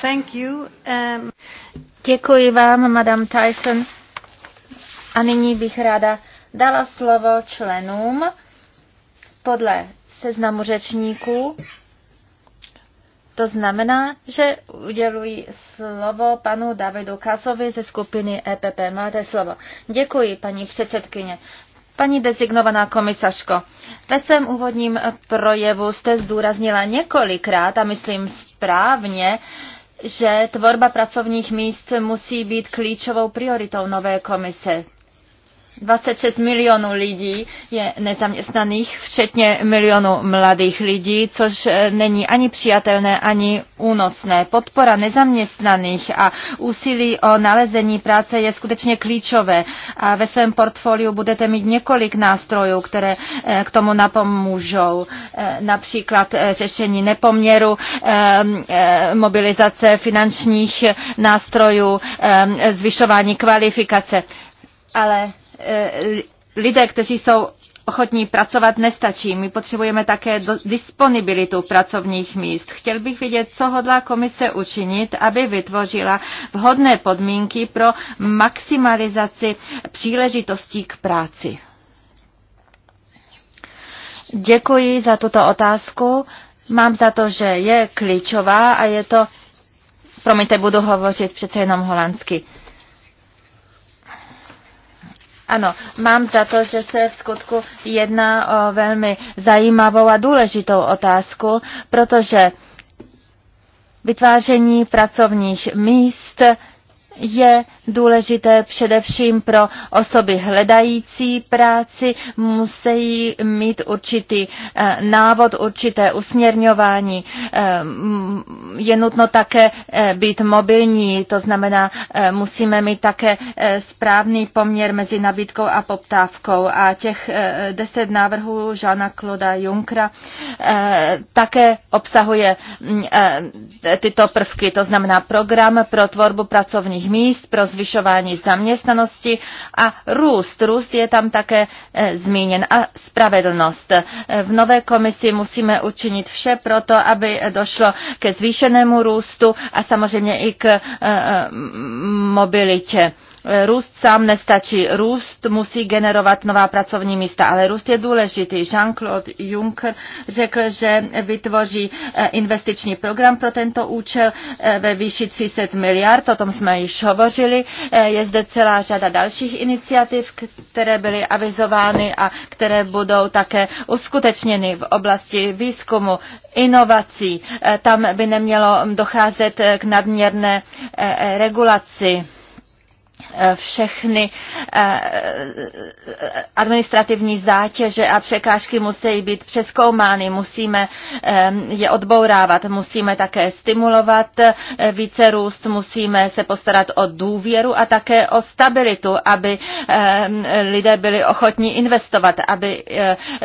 Thank you. Um... Děkuji vám, Madame Tyson. A nyní bych ráda dala slovo členům podle seznamu řečníků. To znamená, že uděluji slovo panu Davidu Kasovi ze skupiny EPP. Máte slovo. Děkuji, paní předsedkyně. Paní designovaná komisařko, ve svém úvodním projevu jste zdůraznila několikrát, a myslím správně, že tvorba pracovních míst musí být klíčovou prioritou nové komise. 26 milionů lidí je nezaměstnaných, včetně milionu mladých lidí, což e, není ani přijatelné, ani únosné. Podpora nezaměstnaných a úsilí o nalezení práce je skutečně klíčové a ve svém portfoliu budete mít několik nástrojů, které e, k tomu napomůžou. E, například řešení nepoměru, mobilizace finančních nástrojů, zvyšování kvalifikace. Ale Eh, lidé, kteří jsou ochotní pracovat, nestačí. My potřebujeme také disponibilitu pracovních míst. Chtěl bych vědět, co hodlá komise učinit, aby vytvořila vhodné podmínky pro maximalizaci příležitostí k práci. Děkuji za tuto otázku. Mám za to, že je klíčová a je to, promiňte, budu hovořit přece jenom holandsky. Ano, mám za to, že se v skutku jedná o velmi zajímavou a důležitou otázku, protože vytváření pracovních míst je důležité především pro osoby hledající práci, musí mít určitý eh, návod, určité usměrňování. Eh, je nutno také eh, být mobilní, to znamená, musíme mít také správný poměr mezi nabídkou a poptávkou. A těch deset návrhů Žána Kloda Junkra také obsahuje mm, tyto prvky, to znamená program pro tvorbu pracovních pracovních míst, pro zvyšování zaměstnanosti a růst. Růst je tam také eh, zmíněn a spravedlnost. Eh, v nové komisi musíme učinit vše proto, aby došlo ke zvýšenému růstu a samozřejmě i k eh, mobilitě Eh, růst sám nestačí. Růst musí generovat nová pracovní místa, ale růst je důležitý. Jean-Claude Juncker řekl, že vytvoří eh, investiční program pro tento účel eh, ve výši 300 miliard, o tom jsme již hovořili. Je zde celá řada dalších iniciativ, které byly avizovány a které budou také uskutečněny v oblasti výzkumu, inovací. Tam by nemělo docházet k nadměrné regulaci Eh, všechny eh, administrativní zátěže a překážky musí být přeskoumány, musíme eh, je odbourávat, musíme také stimulovat více růst, musíme se postarat o důvěru a také o stabilitu, aby lidé byli ochotní investovat, aby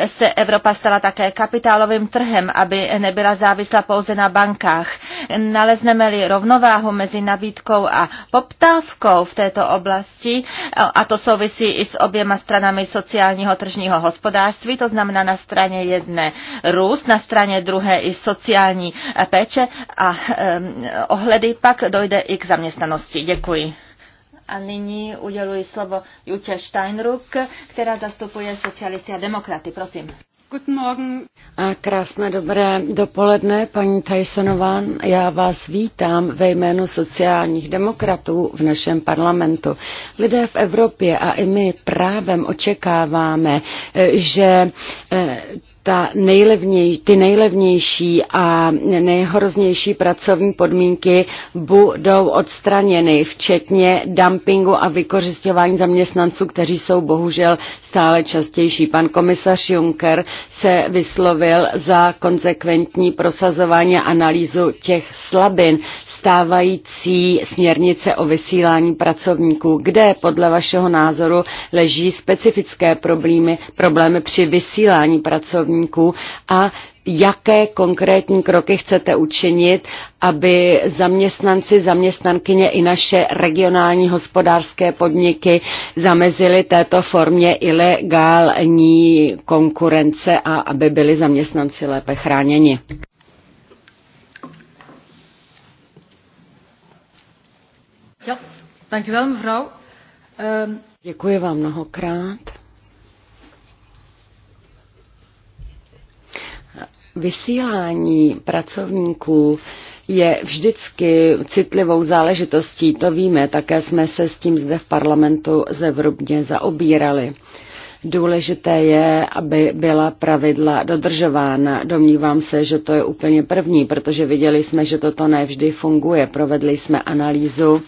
se Evropa stala také kapitálovým trhem, aby nebyla závislá pouze na bankách. Nalezneme-li rovnováhu mezi nabídkou a poptávkou v této oblasti a to souvisí i s oběma stranami sociálního tržního hospodářství, to znamená na straně jedné růst, na straně druhé i sociální péče a ohledy, pak dojde i k zaměstnanosti. Děkuji. A nyní uděluji slovo Juče Steinruck, která zastupuje socialisty a demokraty. Prosím. A Krásné dobré dopoledne, paní Tysonová. Já vás vítám ve jménu sociálních demokratů v našem parlamentu. Lidé v Evropě a i my právem očekáváme, eh, že eh, ta nejlevněj, ty nejlevnější a nejhroznější pracovní podmínky budou odstraněny, včetně dumpingu a vykořišťování zaměstnanců, kteří jsou bohužel stále častější. Pan komisař Juncker se vyslovil za konzekventní prosazování analýzu těch slabin, stávající směrnice o vysílání pracovníků. Kde podle vašeho názoru leží specifické problémy, problémy při vysílání pracovníků a jaké konkrétní kroky chcete učinit, aby zaměstnanci, zaměstnankyně i naše regionální hospodářské podniky zamezili této formě ilegální konkurence a aby byli zaměstnanci lépe chráněni. Ehm, Děkuji vám mnohokrát. Vysílání pracovníků je vždycky citlivou záležitostí, to víme, také jsme se s tím zde v parlamentu zevrubně zaobírali. Důležité je, aby byla pravidla dodržována. Domnívám se, že to je úplně první, protože viděli jsme, že toto nevždy funguje. Provedli jsme analýzu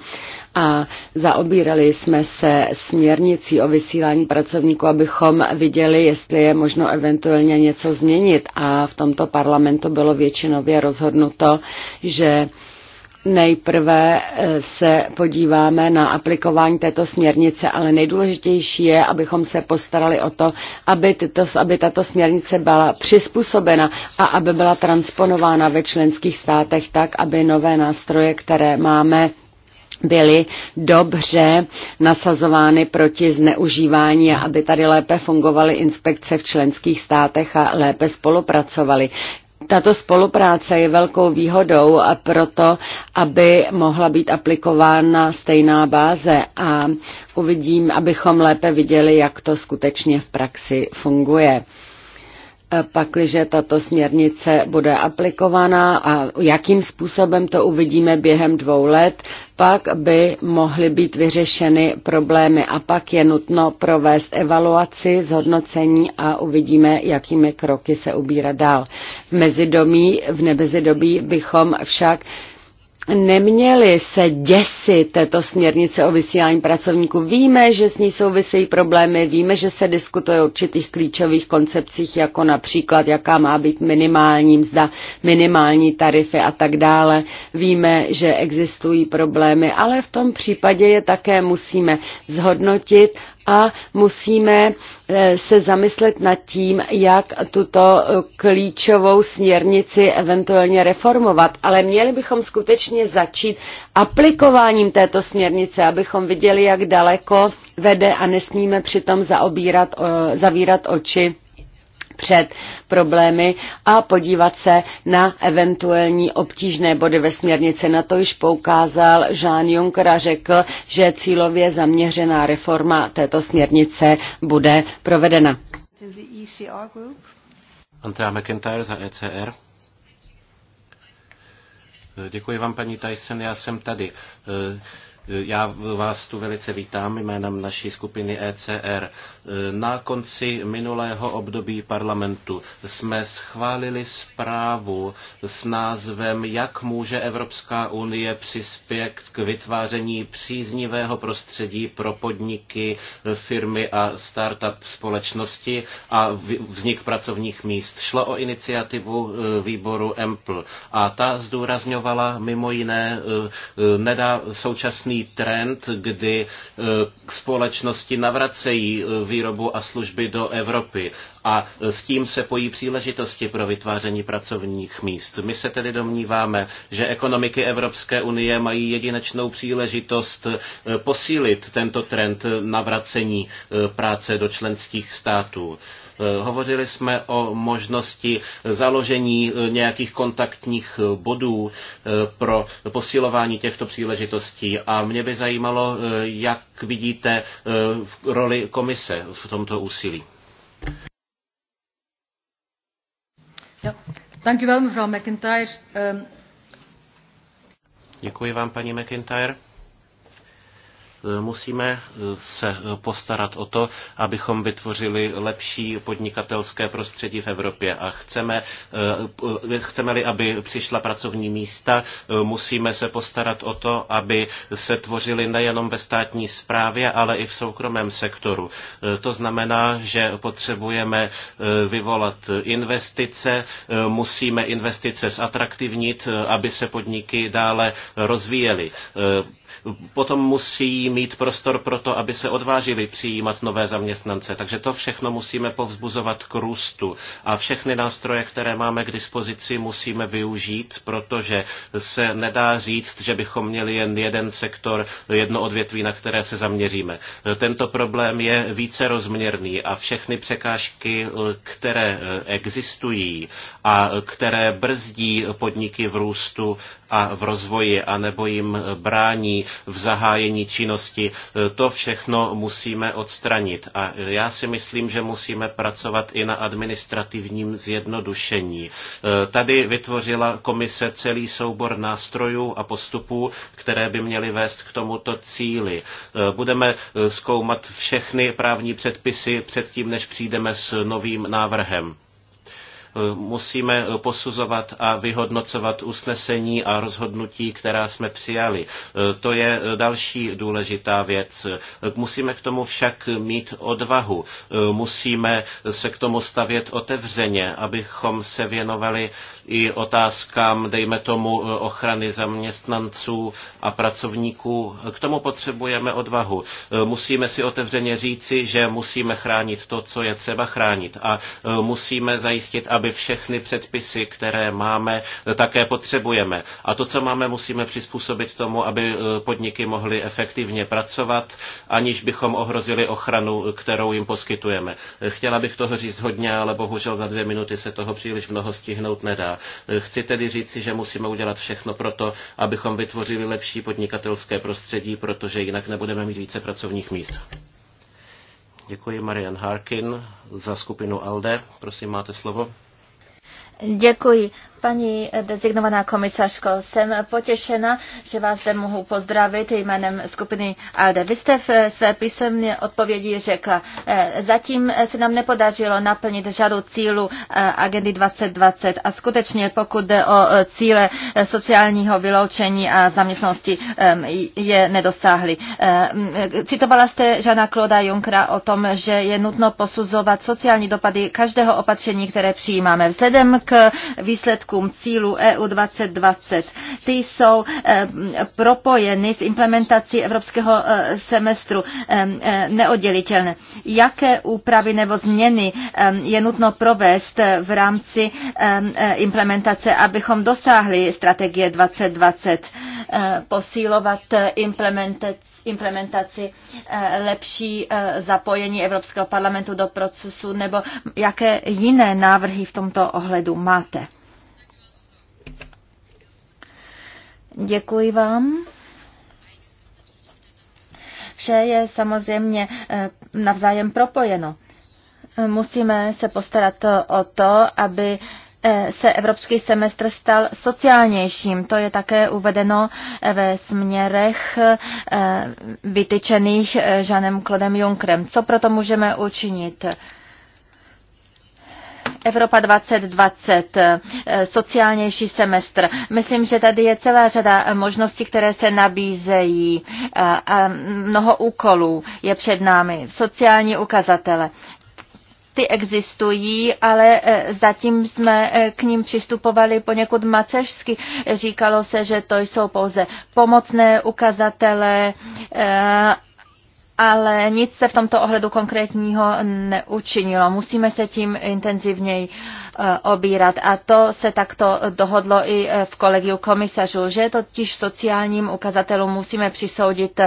a zaobírali jsme se směrnicí o vysílání pracovníků, abychom viděli, jestli je možno eventuálně něco změnit. A v tomto parlamentu bylo většinově rozhodnuto, že Nejprve eh, se podíváme na aplikování této směrnice, ale nejdůležitější je, abychom se postarali o to, aby, tyto, aby tato směrnice byla přizpůsobena a aby byla transponována ve členských státech tak, aby nové nástroje, které máme, byly dobře nasazovány proti zneužívání, aby tady lépe fungovaly inspekce v členských státech a lépe spolupracovaly. Tato spolupráce je velkou výhodou a proto, aby mohla být aplikována stejná báze a uvidím, abychom lépe viděli, jak to skutečně v praxi funguje. Eh, pakliže tato směrnice bude aplikovaná a jakým způsobem to uvidíme během dvou let, pak by mohly být vyřešeny problémy a pak je nutno provést evaluaci, zhodnocení a uvidíme, jakými kroky se ubírat dál. V mezidobí, v nebezidobí bychom však neměli se děsit této směrnice o vysílání pracovníků. Víme, že s ní souvisejí problémy, víme, že se diskutuje o určitých klíčových koncepcích, jako například, jaká má být minimální mzda, minimální tarify a tak dále. Víme, že existují problémy, ale v tom případě je také musíme zhodnotit a musíme eh, se zamyslet nad tím, jak tuto eh, klíčovou směrnici eventuálně reformovat. Ale měli bychom skutečně začít aplikováním této směrnice, abychom viděli, jak daleko vede a nesmíme přitom zaobírat, eh, zavírat oči před problémy a podívat se na eventuální obtížné body ve směrnici. Na to již poukázal Jean Juncker a řekl, že cílově zaměřená reforma této směrnice bude provedena. Andrea McIntyre za ECR. Děkuji vám, paní Tyson, já jsem tady. Já vás tu velice vítám jménem naší skupiny ECR. Na konci minulého období parlamentu jsme schválili zprávu s názvem Jak může Evropská unie přispět k vytváření příznivého prostředí pro podniky, firmy a startup společnosti a vznik pracovních míst. Šlo o iniciativu e, výboru EMPL a ta zdůrazňovala mimo jiné e, e, nedá současný silný trend, kdy e, společnosti navracejí e, výrobu a služby do Evropy a e, s tím se pojí příležitosti pro vytváření pracovních míst. My se tedy domníváme, že ekonomiky Evropské unie mají jedinečnou příležitost posílit tento trend navracení práce do členských států. Eh, hovořili jsme o možnosti založení eh, nějakých kontaktních eh, bodů pro posilování těchto příležitostí a mě by zajímalo, jak vidíte roli komise v tomto úsilí. McIntyre. Ehm, Děkuji vám, paní McIntyre musíme eh, se eh, postarat o to, abychom vytvořili lepší podnikatelské prostředí v Evropě a chceme, eh, chceme-li, aby přišla pracovní místa, musíme se postarat o to, aby se tvořily nejenom ve státní správě, ale i v soukromém sektoru. To znamená, že potřebujeme vyvolat investice, musíme investice zatraktivnit, aby se podniky dále rozvíjely potom musí mít prostor pro to, aby se odvážili přijímat nové zaměstnance. Takže to všechno musíme povzbuzovat k růstu. A všechny nástroje, které máme k dispozici, musíme využít, protože se nedá říct, že bychom měli jen jeden sektor, jedno odvětví, na které se zaměříme. Tento problém je více rozměrný a všechny překážky, které existují a které brzdí podniky v růstu a v rozvoji, anebo jim brání v zahájení činnosti. To všechno musíme odstranit. A já si myslím, že musíme pracovat i na administrativním zjednodušení. Tady vytvořila komise celý soubor nástrojů a postupů, které by měly vést k tomuto cíli. Budeme zkoumat všechny právní předpisy předtím, než přijdeme s novým návrhem musíme posuzovat a vyhodnocovat usnesení a rozhodnutí, která jsme přijali. To je další důležitá věc. Musíme k tomu však mít odvahu. Musíme se k tomu stavět otevřeně, abychom se věnovali i otázkám, dejme tomu, ochrany zaměstnanců a pracovníků. K tomu potřebujeme odvahu. Musíme si otevřeně říci, že musíme chránit to, co je třeba chránit a musíme zajistit, aby aby všechny předpisy, které máme, také potřebujeme. A to, co máme, musíme přizpůsobit tomu, aby e, podniky mohly efektivně pracovat, aniž bychom ohrozili ochranu, kterou jim poskytujeme. E, chtěla bych toho říct hodně, ale bohužel za dvě minuty se toho příliš mnoho stihnout nedá. E, chci tedy říci, že musíme udělat všechno pro to, abychom vytvořili lepší podnikatelské prostředí, protože jinak nebudeme mít více pracovních míst. Děkuji Marian Harkin za skupinu ALDE. Prosím, máte slovo. Děkuji. Paní dezignovaná komisařko, jsem potěšena, že vás zde mohu pozdravit jménem skupiny ALDE. Vy jste v své písemné odpovědi řekla, eh, zatím se nám nepodařilo naplnit řadu cílu eh, agendy 2020 a skutečně pokud jde o eh, cíle sociálního vyloučení a zaměstnosti je nedosáhly. Citovala jste Žana Kloda Junkra o tom, že je nutno posuzovat sociální dopady každého opatření, které přijímáme. Vzhledem k výsledkům cílu EU 2020. Ty jsou eh, propojeny s implementací evropského eh, semestru eh, neoddělitelné. Jaké úpravy nebo změny je nutno provést v rámci implementace, abychom dosáhli strategie 2020? Posílovat implementaci implementaci, eh, lepší eh, zapojení Evropského parlamentu do procesu nebo jaké jiné návrhy v tomto ohledu máte. Děkuji vám. Vše je samozřejmě eh, navzájem propojeno. Musíme se postarat o to, aby Eh, se evropský semestr stal sociálnějším. To je také uvedeno eh, ve směrech eh, vytyčených Žanem Klodem Junkrem. Co proto můžeme učinit? Evropa 2020, sociálnější semestr. Myslím, že tady je celá řada možností, které se nabízejí a mnoho úkolů je před námi. Sociální ukazatele ty existují, ale e, zatím jsme e, k ním přistupovali poněkud macežsky. Říkalo se, že to jsou pouze pomocné ukazatele, e, ale nic se v tomto ohledu konkrétního neučinilo. Musíme se tím intenzivněji obírat a to se takto dohodlo i v kolegiu komisařů, že totiž sociálním ukazatelům musíme přisoudit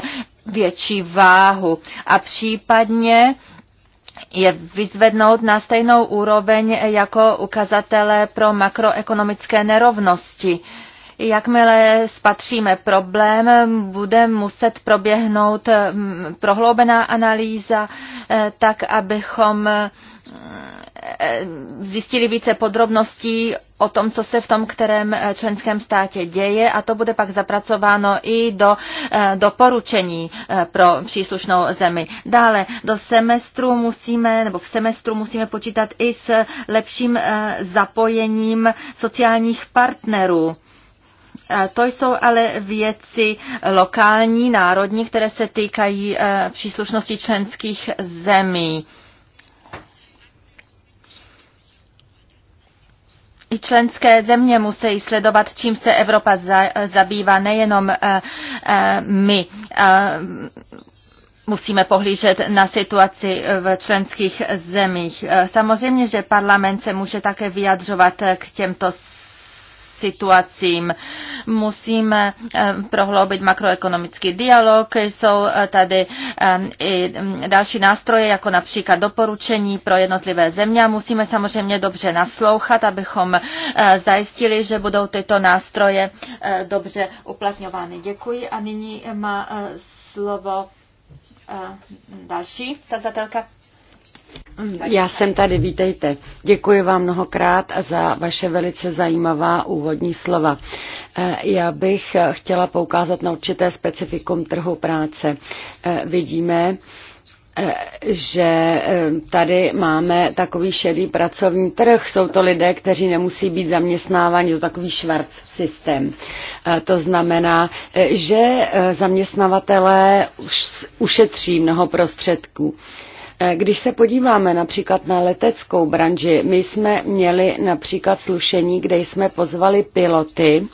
větší váhu a případně je vyzvednout na stejnou úroveň jako ukazatele pro makroekonomické nerovnosti. Jakmile spatříme problém, bude muset proběhnout prohloubená analýza, eh, tak abychom zjistili více podrobností o tom, co se v tom kterém eh, členském státě děje a to bude pak zapracováno i do eh, doporučení eh, pro příslušnou zemi. Dále do semestru musíme, nebo v semestru musíme počítat i s lepším zapojením sociálních partnerů. To jsou ale věci lokální, národní, které se týkají příslušnosti členských zemí. i členské země musí sledovat, čím se Evropa za, zabývá, nejenom uh, uh, my. Uh, musíme pohlížet na situaci v členských zemích. Samozřejmě, že parlament se může také vyjadřovat k těmto situacím. Musíme eh, prohloubit makroekonomický dialog. Jsou eh, tady eh, i mm, další nástroje, jako například doporučení pro jednotlivé země. Musíme samozřejmě dobře naslouchat, abychom zajistili, že budou tyto nástroje dobře uplatňovány. Děkuji a nyní má slovo další tazatelka. Mm, já jsem tady, vítejte. Děkuji vám mnohokrát za vaše velice zajímavá úvodní slova. Eh, já bych chtěla poukázat na určité specifikum trhu práce. Eh, vidíme, eh, že tady máme takový šedý pracovní trh. Jsou to lidé, kteří nemusí být zaměstnávaní, to takový švarc systém. To znamená, že zaměstnavatelé ušetří mnoho prostředků. E, když se podíváme například na leteckou branži, my jsme měli například slušení, kde jsme pozvali piloty,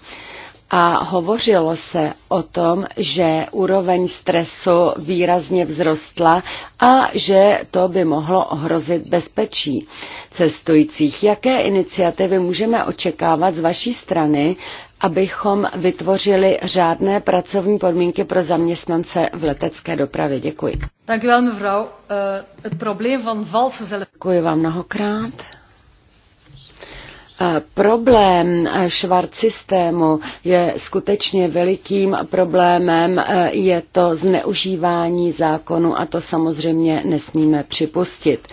a hovořilo se o tom, že úroveň stresu výrazně vzrostla a že to by mohlo ohrozit bezpečí cestujících. Jaké iniciativy můžeme očekávat z vaší strany, abychom vytvořili řádné pracovní podmínky pro zaměstnance v letecké dopravě. Děkuji. Eh, Děkuji vám mnohokrát. Eh, problém eh, švart systému je skutečně velikým problémem, je to zneužívání zákonu a to samozřejmě nesmíme připustit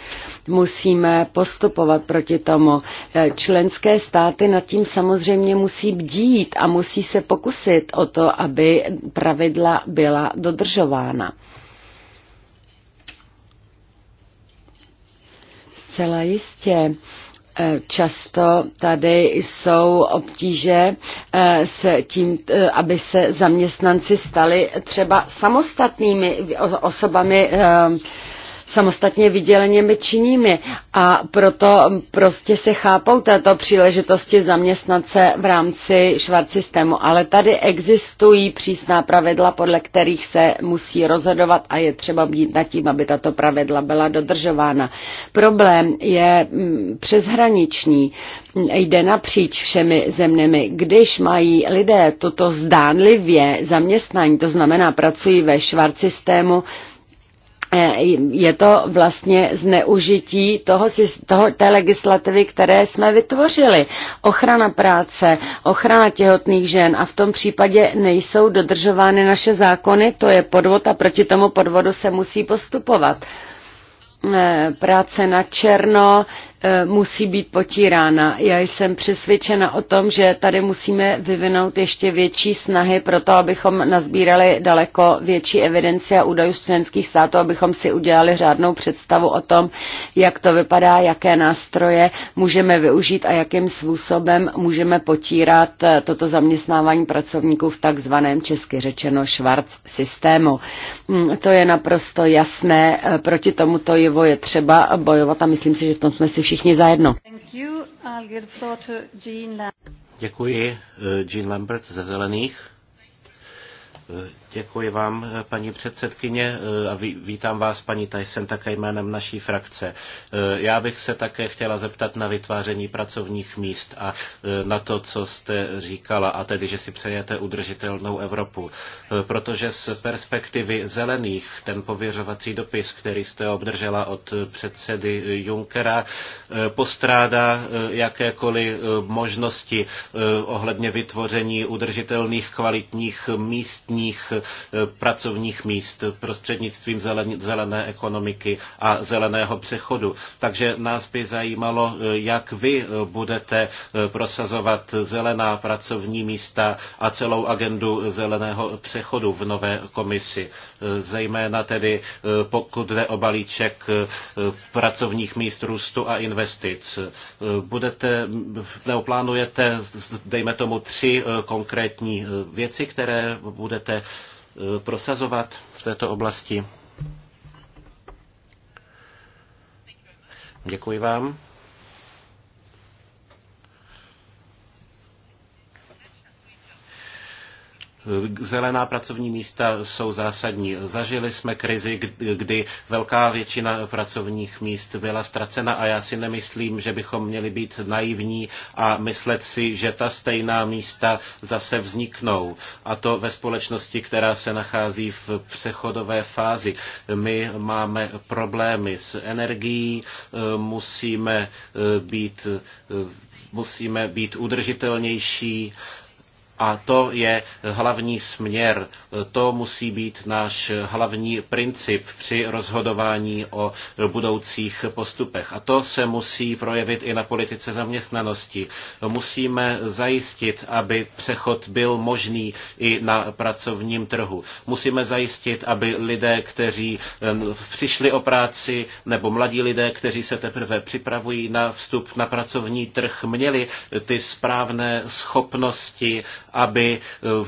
musíme postupovat proti tomu. Eh, členské státy nad tím samozřejmě musí bdít a musí se pokusit o to, aby pravidla byla dodržována. Zcela jistě. Eh, často tady jsou obtíže eh, s tím, aby se zaměstnanci stali třeba samostatnými osobami samostatně vyděleněmi činnými a proto prostě se chápou této příležitosti zaměstnat se v rámci švart systému. Ale tady existují přísná pravidla, podle kterých se musí rozhodovat a je třeba být nad tím, aby tato pravidla byla dodržována. Problém je mm, přeshraniční, jde napříč všemi zeměmi. Když mají lidé toto zdánlivě zaměstnání, to znamená pracují ve švart systému, je to vlastně zneužití toho, toho, té legislativy, které jsme vytvořili. Ochrana práce, ochrana těhotných žen a v tom případě nejsou dodržovány naše zákony, to je podvod a proti tomu podvodu se musí postupovat eh, práce na černo, E, musí být potírána. Já jsem přesvědčena o tom, že tady musíme vyvinout ještě větší snahy pro to, abychom nazbírali daleko větší evidenci a údajů z členských států, abychom si udělali řádnou představu o tom, jak to vypadá, jaké nástroje můžeme využít a jakým způsobem můžeme potírat e, toto zaměstnávání pracovníků v takzvaném česky řečeno švarc systému. Mm, to je naprosto jasné, e, proti tomuto jevo je třeba bojovat a myslím si, že v tom jsme si všichni zajedno. Děkuji, eh, Jean Lambert ze Zelených. Eh, Děkuji vám, paní předsedkyně, a vítám vás, paní Tyson, také jménem naší frakce. Já bych se také chtěla zeptat na vytváření pracovních míst a e, na to, co jste říkala, a tedy, že si přejete udržitelnou Evropu. E, protože z perspektivy zelených ten pověřovací dopis, který jste obdržela od předsedy Junckera, e, postrádá jakékoliv možnosti ohledně vytvoření udržitelných kvalitních místních Eh, pracovních míst prostřednictvím zelené ekonomiky a zeleného přechodu. Takže nás by zajímalo, eh, jak vy eh, budete prosazovat zelená pracovní místa a celou agendu zeleného přechodu v nové komisi. Zejména tedy pokud jde o balíček pracovních míst růstu a investic. Budete, neoplánujete, dejme tomu, tři konkrétní věci, které budete Eh, prosazovat v této oblasti. Děkuji vám. Zelená pracovní místa jsou zásadní. Zažili jsme krizi, kdy velká většina pracovních míst byla ztracena a já si nemyslím, že bychom měli být naivní a myslet si, že ta stejná místa zase vzniknou. A to ve společnosti, která se nachází v přechodové fázi. My máme problémy s energií, musíme eh, být eh, musíme být udržitelnější, a to je hlavní směr. To musí být náš hlavní princip při rozhodování o budoucích postupech. A to se musí projevit i na politice zaměstnanosti. Musíme zajistit, aby přechod byl možný i na pracovním trhu. Musíme zajistit, aby lidé, kteří přišli o práci, nebo mladí lidé, kteří se teprve připravují na vstup na pracovní trh, měli ty správné schopnosti aby eh,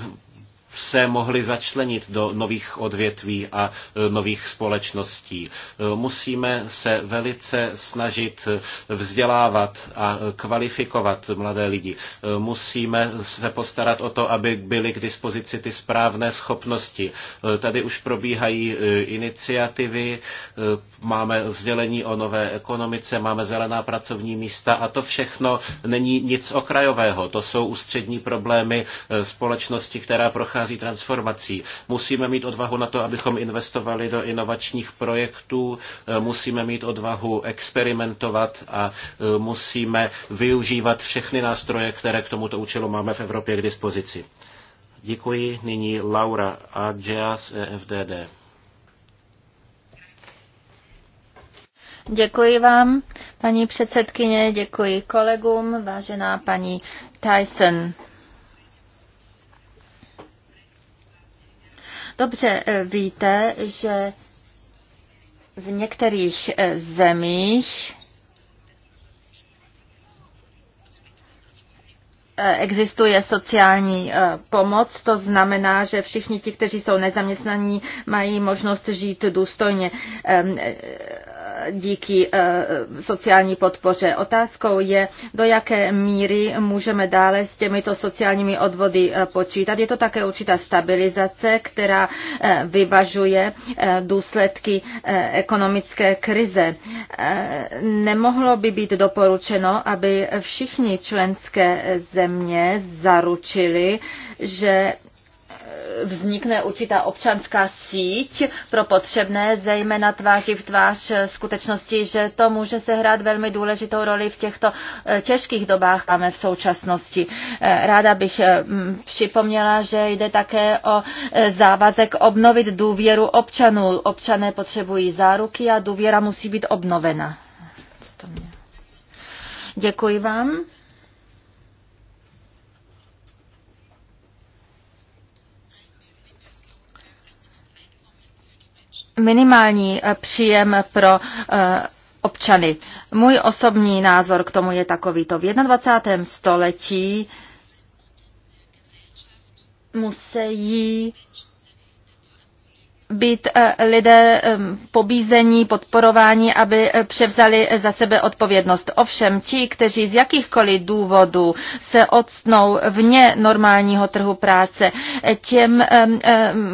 se mohli začlenit do nových odvětví a e, nových společností. E, musíme se velice snažit e, vzdělávat a kvalifikovat mladé lidi. Musíme se postarat o to, aby byly k dispozici ty správné schopnosti. Tady už probíhají iniciativy, máme sdělení o nové ekonomice, máme zelená pracovní místa a to všechno není nic okrajového. To jsou ústřední problémy společnosti, která prochází prochází transformací. Musíme mít odvahu na to, abychom investovali do inovačních projektů, eh, musíme mít odvahu experimentovat a eh, musíme využívat všechny nástroje, které k tomuto účelu máme v Evropě k dispozici. Děkuji. Nyní Laura Adžea z EFDD. Děkuji vám, paní předsedkyně, děkuji kolegům, vážená paní Tyson. Dobře eh, víte, že v některých eh, zemích eh, existuje sociální pomoc, to znamená, že všichni ti, kteří jsou nezaměstnaní, mají možnost žít důstojně díky eh, sociální podpoře. Otázkou je, do jaké míry můžeme dále s těmito sociálními odvody eh, počítat. Je to také určitá stabilizace, která eh, vyvažuje důsledky ekonomické krize. Nemohlo by být doporučeno, aby všichni členské země zaručili, že vznikne určitá občanská síť pro potřebné, zejména tváří v tvář skutečnosti, že to může se hrát velmi důležitou roli v těchto eh, těžkých dobách máme v současnosti. Eh, ráda bych eh, připomněla, že jde také o závazek obnovit důvěru občanů. Občané potřebují záruky a důvěra musí být obnovena. Děkuji vám. minimální eh, příjem pro eh, občany. Můj osobní názor k tomu je takovýto. V 21. století musí být eh, lidé eh, pobízení, podporování, aby eh, převzali za sebe odpovědnost. Ovšem, ti, kteří z jakýchkoliv důvodů se odstnou vně normálního trhu práce, těm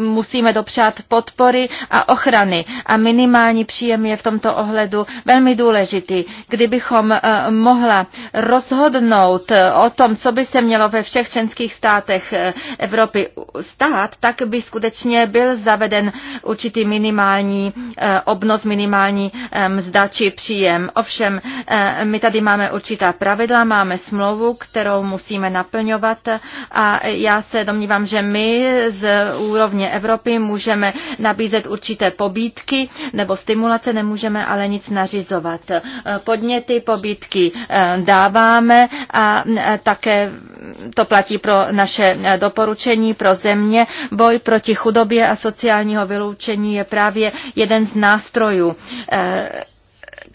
musíme dopřát podpory a ochrany. A minimální příjem je v tomto ohledu velmi důležitý. Kdybychom mohla rozhodnout o tom, co by se mělo ve všech členských státech Evropy stát, tak by skutečně byl zaveden určitý minimální eh, obnos, minimální eh, mzda či příjem. Ovšem, eh, my tady máme určitá pravidla, máme smlouvu, kterou musíme naplňovat a já se domnívám, že my z úrovně Evropy můžeme nabízet určité pobídky nebo stimulace, nemůžeme ale nic nařizovat. Podněty, pobídky dáváme a také to platí pro naše doporučení pro země, boj proti chudobě a sociálního vyloučení vyloučení je právě jeden z nástrojů eh,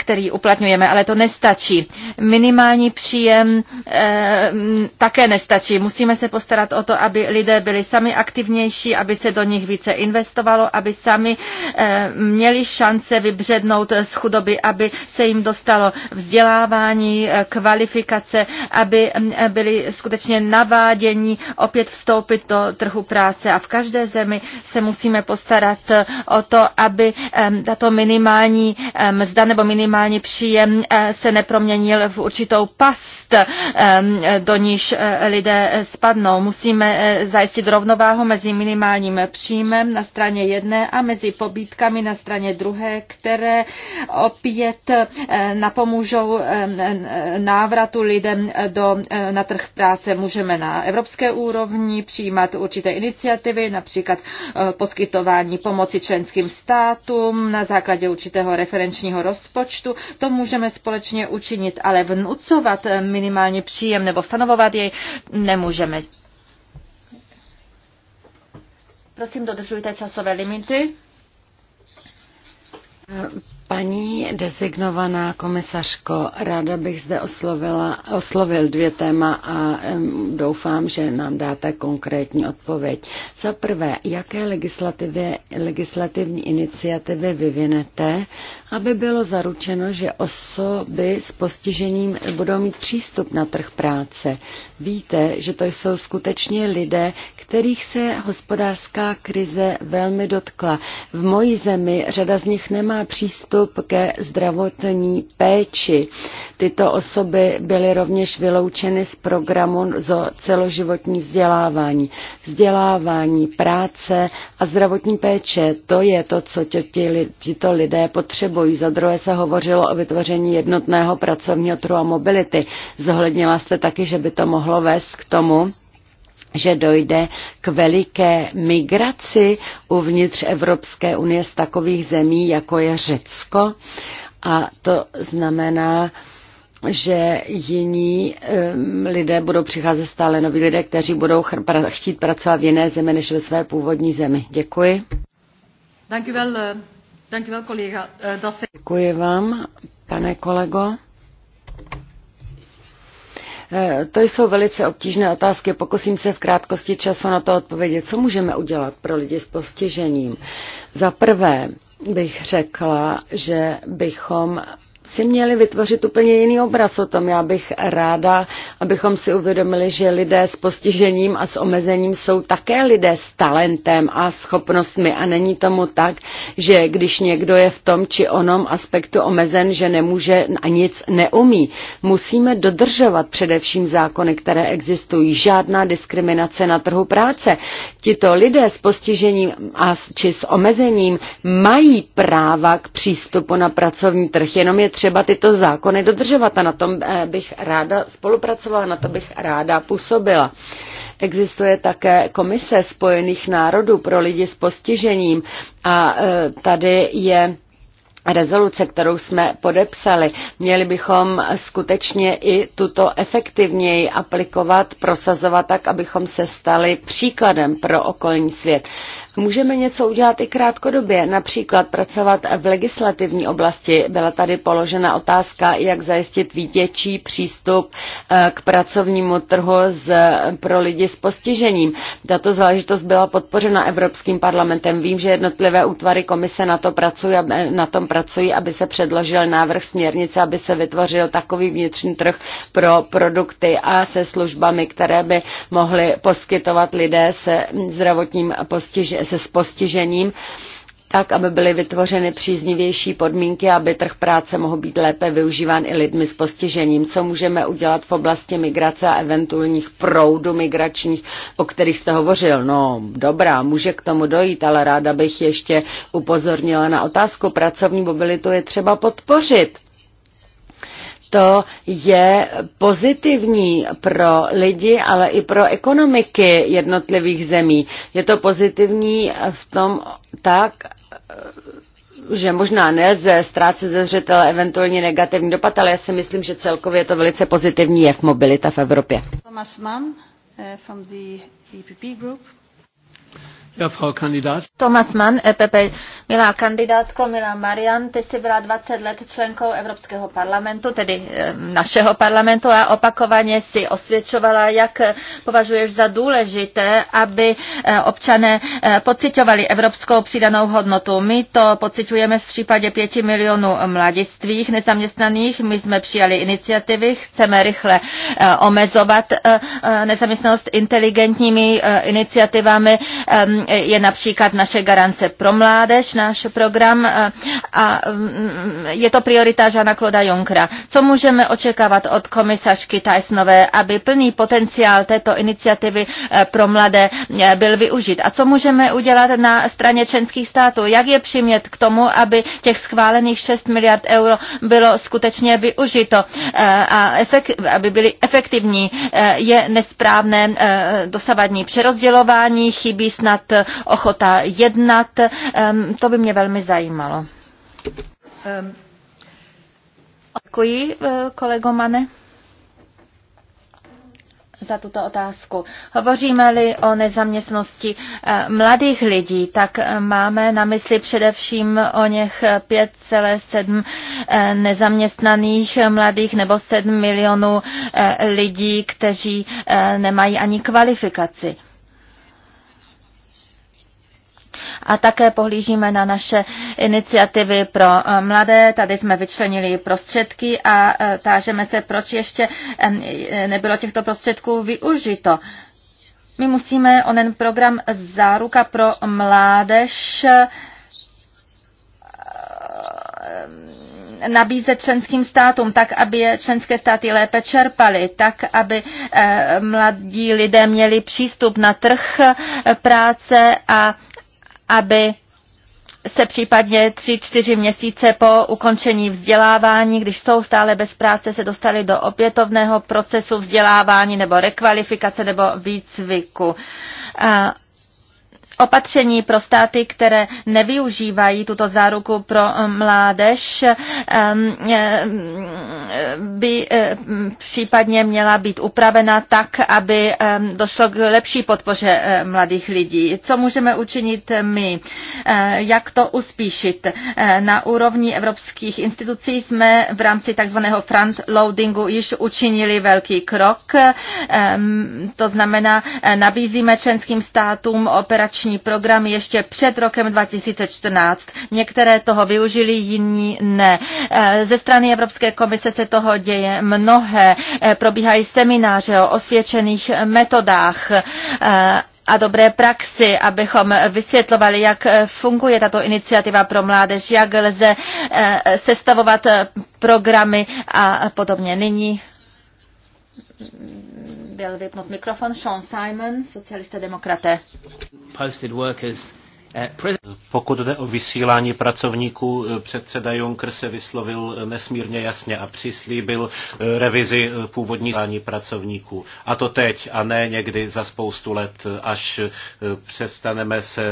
který uplatňujeme, ale to nestačí. Minimální příjem e, také nestačí. Musíme se postarat o to, aby lidé byli sami aktivnější, aby se do nich více investovalo, aby sami e, měli šance vybřednout z chudoby, aby se jim dostalo vzdělávání, eh, kvalifikace, aby byli skutečně naváděni opět vstoupit do trhu práce. A v každé zemi se musíme postarat o to, aby tato minimální mzda nebo minimální minimální příjem eh, se neproměnil v určitou past, eh, do níž eh, lidé spadnou. Musíme zajistit rovnováhu mezi minimálním příjmem na straně jedné a mezi pobítkami na straně druhé, které opět napomůžou návratu lidem do, na trh práce. Můžeme na evropské úrovni přijímat určité iniciativy, například poskytování pomoci členským státům na základě určitého referenčního rozpočtu rozpočtu, to můžeme společně učinit, ale vnucovat eh, minimálně příjem nebo stanovovat jej nemůžeme. Prosím, dodržujte časové limity. Eh, Paní designovaná komisařko, ráda bych zde oslovila, oslovil dvě téma a doufám, že nám dáte konkrétní odpověď. Za prvé, jaké legislativní iniciativy vyvinete, aby bylo zaručeno, že osoby s postižením budou mít přístup na trh práce? Víte, že to jsou skutečně lidé, kterých se hospodářská krize velmi dotkla. V mojí zemi řada z nich nemá přístup přístup ke zdravotní péči. Tyto osoby byly rovněž vyloučeny z programu za celoživotní vzdělávání. Vzdělávání, práce a zdravotní péče, to je to, co tito lidé potřebují. Za druhé se hovořilo o vytvoření jednotného pracovního trhu a mobility. Zohlednila jste taky, že by to mohlo vést k tomu, že dojde k veliké migraci uvnitř Evropské unie z takových zemí, jako je Řecko. A to znamená, že jiní lidé budou přicházet stále noví lidé, kteří budou chtít pracovat v jiné zemi než ve své původní zemi. Děkuji. Eh, eh, Děkuji vám, pane kolego. Eh, to jsou velice obtížné otázky. Pokusím se v krátkosti času na to odpovědět. Co můžeme udělat pro lidi s postižením? Za prvé bych řekla, že bychom si měli vytvořit úplně jiný obraz o tom. Já bych ráda, abychom si uvědomili, že lidé s postižením a s omezením jsou také lidé s talentem a schopnostmi a není tomu tak, že když někdo je v tom či onom aspektu omezen, že nemůže a nic neumí. Musíme dodržovat především zákony, které existují. Žádná diskriminace na trhu práce. Tito lidé s postižením a či s omezením mají práva k přístupu na pracovní trh, jenom je třeba tyto zákony dodržovat a na tom eh, bych ráda spolupracovala, na to bych ráda působila. Existuje také komise Spojených národů pro lidi s postižením a eh, tady je rezoluce, kterou jsme podepsali. Měli bychom skutečně i tuto efektivněji aplikovat, prosazovat tak, abychom se stali příkladem pro okolní svět. Můžeme něco udělat i krátkodobě, například pracovat v legislativní oblasti. Byla tady položena otázka, jak zajistit výtěčí přístup eh, k pracovnímu trhu z, pro lidi s postižením. Tato záležitost byla podpořena Evropským parlamentem. Vím, že jednotlivé útvary komise na, to pracují, na tom pracují, aby se předložil návrh směrnice, aby se vytvořil takový vnitřní trh pro produkty a se službami, které by mohly poskytovat lidé se zdravotním postižením se s postižením, tak, aby byly vytvořeny příznivější podmínky, aby trh práce mohl být lépe využíván i lidmi s postižením. Co můžeme udělat v oblasti migrace a eventuálních proudů migračních, o kterých jste hovořil? No, dobrá, může k tomu dojít, ale ráda bych ještě upozornila na otázku. Pracovní mobilitu je třeba podpořit to je pozitivní pro lidi, ale i pro ekonomiky jednotlivých zemí. Je to pozitivní v tom tak, že možná nelze ztrácet ze zřetele eventuálně negativní dopad, ale já si myslím, že celkově je to velice pozitivní jev mobilita v Evropě. Thomas Mann, eh, from the EPP group. Ja, Frau Kandidat. Thomas Mann, EPP. Milá kandidátko, milá Marian, ty jsi byla 20 let členkou Evropského parlamentu, tedy eh, našeho parlamentu a opakovaně si osvědčovala, jak eh, považuješ za důležité, aby eh, občané pocitovali evropskou přidanou hodnotu. My to pocitujeme v případě 5 milionů mladistvých nezaměstnaných. My jsme přijali iniciativy, chceme rychle omezovat nezaměstnanost inteligentními iniciativami je například naše garance pro mládež, náš program eh, a mm, je to priorita Žana Kloda Junkra. Co můžeme očekávat od komisařky Tajsnové, aby plný potenciál této iniciativy eh, pro mladé eh, byl využit? A co můžeme udělat na straně členských států? Jak je přimět k tomu, aby těch schválených 6 miliard euro bylo skutečně využito a aby byly efektivní? Je nesprávné dosavadní přerozdělování, chybí snad ochota jednat. To by mě velmi zajímalo. Děkuji, eh, kolego Mane za tuto otázku. Hovoříme-li o nezaměstnosti eh, mladých lidí, tak eh, máme na mysli především o něch 5,7 nezaměstnaných mladých nebo 7 milionů lidí, kteří nemají ani kvalifikaci a také pohlížíme na naše iniciativy pro eh, mladé. Tady jsme vyčlenili prostředky a eh, tážeme se, proč ještě eh, nebylo těchto prostředků využito. My musíme onen program Záruka pro mládež nabízet členským státům, tak aby je členské státy lépe čerpaly, tak aby mladí lidé měli přístup na trh práce a aby se případně tři čtyři měsíce po ukončení vzdělávání, když jsou stále bez práce, se dostali do opětovného procesu vzdělávání nebo rekvalifikace nebo výcviku opatření pro státy, které nevyužívají tuto záruku pro eh, mládež, ehm, eh, by eh, případně měla být upravena tak, aby ehm, došlo k lepší podpoře mladých lidí. Co můžeme učinit my? Jak to uspíšit? Na úrovni evropských institucí jsme v rámci takzvaného loadingu již učinili velký krok. Ehm, to znamená, nabízíme členským státům operační operační programy ještě před rokem 2014. Některé toho využili, jiní ne. E, ze strany Evropské komise se toho děje mnohé. E, probíhají semináře o osvědčených metodách e, a dobré praxi, abychom vysvětlovali, jak funguje tato iniciativa pro mládež, jak lze sestavovat programy a podobně. Nyní byl vypnut mikrofon. Sean Simon, socialista demokraté. Posted workers eh, pokud jde o vysílání pracovníků, eh, předseda Juncker se vyslovil eh, nesmírně jasně a přislíbil revizi původní vysílání pracovníků. A to teď, a ne někdy za spoustu let, až přestaneme se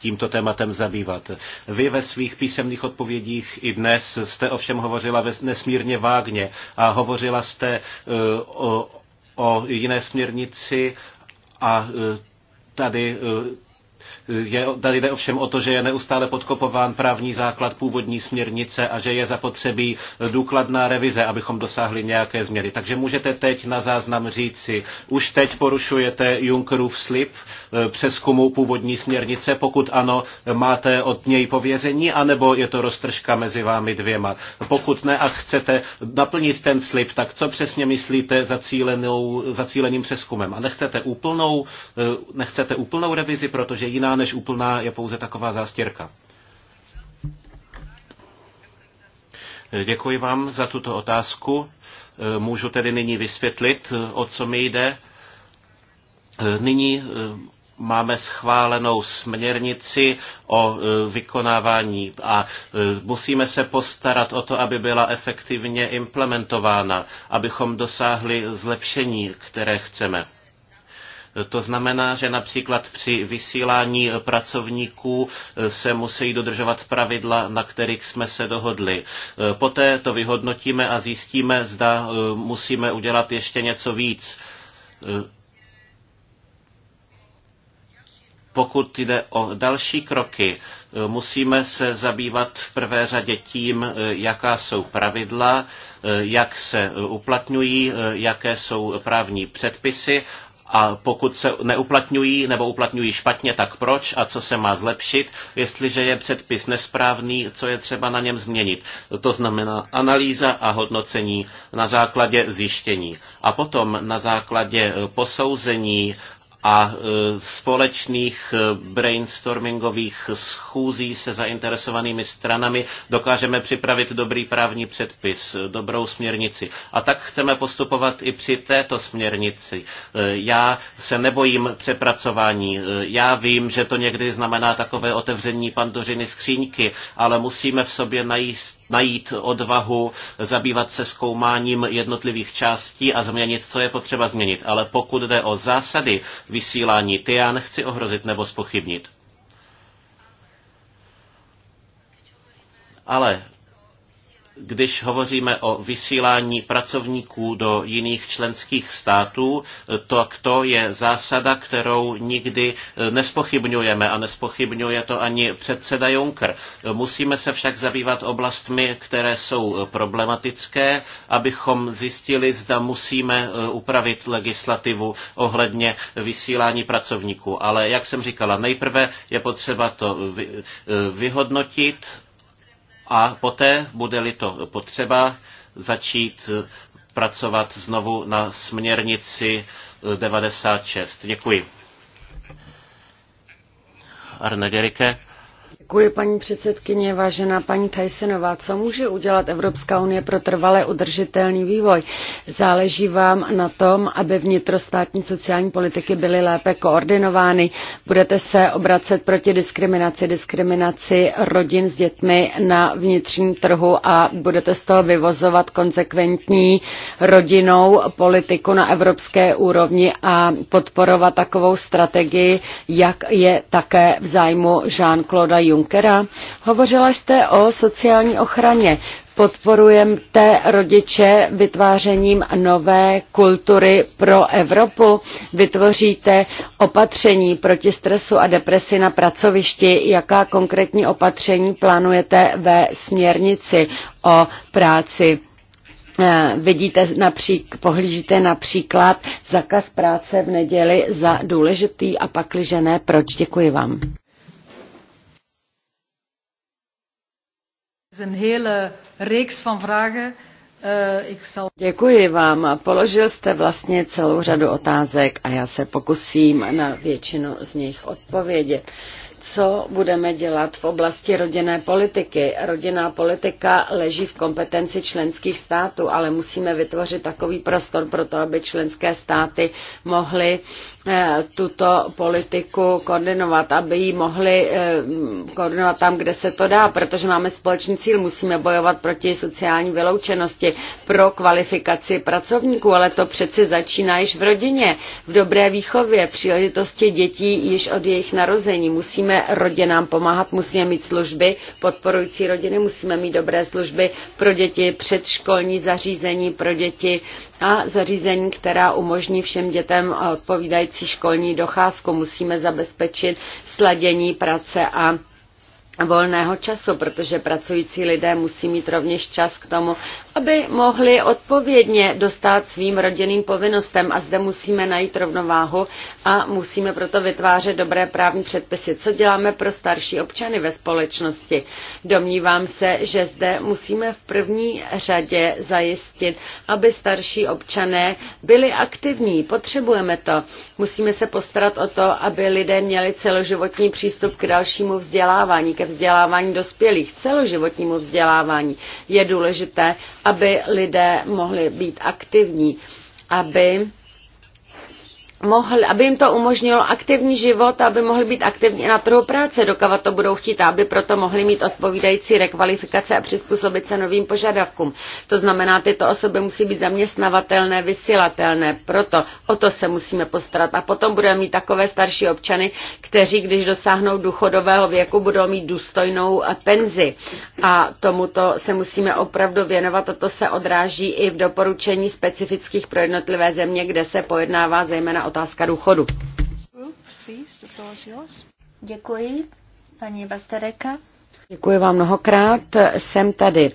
tímto tématem zabývat. Vy ve svých písemných odpovědích i dnes jste ovšem hovořila nesmírně vágně a hovořila jste o jiné směrnici a e, tady e, je, tady jde ovšem o to, že je neustále podkopován právní základ původní směrnice a že je zapotřebí důkladná revize, abychom dosáhli nějaké změny. Takže můžete teď na záznam říci, už teď porušujete Junckerův slib, Eh, přeskumu původní směrnice? Pokud ano, máte od něj pověření, anebo je to roztržka mezi vámi dvěma? Pokud ne a chcete naplnit ten slib, tak co přesně myslíte za zacíleným přeskumem? A nechcete úplnou, eh, nechcete úplnou revizi, protože jiná než úplná je pouze taková zástěrka. Eh, děkuji vám za tuto otázku. Můžu tedy nyní vysvětlit, o co mi jde. Nyní máme schválenou směrnici o e, vykonávání a e, musíme se postarat o to, aby byla efektivně implementována, abychom dosáhli zlepšení, které chceme. E, to znamená, že například při vysílání pracovníků se musí dodržovat pravidla, na kterých jsme se dohodli. Poté to vyhodnotíme a zjistíme, zda musíme udělat ještě něco víc Pokud jde o další kroky, musíme se zabývat v prvé řadě tím, jaká jsou pravidla, jak se uplatňují, jaké jsou právní předpisy a pokud se neuplatňují nebo uplatňují špatně, tak proč a co se má zlepšit, jestliže je předpis nesprávný, co je třeba na něm změnit. To znamená analýza a hodnocení na základě zjištění. A potom na základě posouzení a e, společných e, brainstormingových schůzí se zainteresovanými stranami dokážeme připravit dobrý právní předpis, e, dobrou směrnici. A tak chceme postupovat i při této směrnici. Já se nebojím přepracování. Já vím, že to někdy znamená takové otevření pandořiny skříňky, ale musíme v sobě najíst, najít odvahu zabývat se zkoumáním jednotlivých částí a změnit, co je potřeba změnit. Ale pokud jde o zásady, vysílání Tian chci ohrozit nebo spochybnit. Ale když hovoříme o vysílání pracovníků do jiných členských států, to, to je zásada, kterou nikdy eh, nespochybňujeme a nespochybňuje to ani předseda Juncker. Musíme se však zabývat oblastmi, které jsou eh, problematické, abychom zjistili, zda musíme eh, upravit legislativu ohledně vysílání pracovníků. Ale jak jsem říkala, nejprve je potřeba to vyhodnotit a poté, bude-li to potřeba, začít eh, pracovat znovu na směrnici 96. Eh, Děkuji. Arne Gericke. Děkuji, paní předsedkyně. Vážená paní Tysonová, co může udělat Evropská unie pro trvale udržitelný vývoj? Záleží vám na tom, aby vnitrostátní sociální politiky byly lépe koordinovány. Budete se obracet proti diskriminaci, diskriminaci rodin s dětmi na vnitřním trhu a budete z toho vyvozovat konsekventní rodinnou politiku na evropské úrovni a podporovat takovou strategii, jak je také v zájmu Jean-Claude Juncker Junckera. Hovořila jste o sociální ochraně. Podporujete rodiče vytvářením nové kultury pro Evropu. Vytvoříte opatření proti stresu a depresi na pracovišti. Jaká konkrétní opatření plánujete ve směrnici o práci? Eh, vidíte napřík, pohlížíte například zakaz práce v neděli za důležitý a pakliže ne, proč? Děkuji vám. Eh, Děkuji vám. Položil jste vlastně celou řadu otázek a já se pokusím na většinu z nich odpovědět co budeme dělat v oblasti rodinné politiky. Rodinná politika leží v kompetenci členských států, ale musíme vytvořit takový prostor pro to, aby členské státy mohly Eh, tuto politiku koordinovat, aby ji mohli eh, koordinovat tam, kde se to dá, protože máme společný cíl, musíme bojovat proti sociální vyloučenosti pro kvalifikaci pracovníků, ale to přeci začíná již v rodině, v dobré výchově, příležitosti dětí již od jejich narození. Musíme rodinám pomáhat, musíme mít služby podporující rodiny, musíme mít dobré služby pro děti, předškolní zařízení pro děti a zařízení, která umožní všem dětem odpovídající vzdělávací školní docházku. Musíme zabezpečit sladění práce a volného času, protože pracující lidé musí mít rovněž čas k tomu, aby mohli odpovědně dostat svým rodinným povinnostem. A zde musíme najít rovnováhu a musíme proto vytvářet dobré právní předpisy. Co děláme pro starší občany ve společnosti? Domnívám se, že zde musíme v první řadě zajistit, aby starší občané byli aktivní. Potřebujeme to. Musíme se postarat o to, aby lidé měli celoživotní přístup k dalšímu vzdělávání, ke vzdělávání dospělých, celoživotnímu vzdělávání. Je důležité, aby lidé mohli být aktivní, aby mohli, aby jim to umožnilo aktivní život, aby mohli být aktivní na trhu práce, dokávat to budou chtít, aby proto mohli mít odpovídající rekvalifikace a přizpůsobit se novým požadavkům. To znamená, tyto osoby musí být zaměstnavatelné, vysílatelné, proto o to se musíme postarat. A potom budeme mít takové starší občany, kteří, když dosáhnou důchodového věku, budou mít důstojnou eh, penzi. A tomuto se musíme opravdu věnovat a to se odráží i v doporučení specifických pro jednotlivé země, kde se pojednává zejména otázka důchodu. Děkuji, paní Bastereka. Děkuji vám mnohokrát. Jsem tady.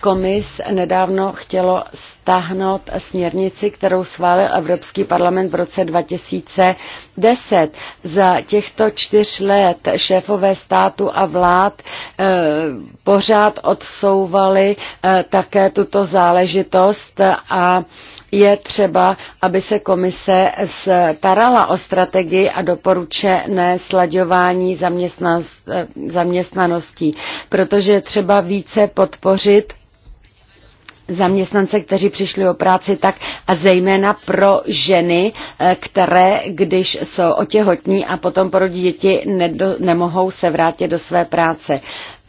Komis nedávno chtělo stáhnout směrnici, kterou schválil Evropský parlament v roce 2010. Za těchto čtyř let šéfové státu a vlád eh, pořád odsouvali eh, také tuto záležitost a je třeba, aby se komise starala o strategii a doporučené slaďování eh, zaměstnanosti platí, protože třeba více podpořit zaměstnance, kteří přišli o práci tak a zejména pro ženy, eh, které, když jsou otěhotní a potom porodí děti, nedo, nemohou se vrátit do své práce.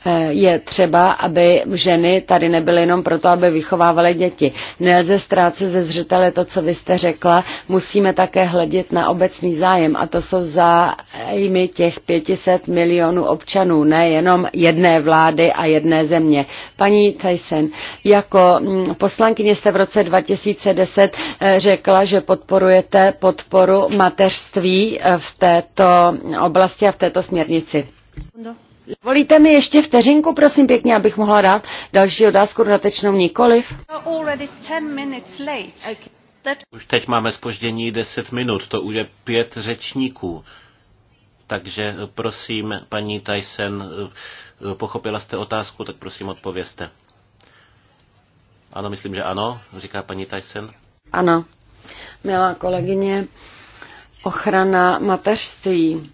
Eh, je třeba, aby ženy tady nebyly jenom proto, aby vychovávaly děti. Nelze ztrácet ze zřetele to, co vy jste řekla. Musíme také hledět na obecný zájem a to jsou zájmy těch 500 milionů občanů, nejenom jedné vlády a jedné země. Paní Tyson, jako mm, poslankyně jste v roce 2010 eh, řekla, že podporujete podporu mateřství eh, v této oblasti a v této směrnici. No. Volíte mi ještě vteřinku, prosím pěkně, abych mohla dát další otázku dodatečnou nikoliv. Už teď máme spoždění 10 minut, to už je pět řečníků. Takže eh, prosím, paní Tyson, eh, pochopila jste otázku, tak prosím odpověste. Ano, myslím, že ano, říká paní Tyson. Ano, milá kolegyně, ochrana mateřství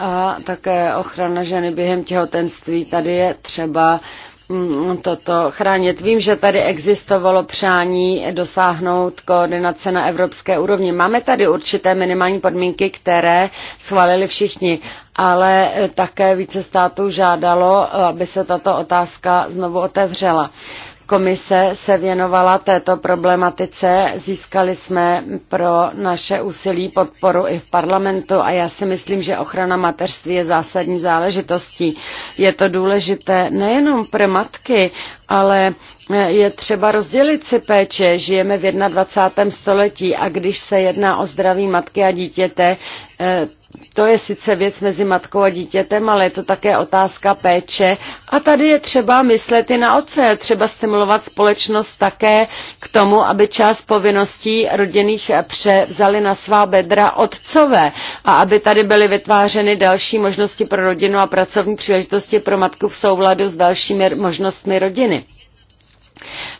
a také ochrana ženy během těhotenství. Tady je třeba mm, toto chránit. Vím, že tady existovalo přání dosáhnout koordinace na evropské úrovni. Máme tady určité minimální podmínky, které schválili všichni, ale eh, také více států žádalo, eh, aby se tato otázka znovu otevřela. Uh, Komise se věnovala této problematice, získali jsme pro naše úsilí podporu i v parlamentu a já si myslím, že ochrana mateřství je zásadní záležitostí. Je to důležité nejenom pro matky, ale eh, je třeba rozdělit si péče. Žijeme v 21. století a když se jedná o zdraví matky a dítěte, eh, to je sice věc mezi matkou a dítětem, ale je to také otázka péče. A tady je třeba myslet i na otce, třeba stimulovat společnost také k tomu, aby část povinností rodinných převzali na svá bedra otcové a aby tady byly vytvářeny další možnosti pro rodinu a pracovní příležitosti pro matku v souladu s dalšími možnostmi rodiny.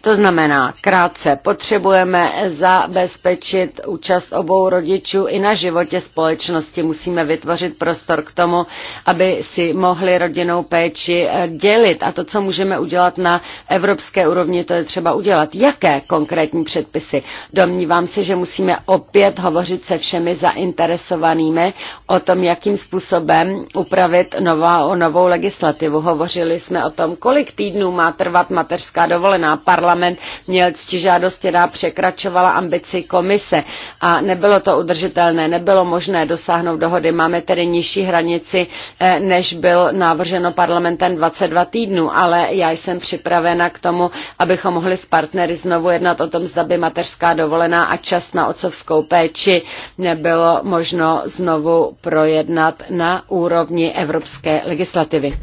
To znamená, krátce potřebujeme zabezpečit účast obou rodičů i na životě společnosti. Musíme vytvořit prostor k tomu, aby si mohli rodinou péči eh, dělit. A to, co můžeme udělat na evropské úrovni, to je třeba udělat. Jaké konkrétní předpisy? Domnívám se, že musíme opět hovořit se všemi zainteresovanými o tom, jakým způsobem upravit nová, novou legislativu. Hovořili jsme o tom, kolik týdnů má trvat mateřská dovolená. Parlament parlament měl ctižádost, která překračovala ambici komise a nebylo to udržitelné, nebylo možné dosáhnout dohody. Máme tedy nižší hranici, eh, než byl navrženo parlamentem 22 týdnů, ale já jsem připravena k tomu, abychom mohli s partnery znovu jednat o tom, zda by mateřská dovolená a čas na otcovskou péči nebylo možno znovu projednat na úrovni evropské legislativy.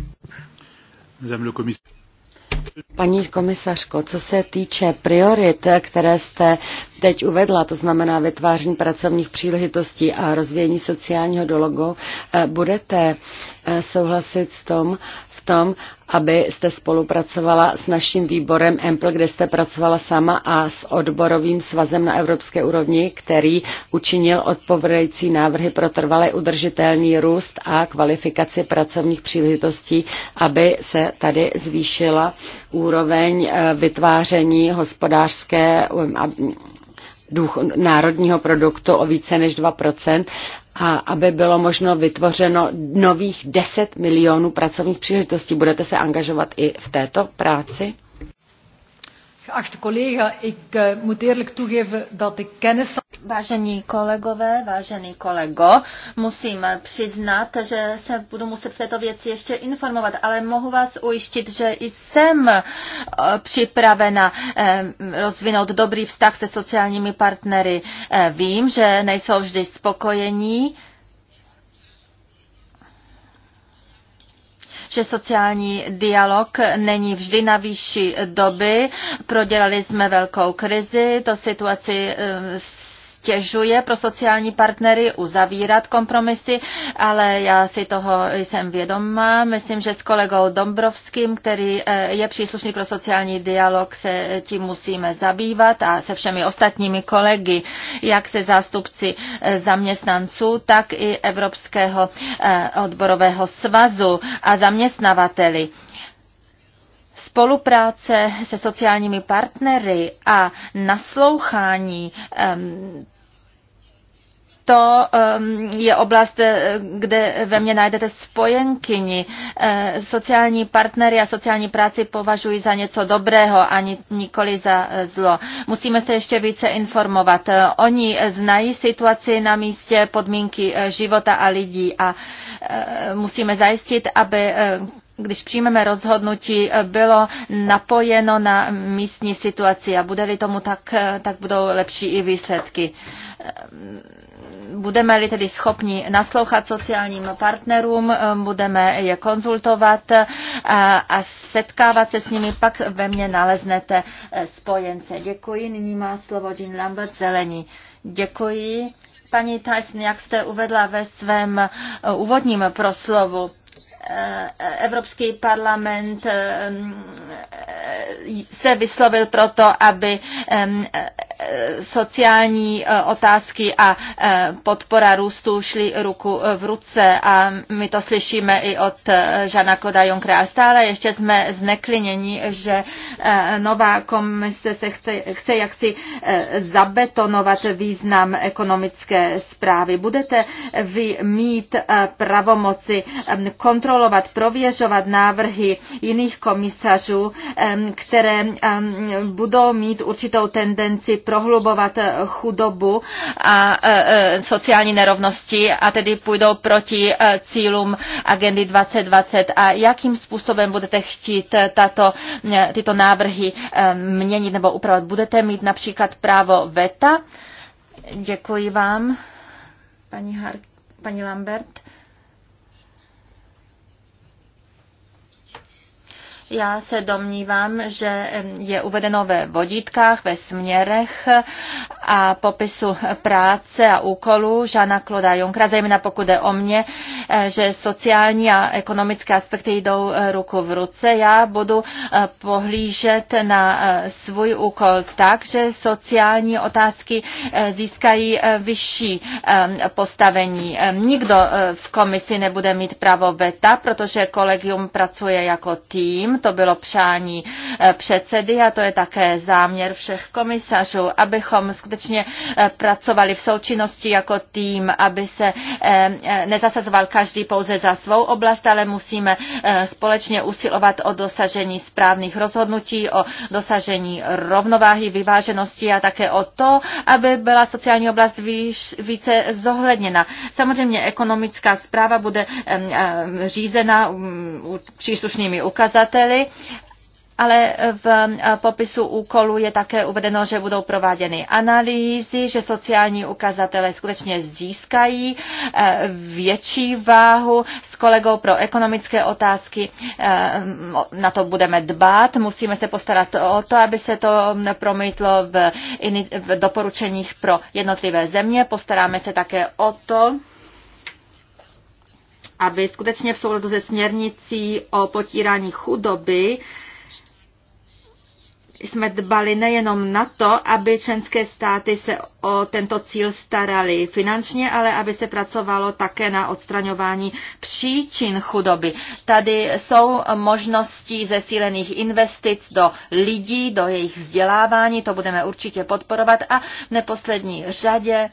Paní komisařko, co se týče priorit, které jste teď uvedla, to znamená vytváření pracovních příležitostí a rozvíjení sociálního dialogu, eh, budete eh, souhlasit s tom, v tom, abyste spolupracovala s naším výborem EMPL, kde jste pracovala sama a s odborovým svazem na evropské úrovni, který učinil odpovědající návrhy pro trvalé udržitelný růst a kvalifikaci pracovních příležitostí, aby se tady zvýšila úroveň eh, vytváření hospodářské národního produktu o více než 2% a aby bylo možno vytvořeno nových 10 milionů pracovních příležitostí. Budete se angažovat i v této práci? Geachte collega, ik uh, moet eerlijk toegeven dat ik kennis... Vážení kolegové, vážený kolego, musím přiznat, že se budu muset v této věci ještě informovat, ale mohu vás ujistit, že jsem eh, připravena eh, rozvinout dobrý vztah se sociálními partnery. Vím, že nejsou vždy spokojení, že sociální dialog není vždy na výši doby. Prodělali jsme velkou krizi, to situaci eh, stěžuje pro sociální partnery uzavírat kompromisy, ale já si toho jsem vědomá. Myslím, že s kolegou Dombrovským, který eh, je příslušný pro sociální dialog, se tím musíme zabývat a se všemi ostatními kolegy, jak se zástupci eh, zaměstnanců, tak i Evropského eh, odborového svazu a zaměstnavateli spolupráce se sociálními partnery a naslouchání to um, je oblast, eh, kde ve mně najdete spojenkyni. Eh, sociální partnery a sociální práci považují za něco dobrého a nikoli za eh, zlo. Musíme se ještě více informovat. Oni znají situaci na místě, podmínky života a lidí a musíme zajistit, aby když přijmeme rozhodnutí, eh, bylo napojeno na místní situaci a bude-li tomu tak, eh, tak budou lepší i výsledky. Eh, budeme-li tedy schopni naslouchat sociálním partnerům, budeme je konzultovat a, a setkávat se s nimi, pak ve mně naleznete spojence. Děkuji. Nyní má slovo Jean Lambert Zelení. Děkuji. Paní Tyson, jak jste uvedla ve svém úvodním proslovu, Evropský parlament eh, eh, se vyslovil proto, aby eh, sociální otázky a podpora růstu šly ruku v ruce a my to slyšíme i od Žana Kloda Junkera. Stále ještě jsme zneklinění, že nová komise se chce, chce jaksi zabetonovat význam ekonomické zprávy. Budete vy mít pravomoci kontrolovat kontrolovat, prověřovat návrhy jiných komisařů, které budou mít určitou tendenci prohlubovat eh, chudobu a eh, eh, sociální nerovnosti a tedy půjdou proti cílům agendy 2020 a jakým způsobem budete chtít tato, tyto návrhy měnit nebo upravovat. Budete mít například právo veta. Děkuji vám, paní, Har- paní Lambert. Já se domnívám, že je uvedeno ve vodítkách, ve směrech a popisu práce a úkolů Žana Kloda Junkra, zejména pokud je o mě, že sociální a ekonomické aspekty jdou ruku v ruce. Já budu pohlížet na svůj úkol tak, že sociální otázky získají vyšší postavení. Nikdo v komisi nebude mít právo veta, protože kolegium pracuje jako tým, to bylo přání eh, předsedy a to je také záměr všech komisařů, abychom skutečně eh, pracovali v součinnosti jako tým, aby se eh, nezasazoval každý pouze za svou oblast, ale musíme společně usilovat o dosažení správných rozhodnutí, o dosažení rovnováhy, vyváženosti a také o to, aby byla sociální oblast více zohledněna. Samozřejmě ekonomická zpráva bude řízena um, příslušnými ukazateli, nebyly ale v eh, popisu úkolu je také uvedeno, že budou prováděny analýzy, že sociální ukazatele skutečně získají eh, větší váhu. S kolegou pro ekonomické otázky eh, na to budeme dbát. Musíme se postarat o to, aby se to promítlo v doporučeních pro jednotlivé země. Postaráme se také o to, aby skutečně v souladu se směrnicí o potírání chudoby jsme dbali nejenom na to, aby členské státy se o tento cíl starali finančně, ale aby se pracovalo také na odstraňování příčin chudoby. Tady jsou možnosti zesílených investic do lidí, do jejich vzdělávání, to budeme určitě podporovat a v neposlední řadě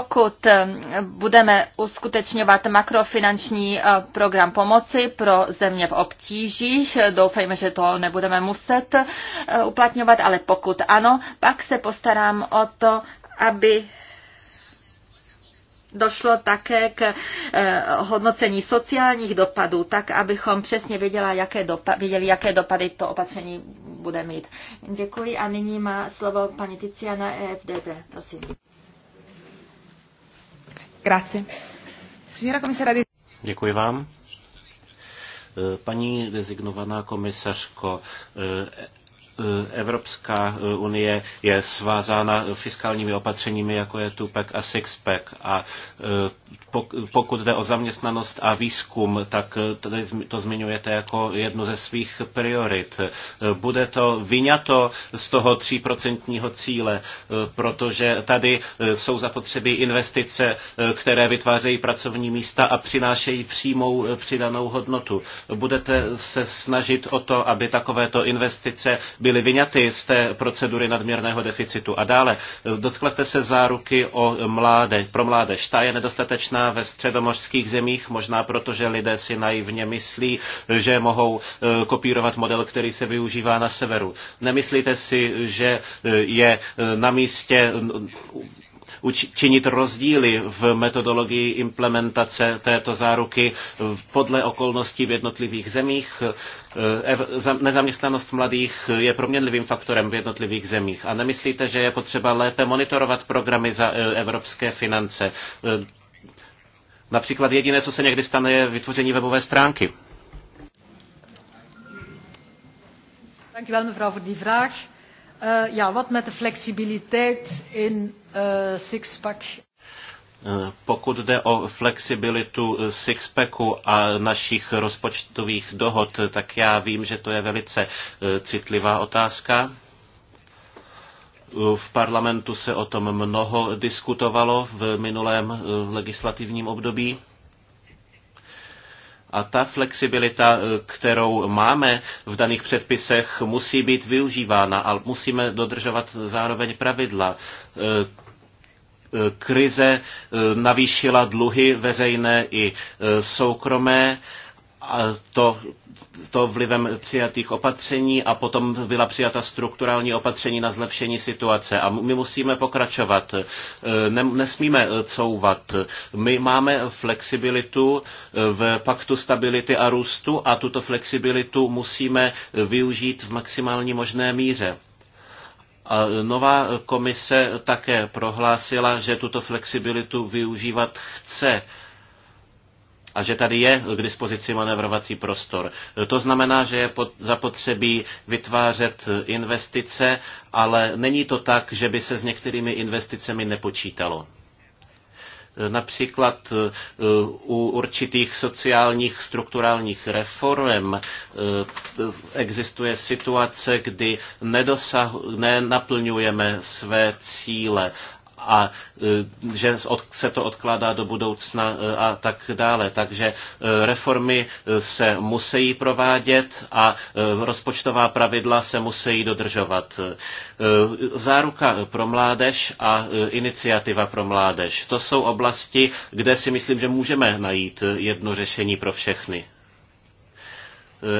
pokud eh, budeme uskutečňovat makrofinanční eh, program pomoci pro země v obtížích, doufejme, že to nebudeme muset eh, uplatňovat, ale pokud ano, pak se postarám o to, aby došlo také k hodnocení sociálních dopadů, tak abychom přesně věděla, jaké dopady, věděli, jaké dopady to opatření bude mít. Děkuji a nyní má slovo paní Tiziana EFDD. Prosím. Grazie. Signora Děkuji vám. E, paní rezignovaná komisařko, e, Eh, Evropská eh, unie je svázána fiskálními opatřeními, jako je Tupac a SIXPEC. A eh, pokud jde o zaměstnanost a výzkum, tak tady to zmiňujete jako jednu ze svých priorit. Bude to vyňato z toho 3% cíle, protože tady jsou zapotřebí investice, které vytvářejí pracovní místa a přinášejí přímou přidanou hodnotu. Budete se snažit o to, aby takovéto investice byly vyňaty z té procedury nadměrného deficitu. A dále, dotkla jste se záruky o mláde pro mládež. Ta je nedostatečná ve středomořských zemích, možná proto, že lidé si naivně myslí, že mohou e, kopírovat model, který se využívá na severu. Nemyslíte si, že e, je e, na místě Učinit rozdíly v metodologii implementace této záruky podle okolností v jednotlivých zemích. Eh, nezaměstnanost mladých je proměnlivým faktorem v jednotlivých zemích. A nemyslíte, že je potřeba lépe monitorovat programy za eh, evropské finance? Eh, například jediné, co se někdy stane, je vytvoření webové stránky. Dank u wel mevrouw voor die vraag. Eh, wat met de flexibiliteit in eh, sixpack? Eh, pokud jde o flexibilitu sixpacku a našich rozpočtových dohod, tak já vím, že to je velice citlivá otázka. V parlamentu se o tom mnoho diskutovalo v minulém legislativním období. A ta flexibilita, eh, kterou máme v daných předpisech, musí být využívána, ale musíme dodržovat zároveň pravidla. Eh, eh, krize navýšila dluhy veřejné i soukromé a to, to vlivem přijatých opatření a potom byla přijata strukturální opatření na zlepšení situace. A my musíme pokračovat. E, ne, nesmíme couvat. My máme flexibilitu e, v paktu stability a růstu a tuto flexibilitu musíme využít v maximální možné míře. A nová komise také prohlásila, že tuto flexibilitu využívat chce a že tady je k dispozici manevrovací prostor. To znamená, že je zapotřebí vytvářet investice, ale není to tak, že by se s některými investicemi nepočítalo například e, u určitých sociálních strukturálních reform e, existuje situace, kdy nenaplňujeme své cíle a e, že se to odkládá do budoucna e, a tak dále. Takže e, reformy se musí provádět a rozpočtová pravidla se musí dodržovat. Záruka pro mládež a iniciativa pro mládež. To jsou oblasti, kde si myslím, že můžeme najít jedno řešení pro všechny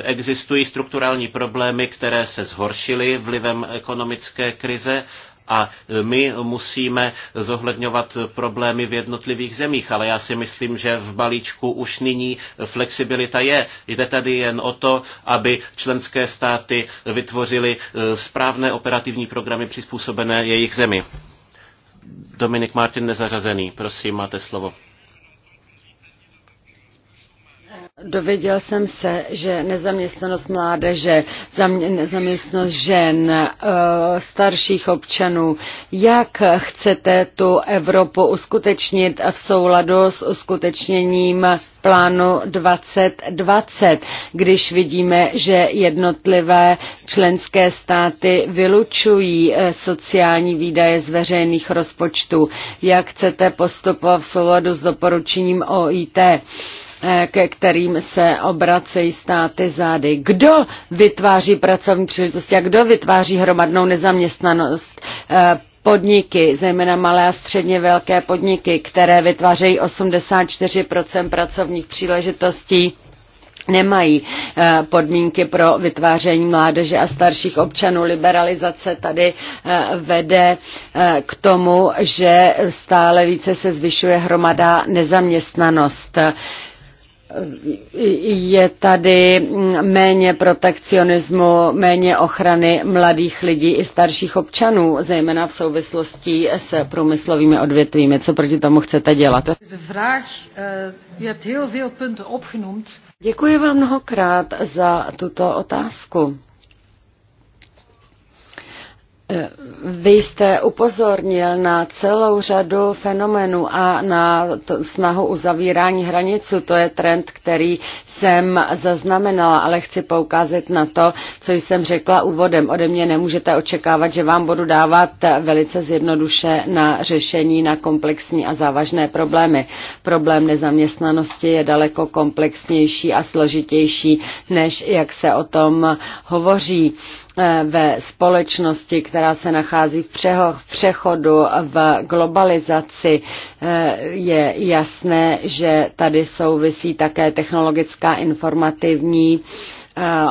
existují strukturální problémy, které se zhoršily vlivem ekonomické krize a e, my musíme zohledňovat problémy v jednotlivých zemích, ale já si myslím, že v balíčku už nyní flexibilita je. Jde tady jen o to, aby členské státy vytvořily e, správné operativní programy přizpůsobené jejich zemi. Dominik Martin nezařazený, prosím, máte slovo. Dověděl jsem se, že nezaměstnanost mládeže, nezaměstnanost žen, eh, starších občanů, jak chcete tu Evropu uskutečnit v souladu s uskutečněním plánu 2020, když vidíme, že jednotlivé členské státy vylučují eh, sociální výdaje z veřejných rozpočtů. Jak chcete postupovat v souladu s doporučením OIT? ke kterým se obracejí státy zády. Kdo vytváří pracovní příležitosti a kdo vytváří hromadnou nezaměstnanost? Eh, podniky, zejména malé a středně velké podniky, které vytvářejí 84 pracovních příležitostí, nemají eh, podmínky pro vytváření mládeže a starších občanů. Liberalizace tady eh, vede k tomu, že stále více se zvyšuje hromada nezaměstnanost je tady méně protekcionismu, méně ochrany mladých lidí i starších občanů, zejména v souvislosti s průmyslovými odvětvími. Co proti tomu chcete dělat? Eh, Děkuji vám mnohokrát za tuto otázku. Vy jste upozornil na celou řadu fenomenů a na snahu uzavírání hranicu. To je trend, který jsem zaznamenala, ale chci poukázat na to, co jsem řekla úvodem. Ode mě nemůžete očekávat, že vám budu dávat velice zjednoduše na řešení na komplexní a závažné problémy. Problém nezaměstnanosti je daleko komplexnější a složitější, než jak se o tom hovoří Eh, ve společnosti, která se nachází v, přeho, přechodu, v globalizaci, eh, je jasné, že tady souvisí také technologická informativní Eh,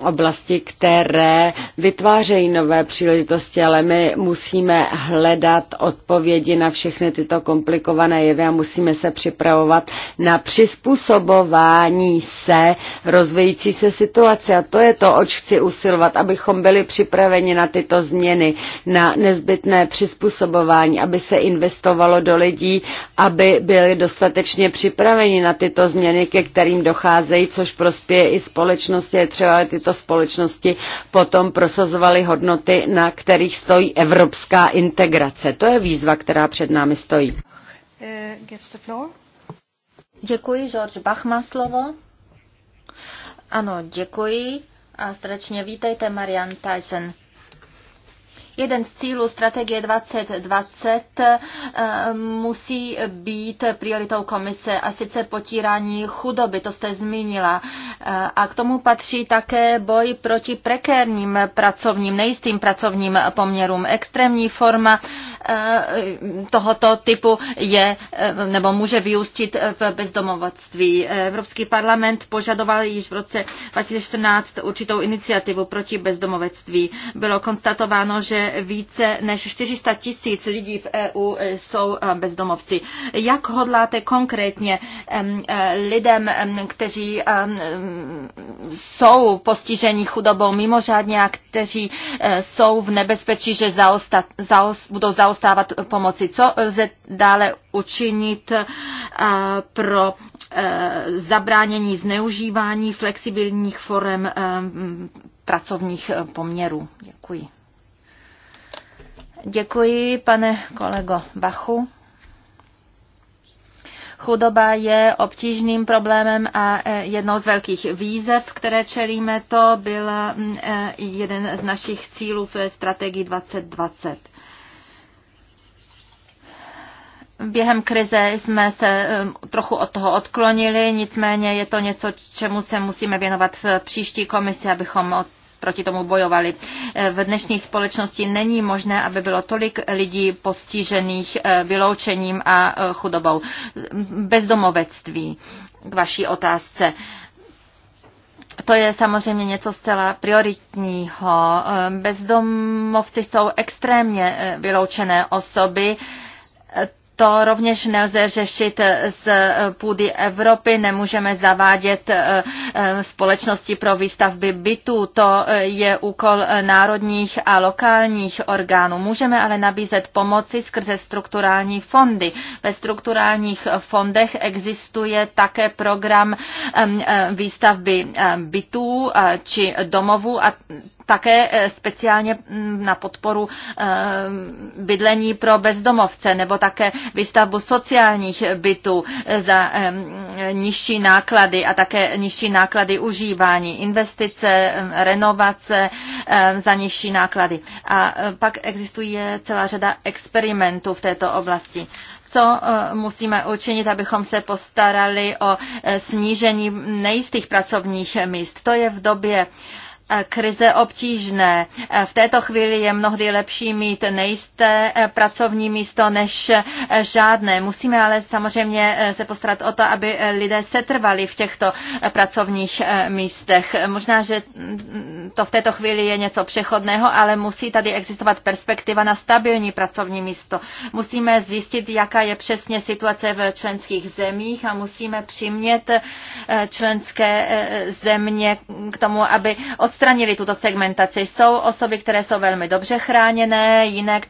oblasti, které vytvářejí nové příležitosti, ale my musíme hledat odpovědi na všechny tyto komplikované jevy a musíme se připravovat na přizpůsobování se rozvíjící se situace. A to je to, oč chci usilovat, abychom byli připraveni na tyto změny, na nezbytné přizpůsobování, aby se investovalo do lidí, aby byli dostatečně připraveni na tyto změny, ke kterým docházejí, což prospěje i společnosti, je třeba tyto společnosti potom prosazovaly hodnoty, na kterých stojí evropská integrace. To je výzva, která před námi stojí. Eh, děkuji, George Bach má slovo. Ano, děkuji a srdečně vítejte, Marian Tyson. Jeden z cílů strategie 2020 eh, musí být prioritou komise a sice potírání chudoby, to jste zmínila. Eh, a k tomu patří také boj proti prekérním pracovním, nejistým pracovním poměrům. Extrémní forma Eh, tohoto typu je eh, nebo může vyústit eh, v bezdomovectví. Evropský parlament požadoval již v roce 2014 určitou iniciativu proti bezdomovectví. Bylo konstatováno, že více než 400 tisíc lidí v EU jsou bezdomovci. Jak hodláte konkrétně lidem, kteří jsou postiženi chudobou mimořádně a kteří jsou v nebezpečí, že zaosta, zaos, budou zaostat zaostávat pomoci. Co lze dále učinit eh, pro eh, zabránění zneužívání flexibilních forem eh, pracovních poměrů? Děkuji. Děkuji, pane kolego Bachu. Chudoba je obtížným problémem a jednou z velkých výzev, které čelíme, to byl mm, jeden z našich cílů v strategii 2020. Během krize jsme se um, trochu od toho odklonili, nicméně je to něco, čemu se musíme věnovat v příští komisi, abychom od proti tomu bojovali. Eh, v dnešní společnosti není možné, aby bylo tolik lidí postižených eh, vyloučením a eh, chudobou. Bezdomovectví k vaší otázce. To je samozřejmě něco zcela prioritního. Bezdomovci jsou extrémně vyloučené osoby to rovněž nelze řešit z půdy Evropy, nemůžeme zavádět eh, eh, společnosti pro výstavby bytů, to je úkol národních a lokálních orgánů. Můžeme ale nabízet pomoci skrze strukturální fondy. Ve strukturálních fondech existuje také program výstavby bytů eh, či domovů a také eh, speciálně mm, na podporu eh, bydlení pro bezdomovce nebo také výstavbu sociálních bytů za nižší náklady a také nižší náklady užívání, investice, renovace za nižší náklady. A eh, pak existuje celá řada experimentů v této oblasti co musíme učinit, abychom se postarali o snížení nejistých pracovních míst. To je v době krize obtížné. V této chvíli je mnohdy lepší mít nejisté eh, pracovní místo než eh, žádné. Musíme ale samozřejmě eh, se postarat o to, aby lidé setrvali v těchto pracovních místech. Možná, že mm, to v této chvíli je něco přechodného, ale musí tady existovat perspektiva na stabilní pracovní místo. Musíme zjistit, jaká je přesně situace v členských zemích a musíme přimět členské země k tomu, aby od odstranili tuto segmentaci. Jsou osoby, které jsou velmi dobře chráněné, jiné,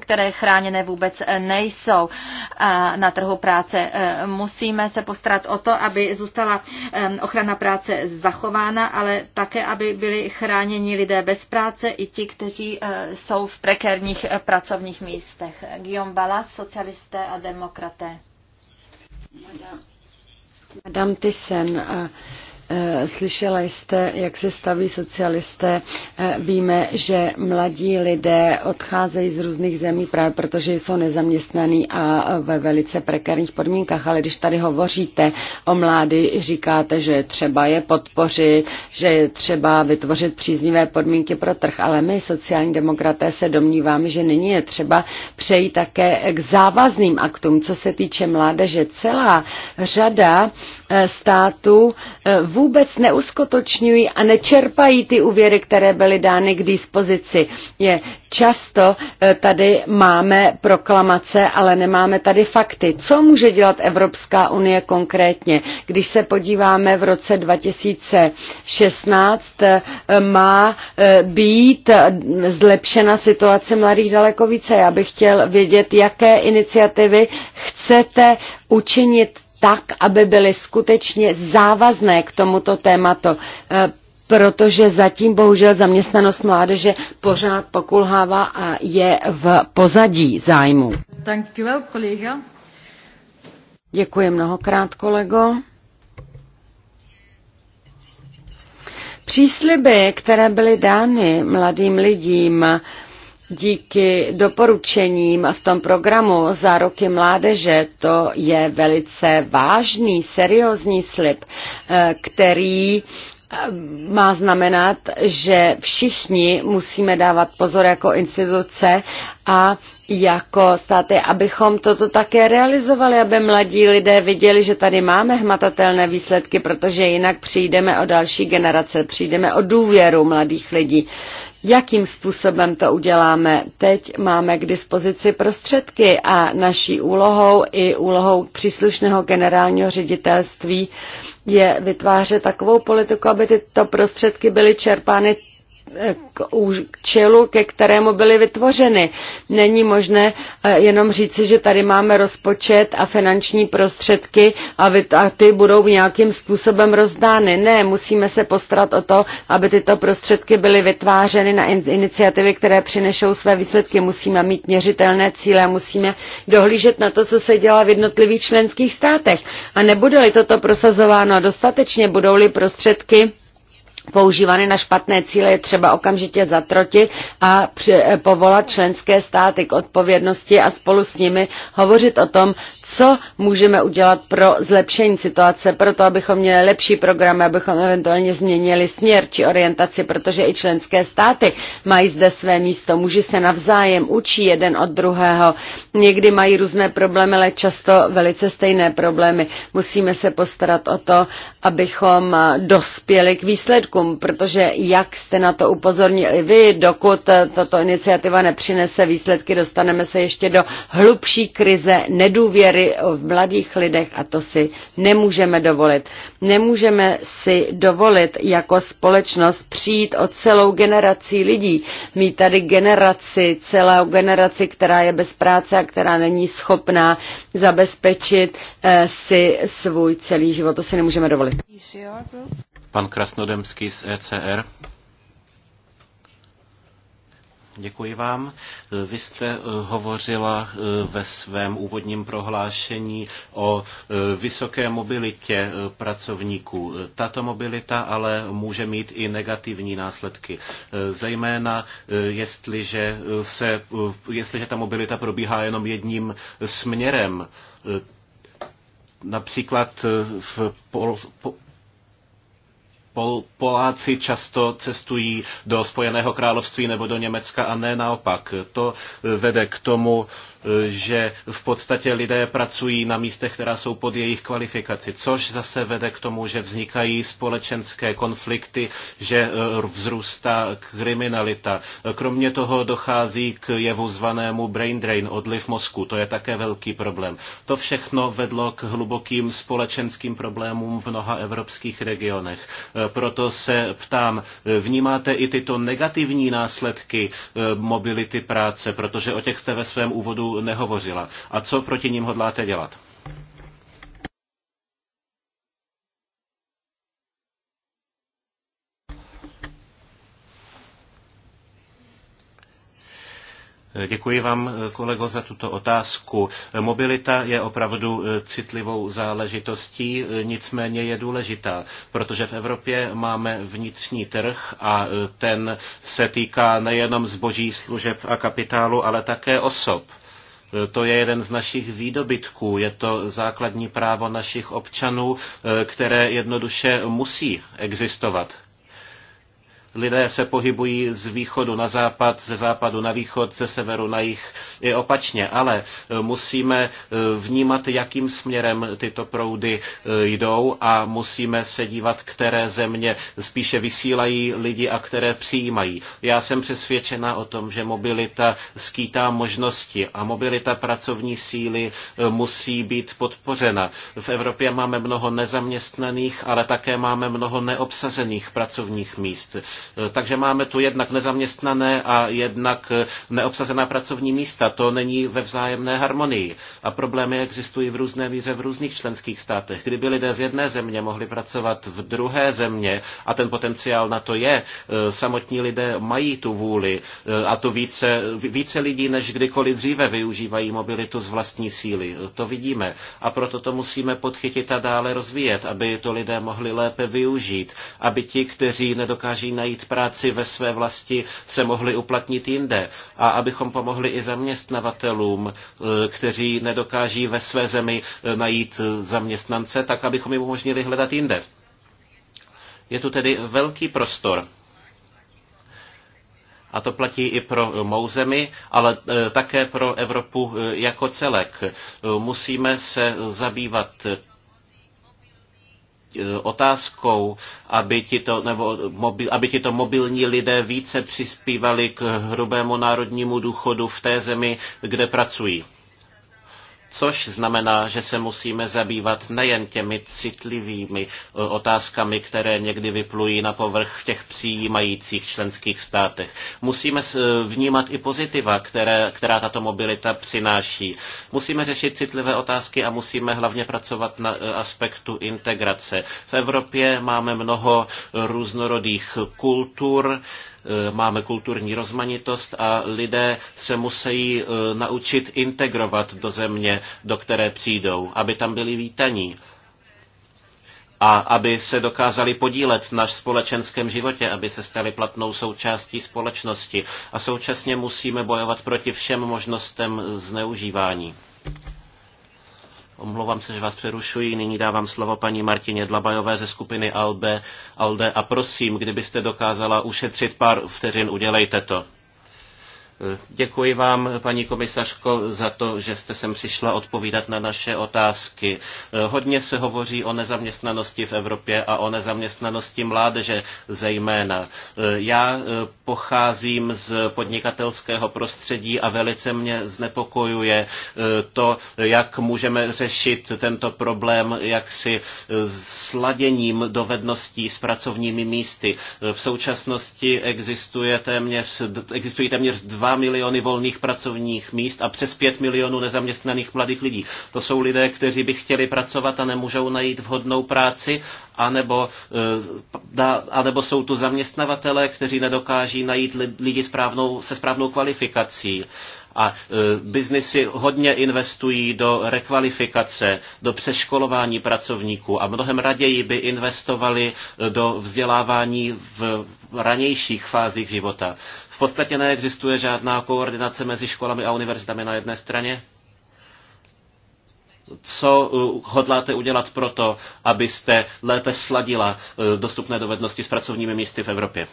které chráněné vůbec eh, nejsou eh, na trhu práce. Eh, musíme se postarat o to, aby zůstala ochrana práce zachována, ale také, aby byli chráněni lidé bez práce i ti, kteří jsou v prekérních pracovních místech. Guillaume Balas, socialisté a demokraté. Madame Tysen, uh... Eh, slyšela jste, jak se staví socialisté. Eh, víme, že mladí lidé odcházejí z různých zemí právě proto, že jsou nezaměstnaní a ve velice prekárních podmínkách. Ale když tady hovoříte o mládi, říkáte, že třeba je podpořit, že je třeba vytvořit příznivé podmínky pro trh. Ale my, sociální demokraté, se domníváme, že není je třeba přejít také k závazným aktům, co se týče mládeže. Celá řada eh, států v vůbec neuskutočňují a nečerpají ty úvěry, které byly dány k dispozici. Je často eh, tady máme proklamace, ale nemáme tady fakty. Co může dělat Evropská unie konkrétně? Když se podíváme v roce 2016, eh, má eh, být zlepšena situace mladých daleko více. Já bych chtěl vědět, jaké iniciativy chcete učinit tak, aby byly skutečně závazné k tomuto tématu, eh, protože zatím bohužel zaměstnanost mládeže pořád pokulhává a je v pozadí zájmu. Děkuji mnohokrát, kolego. Přísliby, které byly dány mladým lidím, díky doporučením v tom programu za roky mládeže, to je velice vážný, seriózní slib, eh, který eh, má znamenat, že všichni musíme dávat pozor jako instituce a jako státy, abychom toto také realizovali, aby mladí lidé viděli, že tady máme hmatatelné výsledky, protože jinak přijdeme o další generace, přijdeme o důvěru mladých lidí. Jakým způsobem to uděláme? Teď máme k dispozici prostředky a naší úlohou i úlohou příslušného generálního ředitelství je vytvářet takovou politiku, aby tyto prostředky byly čerpány k účelu, ke kterému byly vytvořeny. Není možné eh, jenom říci, že tady máme rozpočet a finanční prostředky a, ty budou nějakým způsobem rozdány. Ne, musíme se postarat o to, aby tyto prostředky byly vytvářeny na iniciativy, které přinešou své výsledky. Musíme mít měřitelné cíle, musíme dohlížet na to, co se dělá v jednotlivých členských státech. A nebude-li toto prosazováno dostatečně, budou-li prostředky používané na špatné cíle, je třeba okamžitě zatrotit a povolat členské státy k odpovědnosti a spolu s nimi hovořit o tom, co můžeme udělat pro zlepšení situace, pro to, abychom měli lepší programy, abychom eventuálně změnili směr či orientaci, protože i členské státy mají zde své místo, muži se navzájem učí jeden od druhého, někdy mají různé problémy, ale často velice stejné problémy. Musíme se postarat o to, abychom dospěli k výsledkům, protože jak jste na to upozornili vy, dokud tato iniciativa nepřinese výsledky, dostaneme se ještě do hlubší krize nedůvěry tedy v mladých lidech a to si nemůžeme dovolit. Nemůžeme si dovolit jako společnost přijít o celou generaci lidí, mít tady generaci, celou generaci, která je bez práce a která není schopná zabezpečit eh, si svůj celý život. To si nemůžeme dovolit. Pan Krasnodemský z ECR. Děkuji vám. Vy jste eh, hovořila eh, ve svém úvodním prohlášení o eh, vysoké mobilitě pracovníků. Tato mobilita ale může mít i negativní následky. Zejména jestliže, se, jestliže ta mobilita probíhá jenom jedním směrem, například v Pol- Poláci často cestují do Spojeného království nebo do Německa a ne naopak. To vede k tomu, že v podstatě lidé pracují na místech, která jsou pod jejich kvalifikaci, což zase vede k tomu, že vznikají společenské konflikty, že e, vzrůstá kriminalita. Kromě toho dochází k jevu zvanému brain drain, odliv mozku. To je také velký problém. To všechno vedlo k hlubokým společenským problémům v mnoha evropských regionech. E, proto se ptám, vnímáte i tyto negativní následky e, mobility práce, protože o těch jste ve svém úvodu nehovořila. A co proti ním hodláte dělat? Děkuji vám, kolego, za tuto otázku. Mobilita je opravdu citlivou záležitostí, nicméně je důležitá, protože v Evropě máme vnitřní trh a ten se týká nejenom zboží, služeb a kapitálu, ale také osob. Eh, to je jeden z našich výdobytků, je to základní právo našich občanů, eh, které jednoduše musí existovat lidé se pohybují z východu na západ, ze západu na východ, ze severu na jih i opačně, ale e, musíme e, vnímat, jakým směrem tyto proudy e, jdou a musíme se dívat, které země spíše vysílají lidi a které přijímají. Já jsem přesvědčena o tom, že mobilita skýtá možnosti a mobilita pracovní síly musí být podpořena. V Evropě máme mnoho nezaměstnaných, ale také máme mnoho neobsazených pracovních míst. Eh, takže máme tu jednak nezaměstnané a jednak eh, neobsazená pracovní místa. To není ve vzájemné harmonii. A problémy existují v různé míře v různých členských státech. Kdyby lidé z jedné země mohli pracovat v druhé země, a ten potenciál na to je, eh, samotní lidé mají tu vůli a to více, více lidí než kdykoliv dříve využívají mobilitu z vlastní síly. To vidíme. A proto to musíme podchytit a dále rozvíjet, aby to lidé mohli lépe využít, aby ti, kteří nedokáží najít najít práci ve své vlasti, se mohli uplatnit jinde. A abychom pomohli i zaměstnavatelům, e, kteří nedokáží ve své zemi e, najít e, zaměstnance, tak abychom jim umožnili hledat jinde. Je tu tedy velký prostor. A to platí i pro mou zemi, ale také pro Evropu jako celek. Musíme se zabývat E, otázkou, aby tito, nebo mobil, aby tito mobilní lidé více přispívali k hrubému národnímu důchodu v té zemi, kde pracují. Což znamená, že se musíme zabývat nejen těmi citlivými eh, otázkami, které někdy vyplují na povrch v těch přijímajících členských státech. Musíme eh, vnímat i pozitiva, které, která tato mobilita přináší. Musíme řešit citlivé otázky a musíme hlavně pracovat na eh, aspektu integrace. V Evropě máme mnoho různorodých kultur, Eh, máme kulturní rozmanitost a lidé se musí eh, naučit integrovat do země, do které přijdou, aby tam byli vítaní a aby se dokázali podílet na společenském životě, aby se stali platnou součástí společnosti. A současně musíme bojovat proti všem možnostem zneužívání. Omlouvám se, že vás přerušuji. Nyní dávám slovo paní Martině Dlabajové ze skupiny ALDE, ALDE a prosím, kdybyste dokázala ušetřit pár vteřin, udělejte to. Děkuji vám, paní komisařko, za to, že jste sem přišla odpovídat na naše otázky. Hodně se hovoří o nezaměstnanosti v Evropě a o nezaměstnanosti mládeže zejména. Já eh, pocházím z podnikatelského prostředí a velice mě znepokojuje eh, to, jak můžeme řešit tento problém jaksi eh, sladěním dovedností s pracovními místy. V současnosti existuje téměř, existují téměř dva 2 miliony volných pracovních míst a přes 5 milionů nezaměstnaných mladých lidí. To jsou lidé, kteří by chtěli pracovat a nemůžou najít vhodnou práci, anebo, eh, anebo jsou tu zaměstnavatele, kteří nedokáží najít lidi správnou, se správnou kvalifikací a eh, biznesy hodně investují do rekvalifikace, do přeškolování pracovníků a mnohem raději by investovali eh, do vzdělávání v ranějších fázích života podstatě neexistuje žádná koordinace mezi školami a univerzitami na jedné straně. Co uh, hodláte udělat proto, abyste lépe sladila uh, dostupné dovednosti s pracovními místy v Evropě?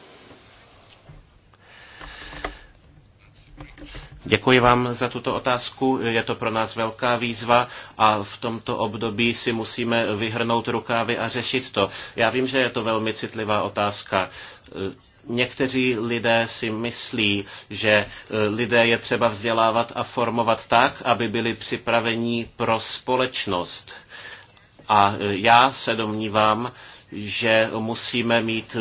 Děkuji vám za tuto otázku. Je to pro nás velká výzva a v tomto období si musíme vyhrnout rukávy a řešit to. Já vím, že je to velmi citlivá otázka. Uh, Někteří lidé si myslí, že e, lidé je třeba vzdělávat a formovat tak, aby byli připraveni pro společnost. A e, já se domnívám, že musíme mít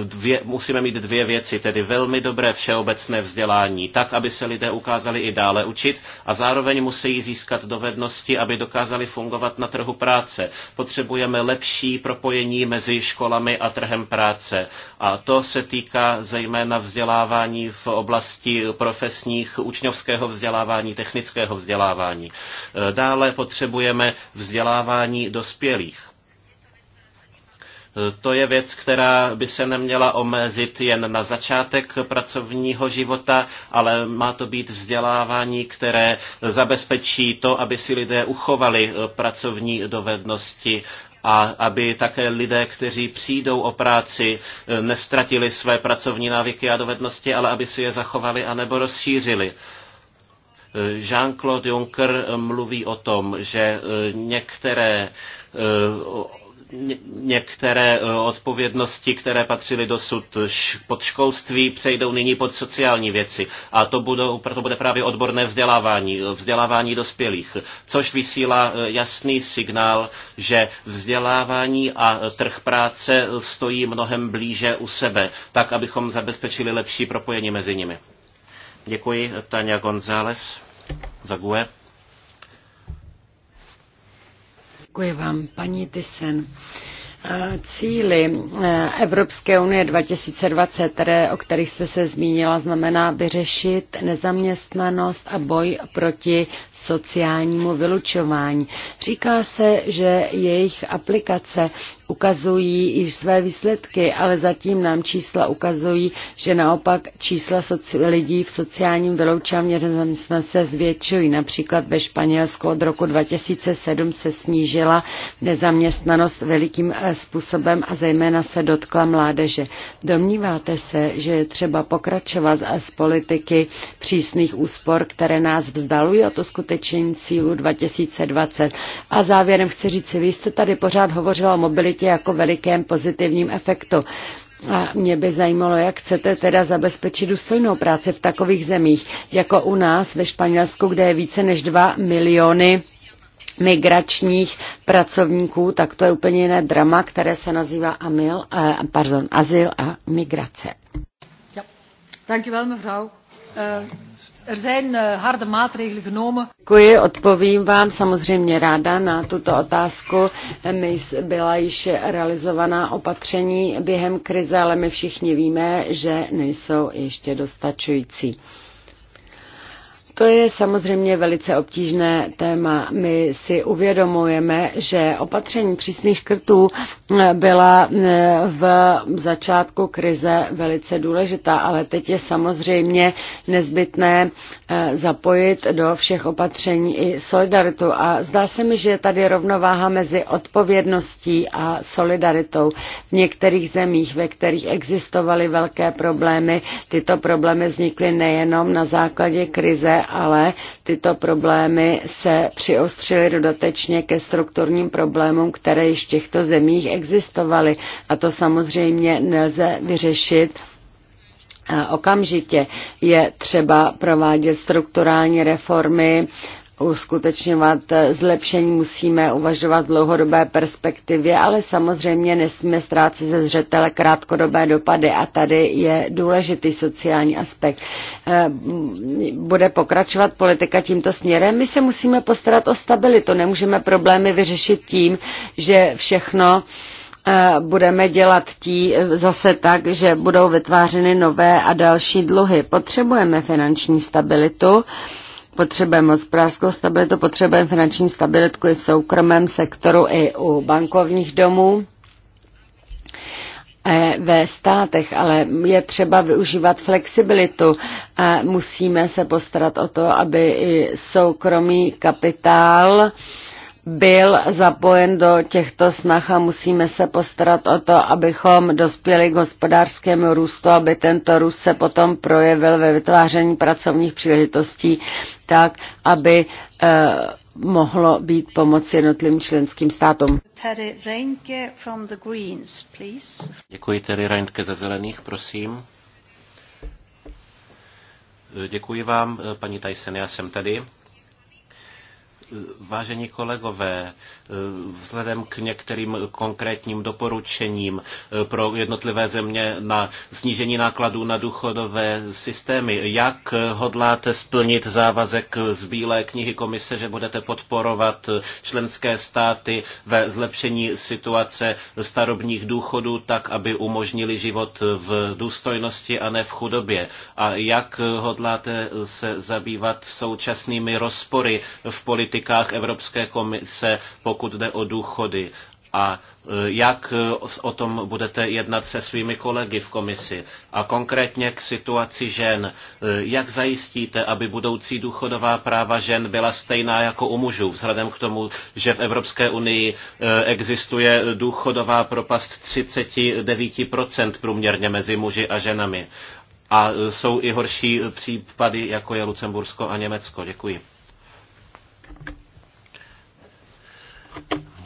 eh, dvě, musíme mít dvě věci, tedy velmi dobré všeobecné vzdělání, tak, aby se lidé ukázali i dále učit a zároveň musí získat dovednosti, aby dokázali fungovat na trhu práce. Potřebujeme lepší propojení mezi školami a trhem práce. A to se týká zejména vzdělávání v oblasti profesních, učňovského vzdělávání, technického vzdělávání. Eh, dále potřebujeme vzdělávání dospělých. To je věc, která by se neměla omezit jen na začátek pracovního života, ale má to být vzdělávání, které zabezpečí to, aby si lidé uchovali eh, pracovní dovednosti a aby také lidé, kteří přijdou o práci, eh, nestratili své pracovní návyky a dovednosti, ale aby si je zachovali a nebo rozšířili. Eh, Jean-Claude Juncker mluví o tom, že některé některé eh, odpovědnosti, které patřily dosud pod školství, přejdou nyní pod sociální věci. A to, budou, to bude právě odborné vzdělávání, eh, vzdělávání dospělých, což vysílá eh, jasný signál, že vzdělávání a trh práce stojí mnohem blíže u sebe, tak abychom zabezpečili lepší propojení mezi nimi. Děkuji, Tania González. GUE. Děkuji vám, paní Tysen eh, cíly eh, Evropské unie 2020, které, o kterých jste se zmínila, znamená vyřešit nezaměstnanost a boj proti sociálnímu vylučování. Říká se, že jejich aplikace ukazují i své výsledky, ale zatím nám čísla ukazují, že naopak čísla soci- lidí v sociálním vyloučení a nezaměstnanosti se zvětšují. Například ve Španělsku od roku 2007 se snížila nezaměstnanost velikým eh, způsobem a zejména se dotkla mládeže. Domníváte se, že je třeba pokračovat eh, z politiky přísných úspor, které nás vzdalují o to skutečení cílu 2020? A závěrem chci říct, vy jste tady pořád hovořila o mobilitě určitě jako velikém pozitivním efektu. A mě by zajímalo, jak chcete teda zabezpečit důstojnou práci v takových zemích, jako u nás ve Španělsku, kde je více než 2 miliony migračních pracovníků, tak to je úplně jiné drama, které se nazývá Amil, eh, pardon, azyl a migrace. Ja. Dankjewel mevrouw. Uh er zijn eh, harde maatregelen genomen. Děkuji, odpovím vám samozřejmě ráda na tuto otázku. My byla již realizovaná opatření během krize, ale my všichni víme, že nejsou ještě dostačující. To je samozřejmě velice obtížné téma. My si uvědomujeme, že opatření přísných škrtů eh, byla eh, v začátku krize velice důležitá, ale teď je samozřejmě nezbytné eh, zapojit do všech opatření i solidaritu. A zdá se mi, že je tady rovnováha mezi odpovědností a solidaritou. V některých zemích, ve kterých existovaly velké problémy, tyto problémy vznikly nejenom na základě krize, ale tyto problémy se přiostřily dodatečně ke strukturním problémům, které již v těchto zemích existovaly. A to samozřejmě nelze vyřešit eh, okamžitě. Je třeba provádět strukturální reformy uskutečňovat zlepšení, musíme uvažovat v dlouhodobé perspektivě, ale samozřejmě nesmíme ztrácet ze zřetele krátkodobé dopady a tady je důležitý sociální aspekt. Eh, bude pokračovat politika tímto směrem? My se musíme postarat o stabilitu, nemůžeme problémy vyřešit tím, že všechno eh, budeme dělat tí eh, zase tak, že budou vytvářeny nové a další dluhy. Potřebujeme finanční stabilitu Potřebujeme hospodářskou stabilitu, potřebujeme finanční stabilitu i v soukromém sektoru, i u bankovních domů e, ve státech, ale je třeba využívat flexibilitu. Musíme se postarat o to, aby i soukromý kapitál byl zapojen do těchto snah a musíme se postarat o to, abychom dospěli k hospodářskému růstu, aby tento růst se potom projevil ve vytváření pracovních příležitostí tak, aby e, mohlo být pomoc jednotlivým členským státům. Děkuji Terry Reinke ze Zelených, prosím. Eh, děkuji vám, eh, paní Tyson, já jsem tady. Vážení kolegové, Eh, vzhledem k některým konkrétním doporučením eh, pro jednotlivé země na snížení nákladů na důchodové systémy. Jak hodláte splnit závazek z Bílé knihy komise, že budete podporovat členské státy ve zlepšení situace starobních důchodů tak, aby umožnili život v důstojnosti a ne v chudobě? A jak hodláte se zabývat současnými rozpory v politikách Evropské komise, po pokud jde o důchody a e, jak e, o tom budete jednat se svými kolegy v komisi a konkrétně k situaci žen. E, jak zajistíte, aby budoucí důchodová práva žen byla stejná jako u mužů, vzhledem k tomu, že v Evropské unii existuje důchodová propast 39% průměrně mezi muži a ženami. A jsou i horší případy, jako je Lucembursko a Německo. Děkuji.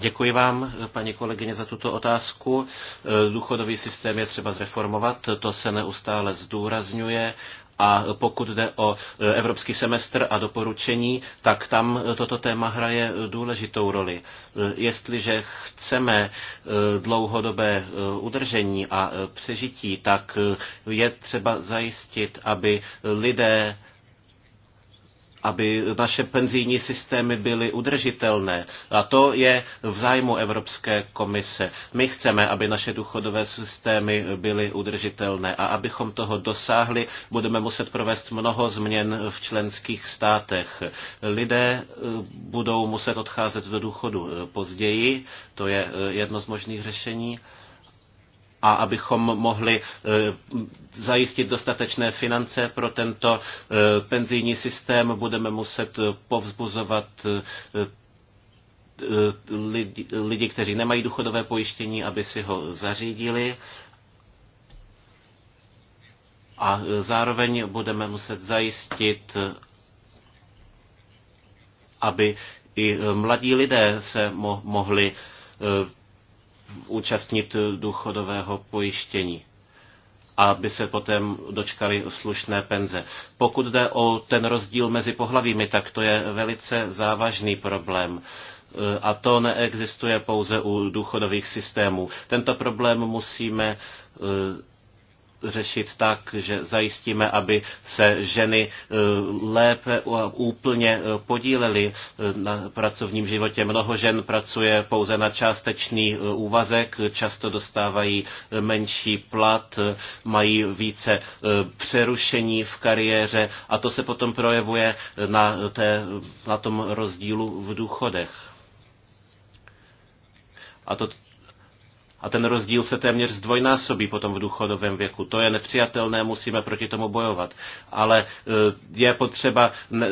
Děkuji vám, paní kolegyně, za tuto otázku. Důchodový systém je třeba zreformovat, to se neustále zdůrazňuje a pokud jde o evropský semestr a doporučení, tak tam toto téma hraje důležitou roli. Jestliže chceme dlouhodobé udržení a přežití, tak je třeba zajistit, aby lidé aby naše penzijní systémy byly udržitelné. A to je v zájmu Evropské komise. My chceme, aby naše důchodové systémy byly udržitelné a abychom toho dosáhli, budeme muset provést mnoho změn v členských státech. Lidé eh, budou muset odcházet do důchodu eh, později, to je eh, jedno z možných řešení a abychom mohli eh, zajistit dostatečné finance pro tento eh, penzijní systém, budeme muset eh, povzbuzovat lidi, lidi, kteří nemají důchodové pojištění, aby si ho zařídili. A zároveň budeme muset zajistit, aby i mladí lidé se mo- mohli účastnit důchodového pojištění aby se potom dočkali slušné penze. Pokud jde o ten rozdíl mezi pohlavími, tak to je velice závažný problém. E, a to neexistuje pouze u důchodových systémů. Tento problém musíme e, řešit tak, že zajistíme, aby se ženy e, lépe úplně e, podílely e, na pracovním životě. Mnoho žen pracuje pouze na částečný úvazek, často dostávají menší plat, mají více přerušení v kariéře a to se potom projevuje na, té, na tom rozdílu v důchodech. A to a ten rozdíl se téměř zdvojnásobí potom v důchodovém věku. To je nepřijatelné, musíme proti tomu bojovat. Ale eh, je potřeba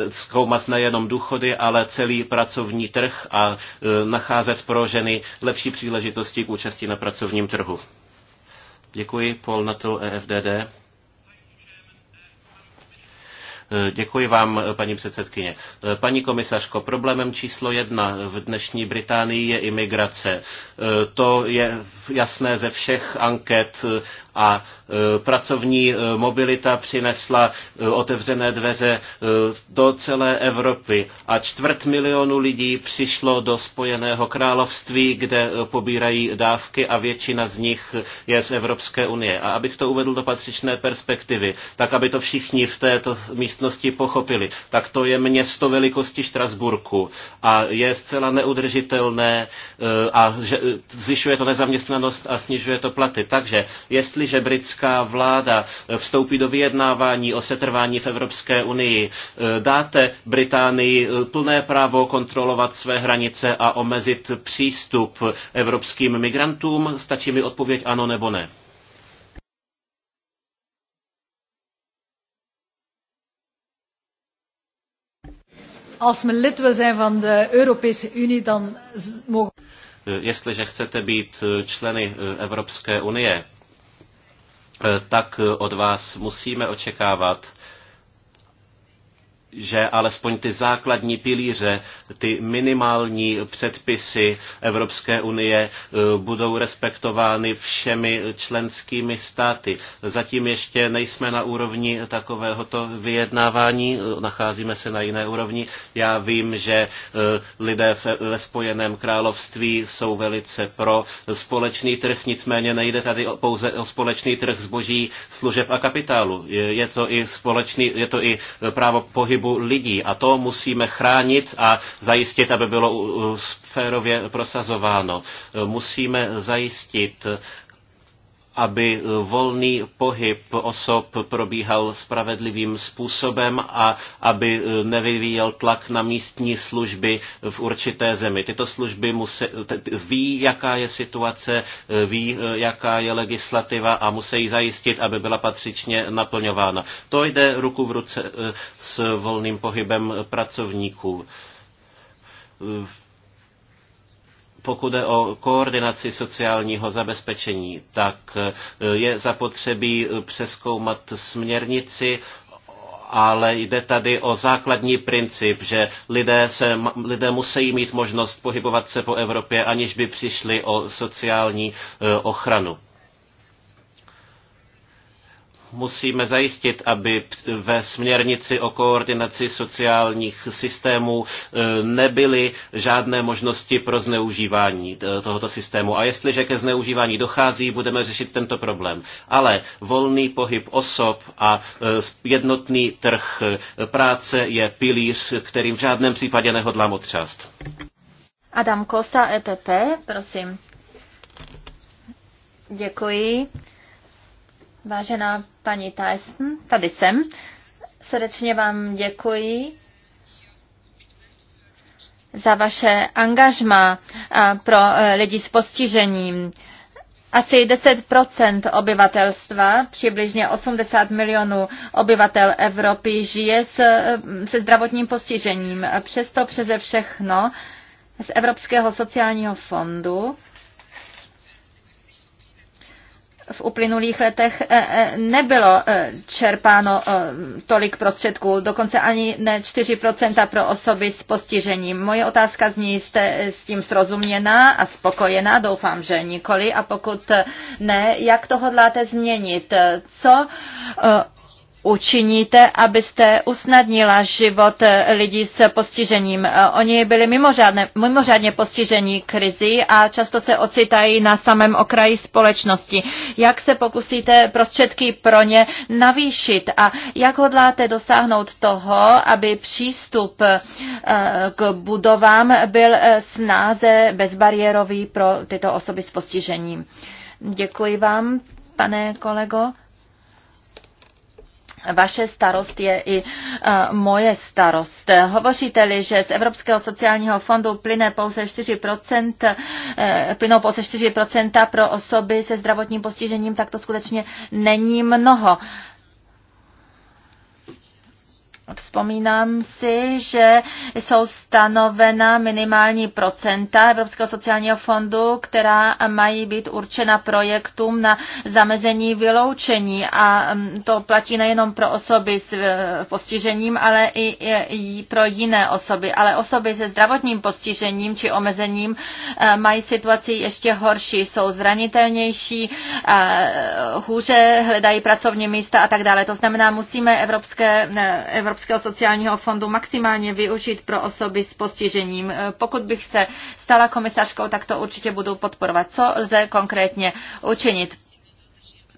zkoumat nejenom důchody, ale celý pracovní trh a eh, nacházet pro ženy lepší příležitosti k účasti na pracovním trhu. Děkuji, Paul Natal, EFDD. Eh, děkuji vám, eh, paní předsedkyně. Eh, paní komisařko, problémem číslo jedna v dnešní Británii je imigrace. To je jasné ze všech anket a pracovní mobilita přinesla otevřené dveře do celé Evropy a čtvrt milionu lidí přišlo do Spojeného království, kde pobírají dávky a většina z nich je z Evropské unie. A abych to uvedl do patřičné perspektivy, tak aby to všichni v této místě místnosti pochopili, tak to je město velikosti Štrasburku a je zcela neudržitelné eh, a eh, zvyšuje to nezaměstnanost a snižuje to platy. Takže jestliže britská vláda eh, vstoupí do vyjednávání o setrvání v Evropské unii, dáte Británii plné právo kontrolovat své hranice a omezit přístup evropským migrantům? Stačí mi odpověď ano nebo ne. Als men lid wil zijn van de Europese Unie, dan mogen... Eh, jestliže chcete být eh, členy eh, Evropské unie, tak od vás musíme očekávat, že alespoň ty základní pilíře, ty minimální předpisy Evropské unie eh, budou respektovány všemi členskými státy. Zatím ještě nejsme na úrovni takovéhoto vyjednávání, eh, nacházíme se na jiné úrovni. Já vím, že eh, lidé ve Spojeném království jsou velice pro společný trh, nicméně nejde tady pouze o společný trh zboží, služeb a kapitálu. Je to i, společný, je to i právo pohybu pohybu lidí a to musíme chránit a zajistit, aby bylo uh, uh, férově prosazováno. Musíme zajistit, aby eh, volný pohyb osob probíhal spravedlivým způsobem a aby eh, nevyvíjel tlak na místní služby v určité zemi. Tyto služby musí, ví, jaká je situace, eh, ví, jaká je legislativa a musí zajistit, aby byla patřičně naplňována. To jde ruku v ruce s volným pohybem pracovníků pokud je o koordinaci sociálního zabezpečení, tak eh, je zapotřebí eh, přeskoumat směrnici ale jde tady o základní princip, že lidé, se, lidé musí mít možnost pohybovat se po Evropě, aniž by přišli o sociální eh, ochranu musíme zajistit, aby ve směrnici o koordinaci sociálních systémů e, nebyly žádné možnosti pro zneužívání e, tohoto systému. A jestliže ke zneužívání dochází, budeme řešit tento problém. Ale volný pohyb osob a e, jednotný trh práce je pilíř, kterým v žádném případě nehodlám otřást. Adam Kosa, EPP, prosím. Děkuji. Vážená paní Tyson, tady jsem. Srdečně vám děkuji za vaše angažma pro e, lidi s postižením. Asi 10 obyvatelstva, přibližně 80 milionů obyvatel Evropy, žije s, e, se zdravotním postižením. Přesto přeze všechno z Evropského sociálního fondu v uplynulých letech eh, eh, nebylo eh, čerpáno tolik prostředků, dokonce ani ne 4% pro osoby s postižením. Moje otázka zní, jste s tím srozuměná a spokojená, doufám, že nikoli. A pokud ne, jak to hodláte změnit? Co učiníte, abyste usnadnila život eh, lidí s postižením. Eh, oni byli mimořádně, mimořádně postižení krizi a často se ocitají na samém okraji společnosti. Jak se pokusíte prostředky pro ně navýšit a jak hodláte dosáhnout toho, aby přístup eh, k budovám byl snáze bezbariérový pro tyto osoby s postižením? Děkuji vám, pane kolego. Vaše starost je i uh, moje starost. Hovoříte-li, že z Evropského sociálního fondu plyne pouze 4%, uh, e, plynou pouze 4% pro osoby se zdravotním postižením, tak to skutečně není mnoho. Uh, Vzpomínám si, že jsou stanovena minimální procenta Evropského sociálního fondu, která mají být určena projektům na zamezení vyloučení. A mm, to platí nejenom pro osoby s e, postižením, ale e, i, pro jiné osoby. Ale osoby se zdravotním postižením či omezením e, mají situaci ještě horší, jsou zranitelnější, hůře hledají pracovní místa a tak dále. To znamená, musíme evropské, evropské Evropského sociálního fondu maximálně využít pro osoby s postižením. Eh, pokud bych se stala komisařkou, tak to určitě budu podporovat. Co lze konkrétně učinit?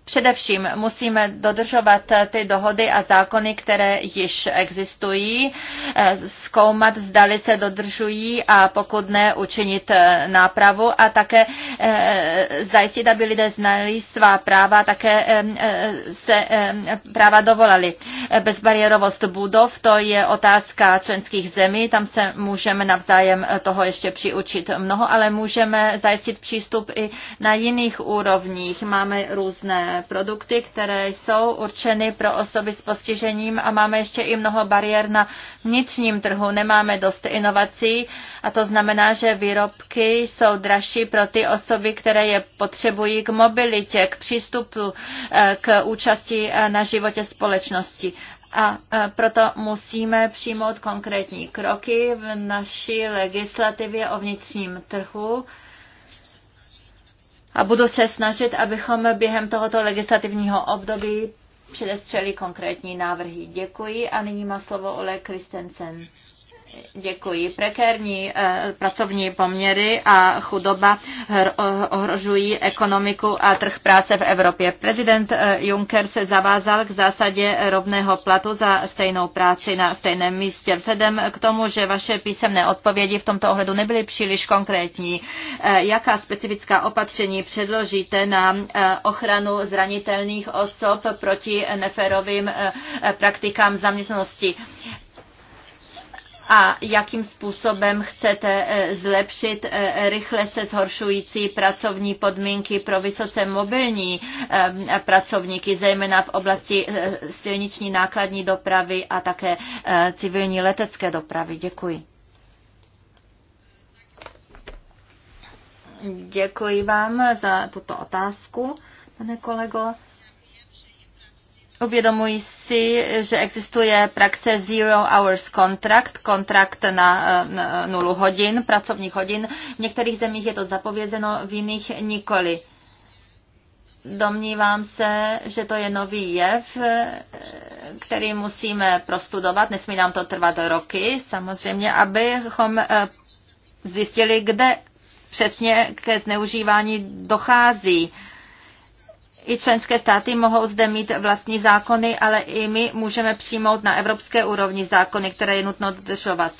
Především musíme dodržovat ty dohody a zákony, které již existují, eh, zkoumat, zdali se dodržují a pokud ne, učinit eh, nápravu a také eh, zajistit, aby lidé znali svá práva, také se práva dovolali. Bezbariérovost budov, to je otázka členských zemí, tam se můžeme navzájem toho ještě přiučit mnoho, ale můžeme zajistit přístup i na jiných úrovních. Máme různé produkty, které jsou určeny pro osoby s postižením a máme ještě i mnoho bariér na vnitřním trhu. Nemáme dost inovací a to znamená, že výrobky jsou dražší pro ty osoby, které je potřebují k mobilitě, k přístupu, eh, k účasti eh, na životě společnosti a eh, proto musíme přijmout konkrétní kroky v naší legislativě o vnitřním trhu, a budu se snažit, abychom během tohoto legislativního období předestřeli konkrétní návrhy. Děkuji a nyní má slovo Ole Kristensen. Děkuji. Prekérní eh, pracovní poměry a chudoba ohrožují ekonomiku a trh práce v Evropě. Prezident eh, Juncker se zavázal k zásadě rovného platu za stejnou práci na stejném místě. Vzhledem k tomu, že vaše písemné odpovědi v tomto ohledu nebyly příliš konkrétní, eh, jaká specifická opatření předložíte na ochranu zranitelných osob proti neférovým praktikám zaměstnanosti? a jakým způsobem chcete e, zlepšit e, rychle se zhoršující pracovní podmínky pro vysoce mobilní e, pracovníky, zejména v oblasti silniční nákladní dopravy a také civilní letecké dopravy. Děkuji. Děkuji vám za tuto otázku, pane kolego. Uvědomuji si, že existuje praxe zero hours contract, kontrakt na, na nulu hodin, pracovních hodin. V některých zemích je to zapovězeno, v jiných nikoli. Domnívám se, že to je nový jev, který musíme prostudovat. Nesmí nám to trvat roky, samozřejmě, abychom eh, zjistili, kde přesně ke zneužívání dochází i členské státy mohou zde mít vlastní zákony, ale i my můžeme přijmout na evropské úrovni zákony, které je nutno dodržovat.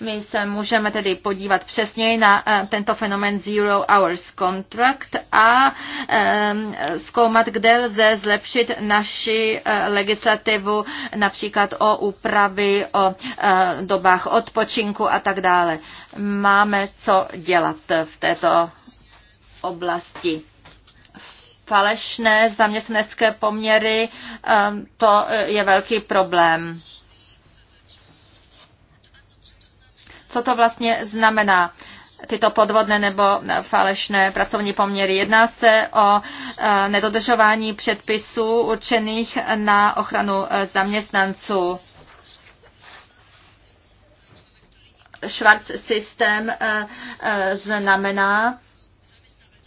My se můžeme tedy podívat přesněji na eh, tento fenomen Zero Hours Contract a eh, zkoumat, kde lze zlepšit naši eh, legislativu, například o úpravy, o dobách odpočinku a tak dále. Máme co dělat v této oblasti falešné zaměstnanecké poměry, ehm, to e, je velký problém. Co to vlastně znamená? tyto podvodné nebo falešné pracovní poměry. Jedná se o e, nedodržování předpisů určených na ochranu e, zaměstnanců. Schwarz systém znamená,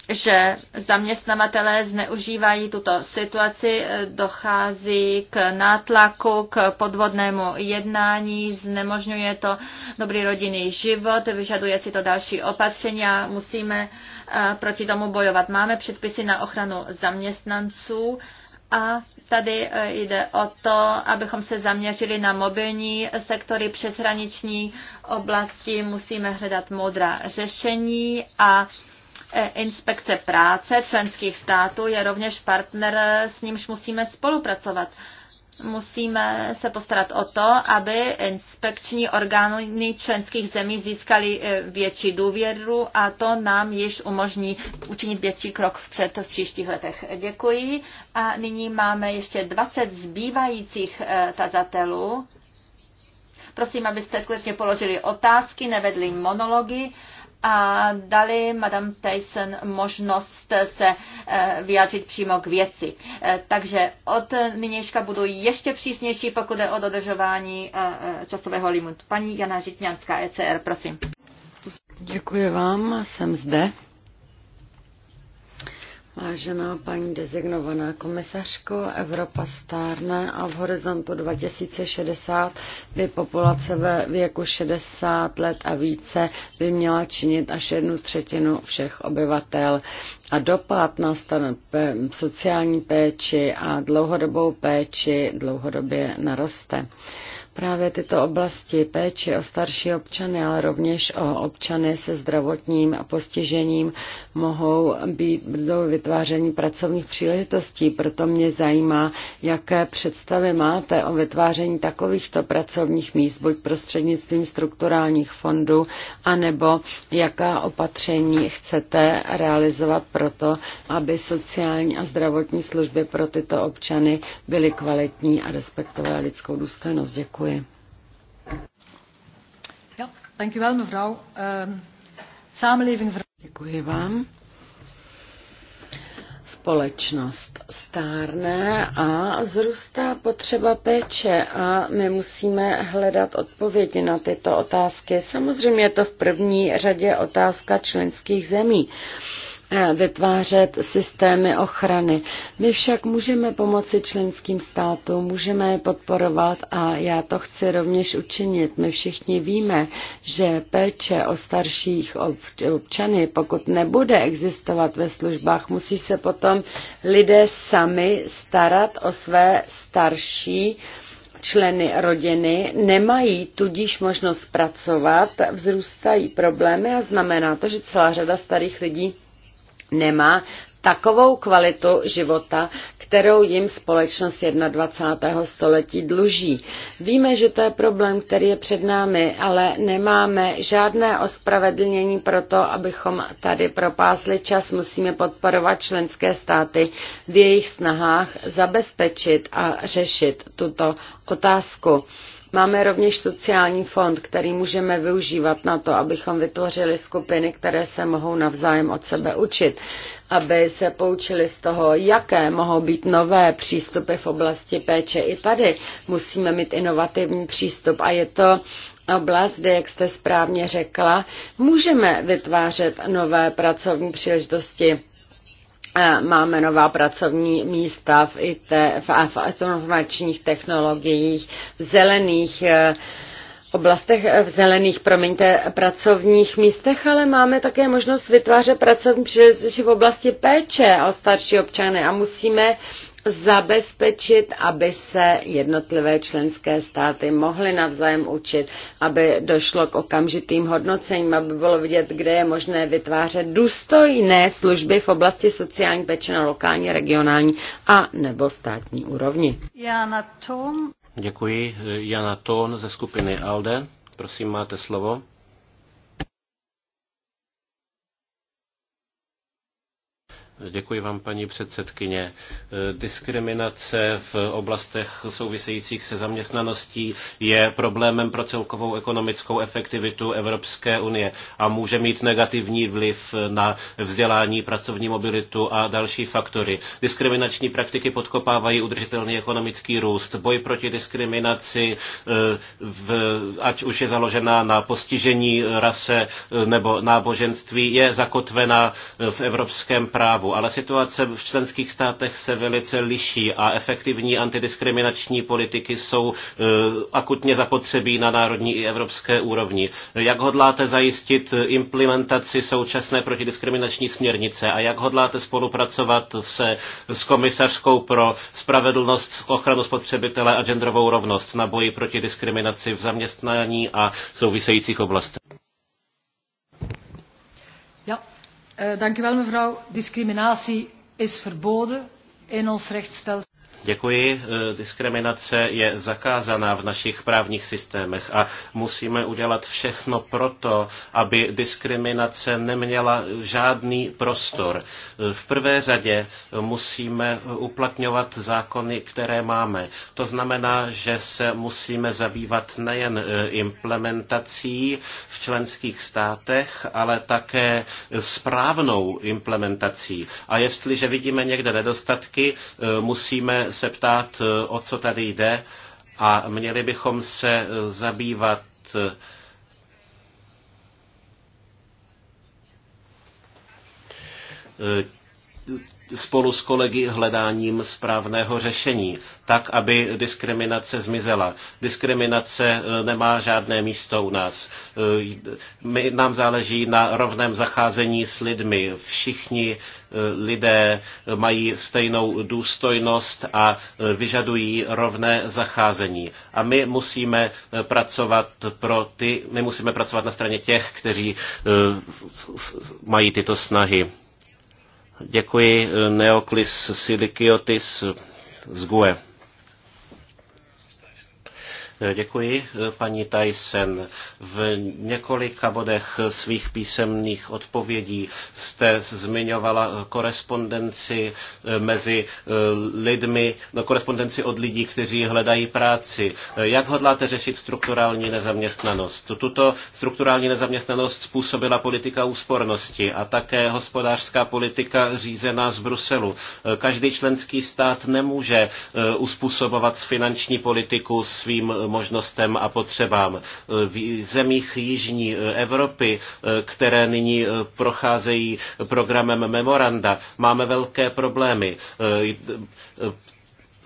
že zaměstnavatelé zneužívají tuto situaci, eh, dochází k nátlaku, k podvodnému jednání, znemožňuje to dobrý rodinný život, vyžaduje si to další opatření a musíme eh, proti tomu bojovat. Máme předpisy na ochranu zaměstnanců, a tady eh, jde o to, abychom se zaměřili na mobilní sektory přeshraniční oblasti. Musíme hledat modrá řešení a Inspekce práce členských států je rovněž partner, s nímž musíme spolupracovat. Musíme se postarat o to, aby inspekční orgány členských zemí získaly e, větší důvěru a to nám již umožní učinit větší krok vpřed v příštích letech. Děkuji. A nyní máme ještě 20 zbývajících e, tazatelů. Prosím, abyste skutečně položili otázky, nevedli monology a dali Madame Tyson možnost se eh, vyjádřit přímo k věci. Eh, takže od nynějška budu ještě přísnější, pokud je o dodržování eh, časového limitu. Paní Jana Žitňanská, ECR, prosím. Děkuji vám, jsem zde. Vážená paní dezignovaná komisařko, Evropa stárne a v horizontu 2060 by populace ve věku 60 let a více by měla činit až jednu třetinu všech obyvatel. A dopad na stan sociální péči a dlouhodobou péči dlouhodobě naroste. Právě tyto oblasti péče o starší občany, ale rovněž o občany se zdravotním a postižením mohou být do vytváření pracovních příležitostí. Proto mě zajímá, jaké představy máte o vytváření takovýchto pracovních míst, buď prostřednictvím strukturálních fondů, anebo jaká opatření chcete realizovat proto, aby sociální a zdravotní služby pro tyto občany byly kvalitní a respektovaly lidskou důstojnost. Děkuji. Děkuji. Ja, dankjewel mevrouw. samenleving... Děkuji vám společnost stárne a zrůstá potřeba péče a my musíme hledat odpovědi na tyto otázky. Samozřejmě je to v první řadě otázka členských zemí, vytvářet systémy ochrany. My však můžeme pomoci členským státům, můžeme je podporovat a já to chci rovněž učinit. My všichni víme, že péče o starších občany, pokud nebude existovat ve službách, musí se potom lidé sami starat o své starší členy rodiny nemají tudíž možnost pracovat, vzrůstají problémy a znamená to, že celá řada starých lidí nemá takovou kvalitu života, kterou jim společnost 21. století dluží. Víme, že to je problém, který je před námi, ale nemáme žádné ospravedlnění pro to, abychom tady propásli čas. Musíme podporovat členské státy v jejich snahách zabezpečit a řešit tuto otázku. Máme rovněž sociální fond, který můžeme využívat na to, abychom vytvořili skupiny, které se mohou navzájem od sebe učit, aby se poučili z toho, jaké mohou být nové přístupy v oblasti péče. I tady musíme mít inovativní přístup a je to oblast, kde, jak jste správně řekla, můžeme vytvářet nové pracovní příležitosti Eh, máme nová pracovní místa v IT, v, v informačních technologiích, v zelených eh, oblastech, eh, v zelených, promiňte, pracovních místech, ale máme také možnost vytvářet pracovní příležitosti v oblasti péče o starší občany a musíme zabezpečit, aby se jednotlivé členské státy mohly navzájem učit, aby došlo k okamžitým hodnocením, aby bylo vidět, kde je možné vytvářet důstojné služby v oblasti sociální péče na lokální, regionální a nebo státní úrovni. Jana Tom. Děkuji. Jana Tón ze skupiny ALDE. Prosím, máte slovo. Děkuji vám, paní předsedkyně. Diskriminace v oblastech souvisejících se zaměstnaností je problémem pro celkovou ekonomickou efektivitu Evropské unie a může mít negativní vliv na vzdělání, pracovní mobilitu a další faktory. Diskriminační praktiky podkopávají udržitelný ekonomický růst. Boj proti diskriminaci, eh, ať už je založená na postižení rase eh, nebo náboženství, je zakotvena v evropském právu ale situace v členských státech se velice liší a efektivní antidiskriminační politiky jsou eh, akutně zapotřebí na národní i evropské úrovni. Jak hodláte zajistit eh, implementaci současné protidiskriminační směrnice a jak hodláte spolupracovat se s komisařkou pro spravedlnost, ochranu spotřebitele a genderovou rovnost na boji proti diskriminaci v zaměstnání a souvisejících oblastech? Eh, Discriminatie is verboden in ons rechtsstelsel. Děkuji. E, diskriminace je zakázaná v našich právních systémech a musíme udělat všechno proto, aby diskriminace neměla žádný prostor. E, v prvé řadě musíme uplatňovat zákony, které máme. To znamená, že se musíme zabývat nejen e, implementací v členských státech, ale také správnou implementací. A jestliže vidíme někde nedostatky, musíme se ptát, e, o co tady jde a měli bychom se zabývat e, spolu s kolegy hledáním správného řešení, tak, aby diskriminace zmizela. Diskriminace e, nemá žádné místo u nás. E, my, nám záleží na rovném zacházení s lidmi. Všichni e, lidé mají stejnou důstojnost a vyžadují rovné zacházení. A my musíme pracovat pro ty, my musíme pracovat na straně těch, kteří mají tyto snahy Děkuji eh, Neoklis Silikiotis z GUE. Děkuji, paní Tyson. V několika bodech svých písemných odpovědí jste zmiňovala korespondenci eh, mezi eh, lidmi, no, korespondenci od lidí, kteří hledají práci. Eh, jak hodláte řešit strukturální nezaměstnanost? Tuto strukturální nezaměstnanost způsobila politika úspornosti a také hospodářská politika řízená z Bruselu. Každý členský stát nemůže uspůsobovat finanční politiku svým možnostem a potřebám. V zemích Jižní Evropy, které nyní procházejí programem memoranda, máme velké problémy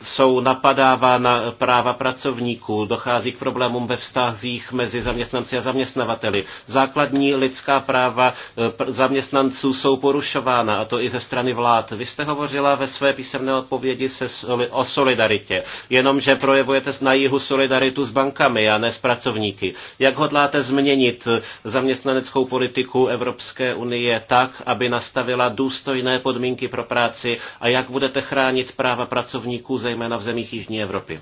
jsou napadávána práva pracovníků, dochází k problémům ve vztazích mezi zaměstnanci a zaměstnavateli. Základní lidská práva eh, zaměstnanců jsou porušována, a to i ze strany vlád. Vy jste hovořila ve své písemné odpovědi se, o solidaritě, jenomže projevujete na jihu solidaritu s bankami a ne s pracovníky. Jak hodláte změnit eh, zaměstnaneckou politiku Evropské unie tak, aby nastavila důstojné podmínky pro práci a jak budete chránit práva pracovníků ze zejména v zemích Jižní Evropy.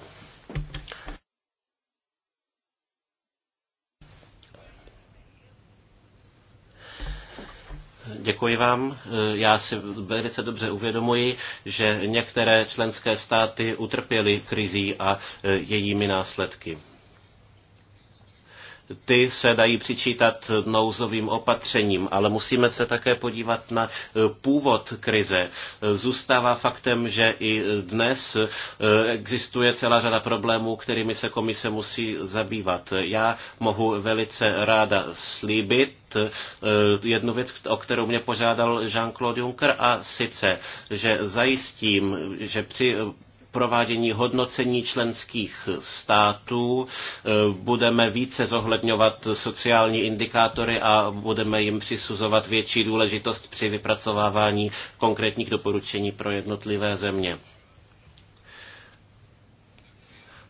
Děkuji vám. Já si velice dobře uvědomuji, že některé členské státy utrpěly krizí a jejími následky ty se dají přičítat nouzovým opatřením, ale musíme se také podívat na eh, původ krize. Eh, zůstává faktem, že i dnes eh, existuje celá řada problémů, kterými se komise musí zabývat. Já mohu velice ráda slíbit, jednu věc, o kterou mě požádal Jean-Claude Juncker, a sice, že zajistím, že při provádění hodnocení členských států, e, budeme více zohledňovat sociální indikátory a budeme jim přisuzovat větší důležitost při vypracovávání konkrétních doporučení pro jednotlivé země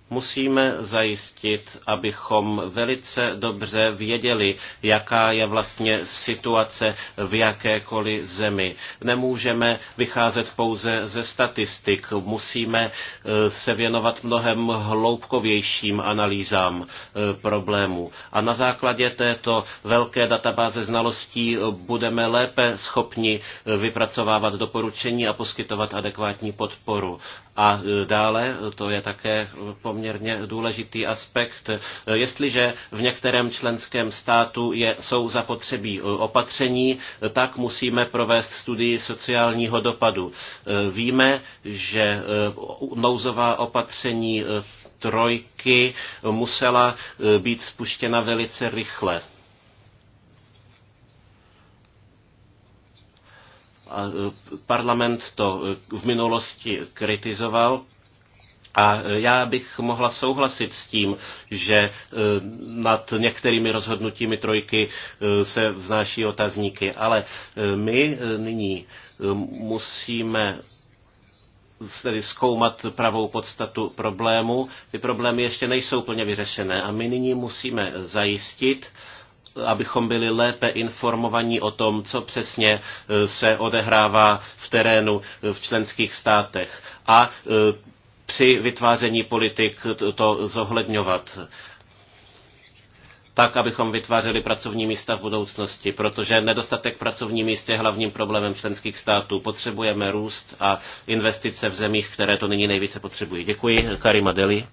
musíme zajistit, abychom velice dobře věděli, jaká je vlastně situace v jakékoliv zemi. Nemůžeme vycházet pouze ze statistik, musíme eh, se věnovat mnohem hloubkovějším analýzám eh, problémů. A na základě této velké databáze znalostí eh, budeme lépe schopni vypracovávat doporučení a poskytovat adekvátní podporu. A dále, to je také poměrně poměrně důležitý aspekt. Jestliže v některém členském státu je, jsou zapotřebí e, opatření, tak musíme provést studii sociálního dopadu. E, víme, že e, nouzová opatření trojky musela být spuštěna velice rychle. A parlament to v minulosti kritizoval, a e, já bych mohla souhlasit s tím, že e, nad některými rozhodnutími trojky e, se vznáší otazníky, ale my nyní musíme tedy zkoumat pravou podstatu problému. Ty problémy ještě nejsou plně vyřešené a my nyní musíme zajistit, abychom byli lépe informovaní o tom, co přesně se odehrává v terénu v členských státech. A při vytváření politik to zohledňovat tak, abychom vytvářeli pracovní místa v budoucnosti, protože nedostatek pracovní míst je hlavním problémem členských států. Potřebujeme růst a investice v zemích, které to nyní nejvíce potřebují. Děkuji, Karima Deli.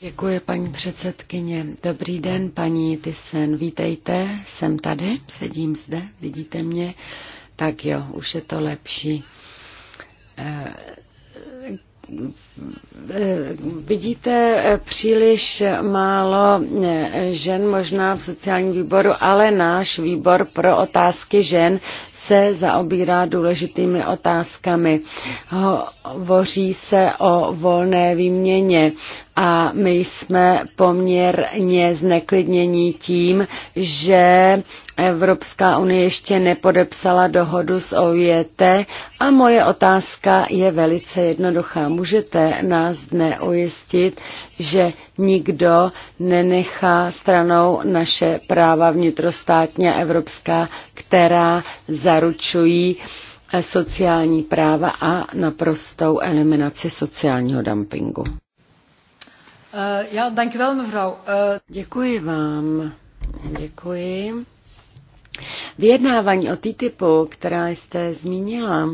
Děkuji, paní předsedkyně. Dobrý den, paní Tysen. Vítejte, jsem tady, sedím zde, vidíte mě. Tak jo, už je to lepší. Vidíte příliš málo žen možná v sociálním výboru, ale náš výbor pro otázky žen se zaobírá důležitými otázkami. Hovoří se o volné výměně a my jsme poměrně zneklidnění tím, že Evropská unie ještě nepodepsala dohodu s OJT a moje otázka je velice jednoduchá. Můžete nás dne ujistit, že nikdo nenechá stranou naše práva vnitrostátně a evropská, která zaručují eh, sociální práva a naprostou eliminaci sociálního dumpingu. Uh, eh, ja, dankjewel mevrouw. Uh... Eh, Děkuji vám. Děkuji. Vyjednávání o TTIPu, která jste zmínila,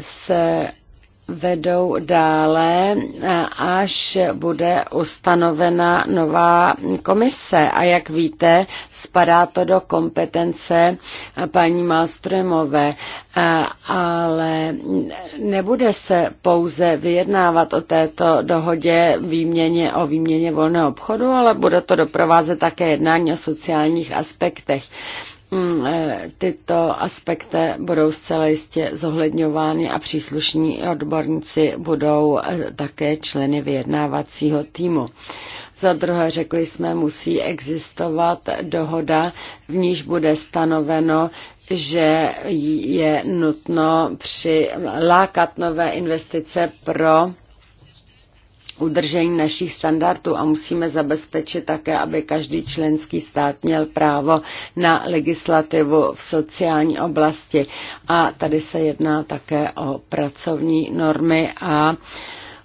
se vedou dále, až bude ustanovena nová komise. A jak víte, spadá to do kompetence paní Malströmové, ale nebude se pouze vyjednávat o této dohodě výměně o výměně volného obchodu, ale bude to doprovázet také jednání o sociálních aspektech. Hmm, eh, tyto aspekty budou zcela jistě zohledňovány a příslušní odborníci budou eh, také členy vyjednávacího týmu. Za druhé řekli jsme, musí existovat dohoda, v níž bude stanoveno, že je nutno přilákat nové investice pro udržení našich standardů a musíme zabezpečit také, aby každý členský stát měl právo na legislativu v sociální oblasti. A tady se jedná také o pracovní normy a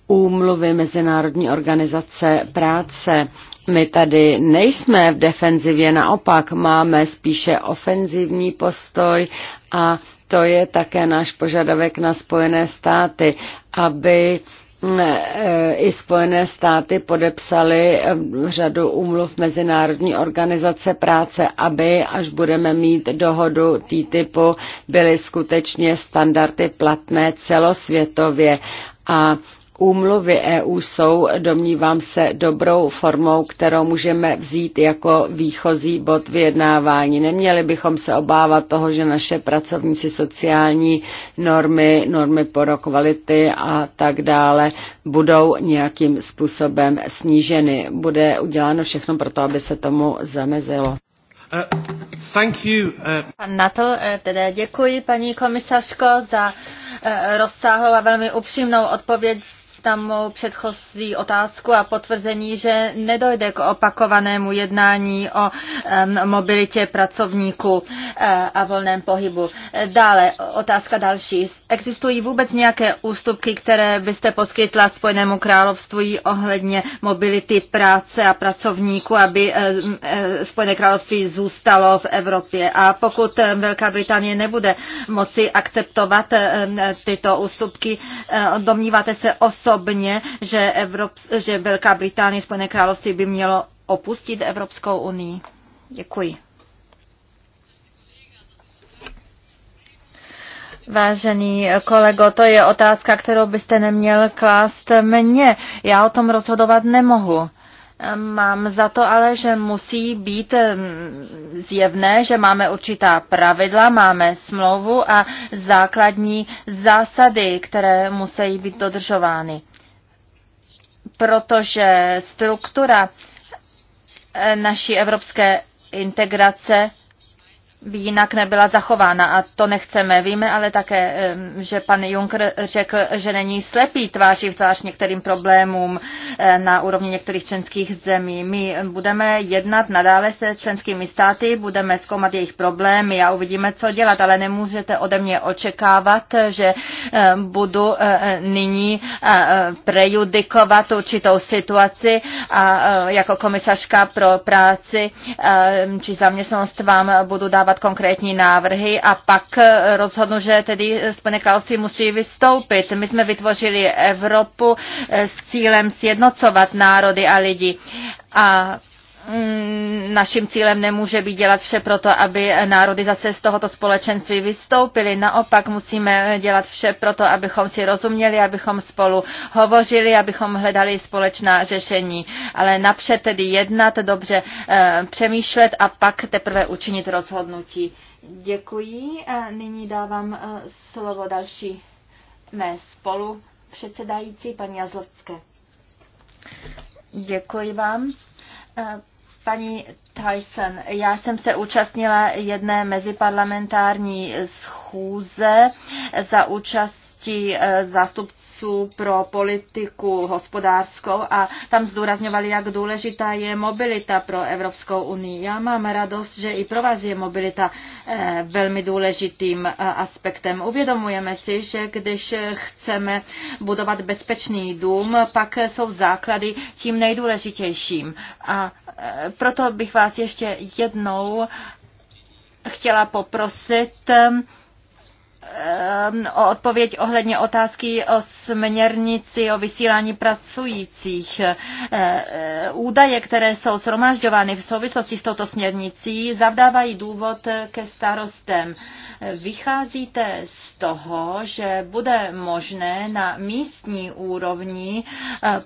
úmluvy Mezinárodní organizace práce. My tady nejsme v defenzivě, naopak máme spíše ofenzivní postoj a to je také náš požadavek na Spojené státy, aby Eh, i Spojené státy podepsaly eh, řadu umluv Mezinárodní organizace práce, aby, až budeme mít dohodu TTIPu, byly skutečně standardy platné celosvětově. A Úmluvy EU jsou, domnívám se, dobrou formou, kterou můžeme vzít jako výchozí bod vyjednávání. Neměli bychom se obávat toho, že naše pracovníci sociální normy, normy pro kvality a tak dále budou nějakým způsobem sníženy. Bude uděláno všechno pro to, aby se tomu zamezilo. Uh, thank you, uh... Pan Nato, eh, tedy děkuji paní komisařko za uh, rozsáhlou a velmi upřímnou odpověď tam mou předchozí otázku a potvrzení, že nedojde k opakovanému jednání o mobilitě pracovníků e, a volném pohybu. Dále, otázka další. Existují vůbec nějaké ústupky, které byste poskytla Spojenému království ohledně mobility práce a pracovníků, aby e, e, Spojené království zůstalo v Evropě? A pokud Velká Británie nebude moci akceptovat tyto ústupky, domníváte se osobně, osobně, že, Evrop, že Velká Británie, Spojené království by mělo opustit Evropskou unii? Děkuji. Vážený kolego, to je otázka, kterou byste neměl klást mně. Já o tom rozhodovat nemohu. Mám za to ale, že musí být mm, zjevné, že máme určitá pravidla, máme smlouvu a základní zásady, které musí být dodržovány. Protože struktura eh, naší evropské integrace by jinak nebyla zachována a to nechceme. Víme ale také, že pan Juncker řekl, že není slepý tváří v tvář některým problémům eh, na úrovni některých členských zemí. My budeme jednat nadále se členskými státy, budeme zkoumat jejich problémy a uvidíme, co dělat, ale nemůžete ode mě očekávat, že eh, budu eh, nyní prejudikovat určitou situaci a jako komisařka pro práci či zaměstnanost vám budu dávat dávat konkrétní návrhy a pak eh, rozhodnu, že tedy Spojené království musí vystoupit. My jsme vytvořili Evropu eh, s cílem sjednocovat národy a lidi. A Mm, naším cílem nemůže být dělat vše proto, aby národy zase z tohoto společenství vystoupily. Naopak musíme dělat vše proto, abychom si rozuměli, abychom spolu hovořili, abychom hledali společná řešení. Ale napřed tedy jednat, dobře eh, přemýšlet a pak teprve učinit rozhodnutí. Děkuji. Nyní dávám eh, slovo další mé spolu předsedající paní Jazlovské. Děkuji vám eh, Paní Tyson, já jsem se účastnila jedné meziparlamentární schůze za účast eh, zástupců poradců pro politiku hospodářskou a tam zdůrazňovali, jak důležitá je mobilita pro Evropskou unii. Já mám radost, že i pro vás je mobilita eh, velmi důležitým eh, aspektem. Uvědomujeme si, že když chceme budovat bezpečný dům, pak jsou základy tím nejdůležitějším. A eh, proto bych vás ještě jednou chtěla poprosit, Um, o odpověď ohledně otázky o směrnici o vysílání pracujících. Eh, eh, údaje, které jsou shromažďovány v souvislosti s touto směrnicí, zavdávají důvod ke starostem. Vycházíte z toho, že bude možné na místní úrovni eh,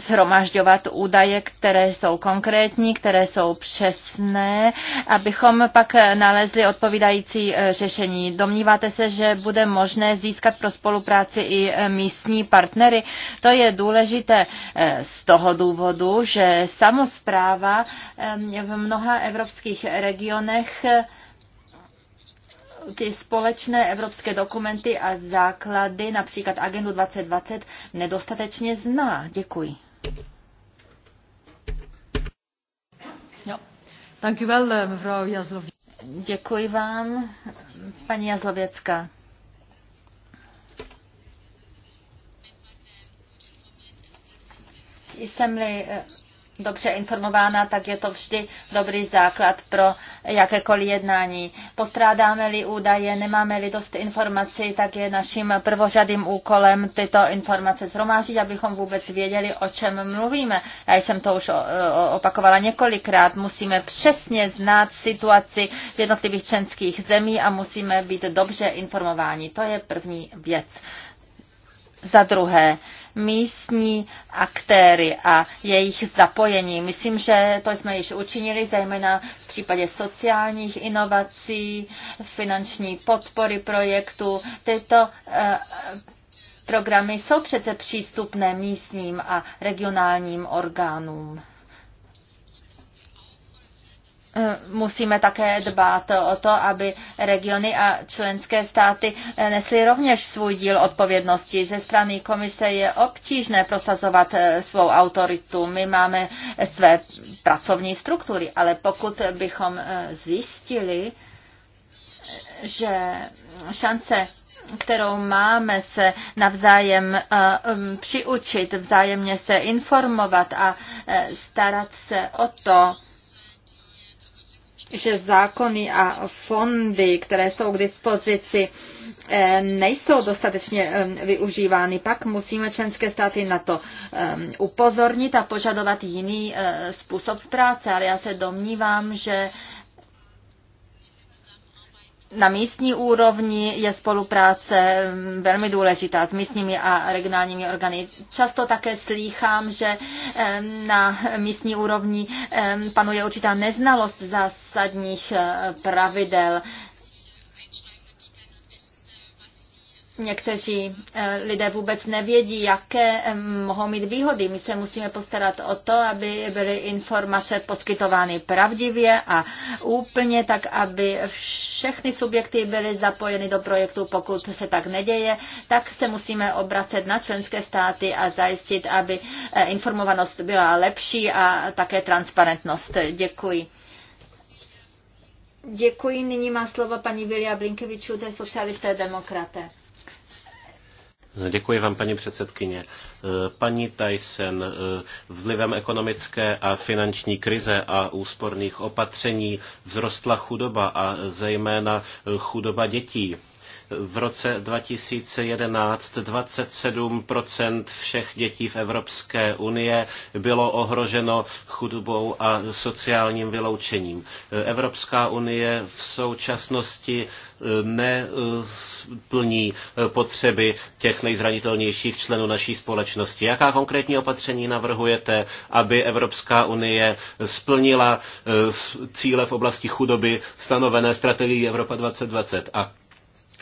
shromažďovat údaje, které jsou konkrétní, které jsou přesné, abychom pak nalezli odpovídající e, řešení. Domníváte se, že bude možné získat pro spolupráci i e, místní partnery? To je důležité e, z toho důvodu, že samozpráva v mnoha evropských regionech ty společné evropské dokumenty a základy, například agendu 2020, nedostatečně zná. Děkuji. Jo. Eh, mevrouw Děkuji vám, paní Jazlověcka. Jsem-li eh, dobře informována, tak je to vždy dobrý základ pro jakékoliv jednání. Postrádáme-li údaje, nemáme-li dost informací, tak je naším prvořadým úkolem tyto informace zhromážit, abychom vůbec věděli, o čem mluvíme. Já jsem to už opakovala několikrát. Musíme přesně znát situaci v jednotlivých členských zemí a musíme být dobře informováni. To je první věc. Za druhé, místní aktéry a jejich zapojení. Myslím, že to jsme již učinili, zejména v případě sociálních inovací, finanční podpory projektu. Tyto eh, programy jsou přece přístupné místním a regionálním orgánům. Eh, musíme také dbát o to, aby regiony a členské státy eh, nesly rovněž svůj díl odpovědnosti. Ze strany komise je obtížné prosazovat eh, svou autoritu. My máme své pracovní struktury, ale pokud bychom zjistili, že šance kterou máme se navzájem přiučit, vzájemně se informovat a starat se o to, že zákony a fondy, které jsou k dispozici, eh, nejsou dostatečně eh, využívány, pak musíme členské státy na to eh, upozornit a požadovat jiný způsob práce. Ale já se domnívám, že na místní úrovni je spolupráce mm, velmi důležitá s místními a regionálními orgány. Často také slýchám, že na místní úrovni panuje určitá neznalost zásadních eh, pravidel někteří eh, lidé vůbec nevědí, jaké eh, mohou mít výhody. My se musíme postarat o to, aby byly informace poskytovány pravdivě a úplně tak, aby všechny subjekty byly zapojeny do projektu. Pokud se tak neděje, tak se musíme obracet na členské státy a zajistit, aby eh, informovanost byla lepší a také transparentnost. Děkuji. Děkuji. Nyní má slovo paní Vilia Blinkevičů, to je socialisté demokraté. Děkuji vám, paní předsedkyně. Eh, paní Tyson, eh, vlivem ekonomické a finanční krize a úsporných opatření vzrostla chudoba a zejména eh, chudoba dětí. V roce 2011 27% všech dětí v Evropské unie bylo ohroženo chudobou a sociálním vyloučením. Evropská unie v současnosti eh, neplní eh, potřeby těch nejzranitelnějších členů naší společnosti. Jaká konkrétní opatření navrhujete, aby Evropská unie splnila eh, cíle v oblasti chudoby stanovené strategií Evropa 2020? A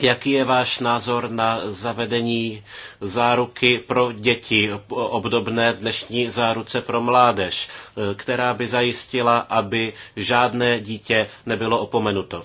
Jaký je váš názor na zavedení záruky pro děti, obdobné dnešní záruce pro mládež, e, která by zajistila, aby žádné dítě nebylo opomenuto?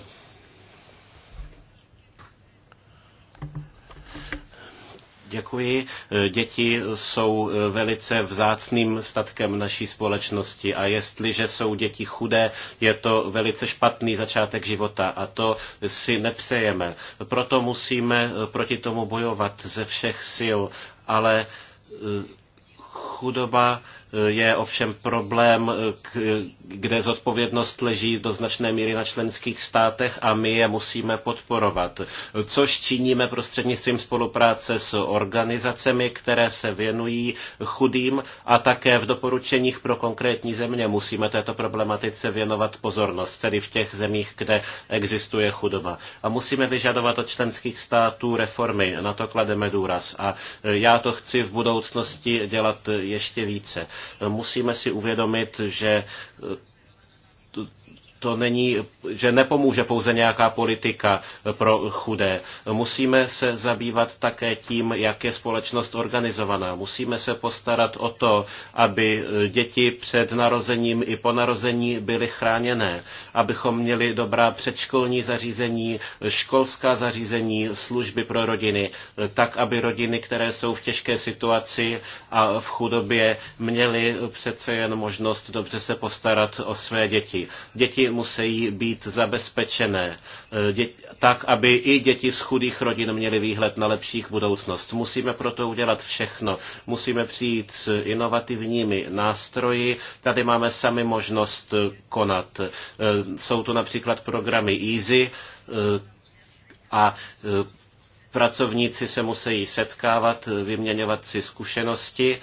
Děkuji. Eh, děti jsou eh, velice vzácným statkem naší společnosti a jestliže jsou děti chudé, je to velice špatný začátek života a to si nepřejeme. Proto musíme eh, proti tomu bojovat ze všech sil, ale chudoba je ovšem problém, kde zodpovědnost leží do značné míry na členských státech a my je musíme podporovat. Což činíme prostřednictvím spolupráce s organizacemi, které se věnují chudým a také v doporučeních pro konkrétní země musíme této problematice věnovat pozornost, tedy v těch zemích, kde existuje chudoba. A musíme vyžadovat od členských států reformy, na to klademe důraz. A já to chci v budoucnosti dělat ještě více musíme si uvědomit, že to není, že nepomůže pouze nějaká politika pro chudé. Musíme se zabývat také tím, jak je společnost organizovaná. Musíme se postarat o to, aby děti před narozením i po narození byly chráněné, abychom měli dobrá předškolní zařízení, školská zařízení, služby pro rodiny, tak, aby rodiny, které jsou v těžké situaci a v chudobě, měly přece jen možnost dobře se postarat o své děti. Děti musí být zabezpečené, eh, tak aby i děti z chudých rodin měly výhled na lepších budoucnost. Musíme proto udělat všechno. Musíme přijít s inovativními nástroji. Tady máme sami možnost eh, konat. Eh, jsou tu například programy EASY a pracovníci se musí setkávat, vyměňovat si zkušenosti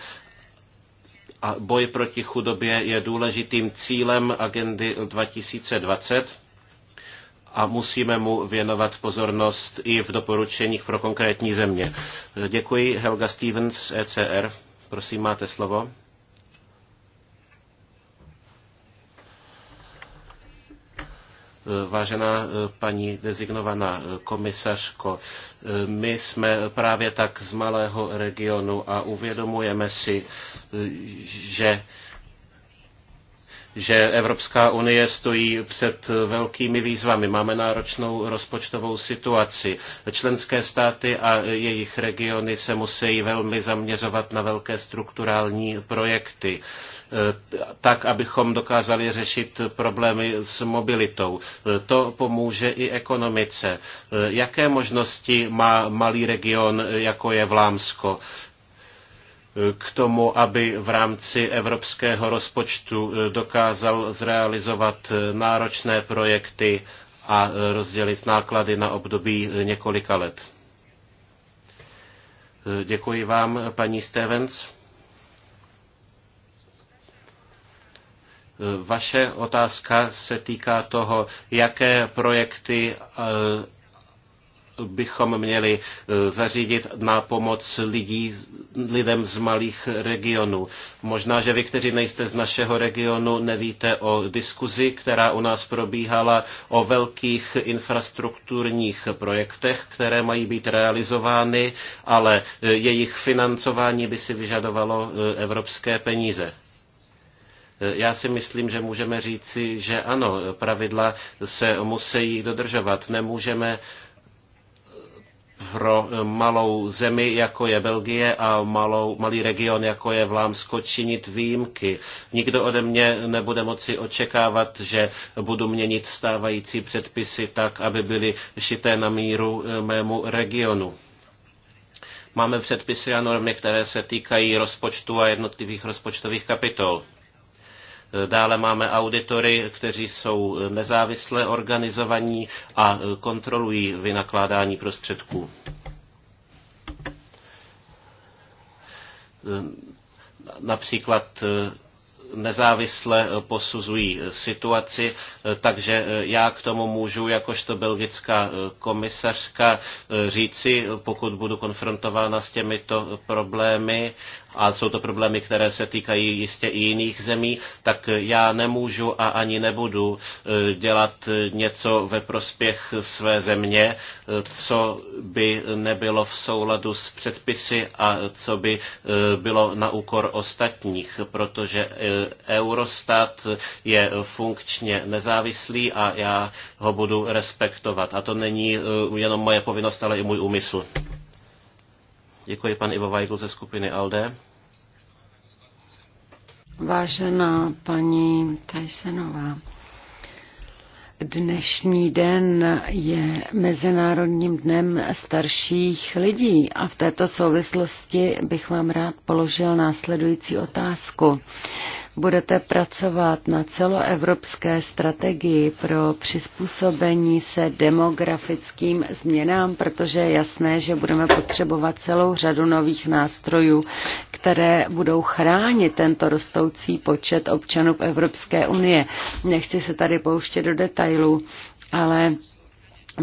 a boj proti chudobě je důležitým cílem agendy 2020 a musíme mu věnovat pozornost i v doporučeních pro konkrétní země. Děkuji Helga Stevens, ECR. Prosím, máte slovo. Vážená eh, paní dezignovaná eh, komisařko, eh, my jsme právě tak z malého regionu a uvědomujeme si, že že Evropská unie stojí před velkými výzvami. Máme náročnou rozpočtovou situaci. Členské státy a jejich regiony se musí velmi zaměřovat na velké strukturální projekty eh, tak, abychom dokázali řešit problémy s mobilitou. To pomůže i ekonomice. Eh, jaké možnosti má malý region, jako je Vlámsko? k tomu, aby v rámci evropského rozpočtu eh, dokázal zrealizovat eh, náročné projekty a eh, rozdělit náklady na období několika let. Děkuji vám, paní Stevens. Vaše otázka se týká toho, jaké projekty bychom měli eh, zařídit na pomoc lidí, lidem z malých regionů. Možná, že vy, kteří nejste z našeho regionu, nevíte o diskuzi, která u nás probíhala o velkých infrastrukturních projektech, které mají být realizovány, ale eh, jejich financování by si vyžadovalo eh, evropské peníze. Já si myslím, že můžeme říci, že ano, pravidla se musí dodržovat. Nemůžeme uh, pro eh, malou zemi, jako je Belgie a malou, malý region, jako je Vlámsko, činit výjimky. Nikdo ode mě nebude moci očekávat, že budu měnit stávající předpisy tak, aby byly šité na míru eh, mému regionu. Máme předpisy a normy, které se týkají rozpočtu a jednotlivých rozpočtových kapitol. Dále máme auditory, kteří jsou nezávisle organizovaní a kontrolují vynakládání prostředků. Například nezávisle posuzují situaci, takže já k tomu můžu jakožto belgická komisařka říci, pokud budu konfrontována s těmito problémy a jsou to problémy, které se týkají jistě i jiných zemí, tak já nemůžu a ani nebudu eh, dělat něco ve prospěch své země, eh, co by nebylo v souladu s předpisy a co by eh, bylo na úkor ostatních, protože Eurostat je funkčně nezávislý a já ho budu respektovat. A to není jenom moje povinnost, ale i můj úmysl. Děkuji pan Ivo Weigl ze skupiny ALDE. Vážená paní Tysonová, dnešní den je Mezinárodním dnem starších lidí a v této souvislosti bych vám rád položil následující otázku. Budete pracovat na celoevropské strategii pro přizpůsobení se demografickým změnám, protože je jasné, že budeme potřebovat celou řadu nových nástrojů, které budou chránit tento rostoucí počet občanů v Evropské unie. Nechci se tady pouštět do detailů, ale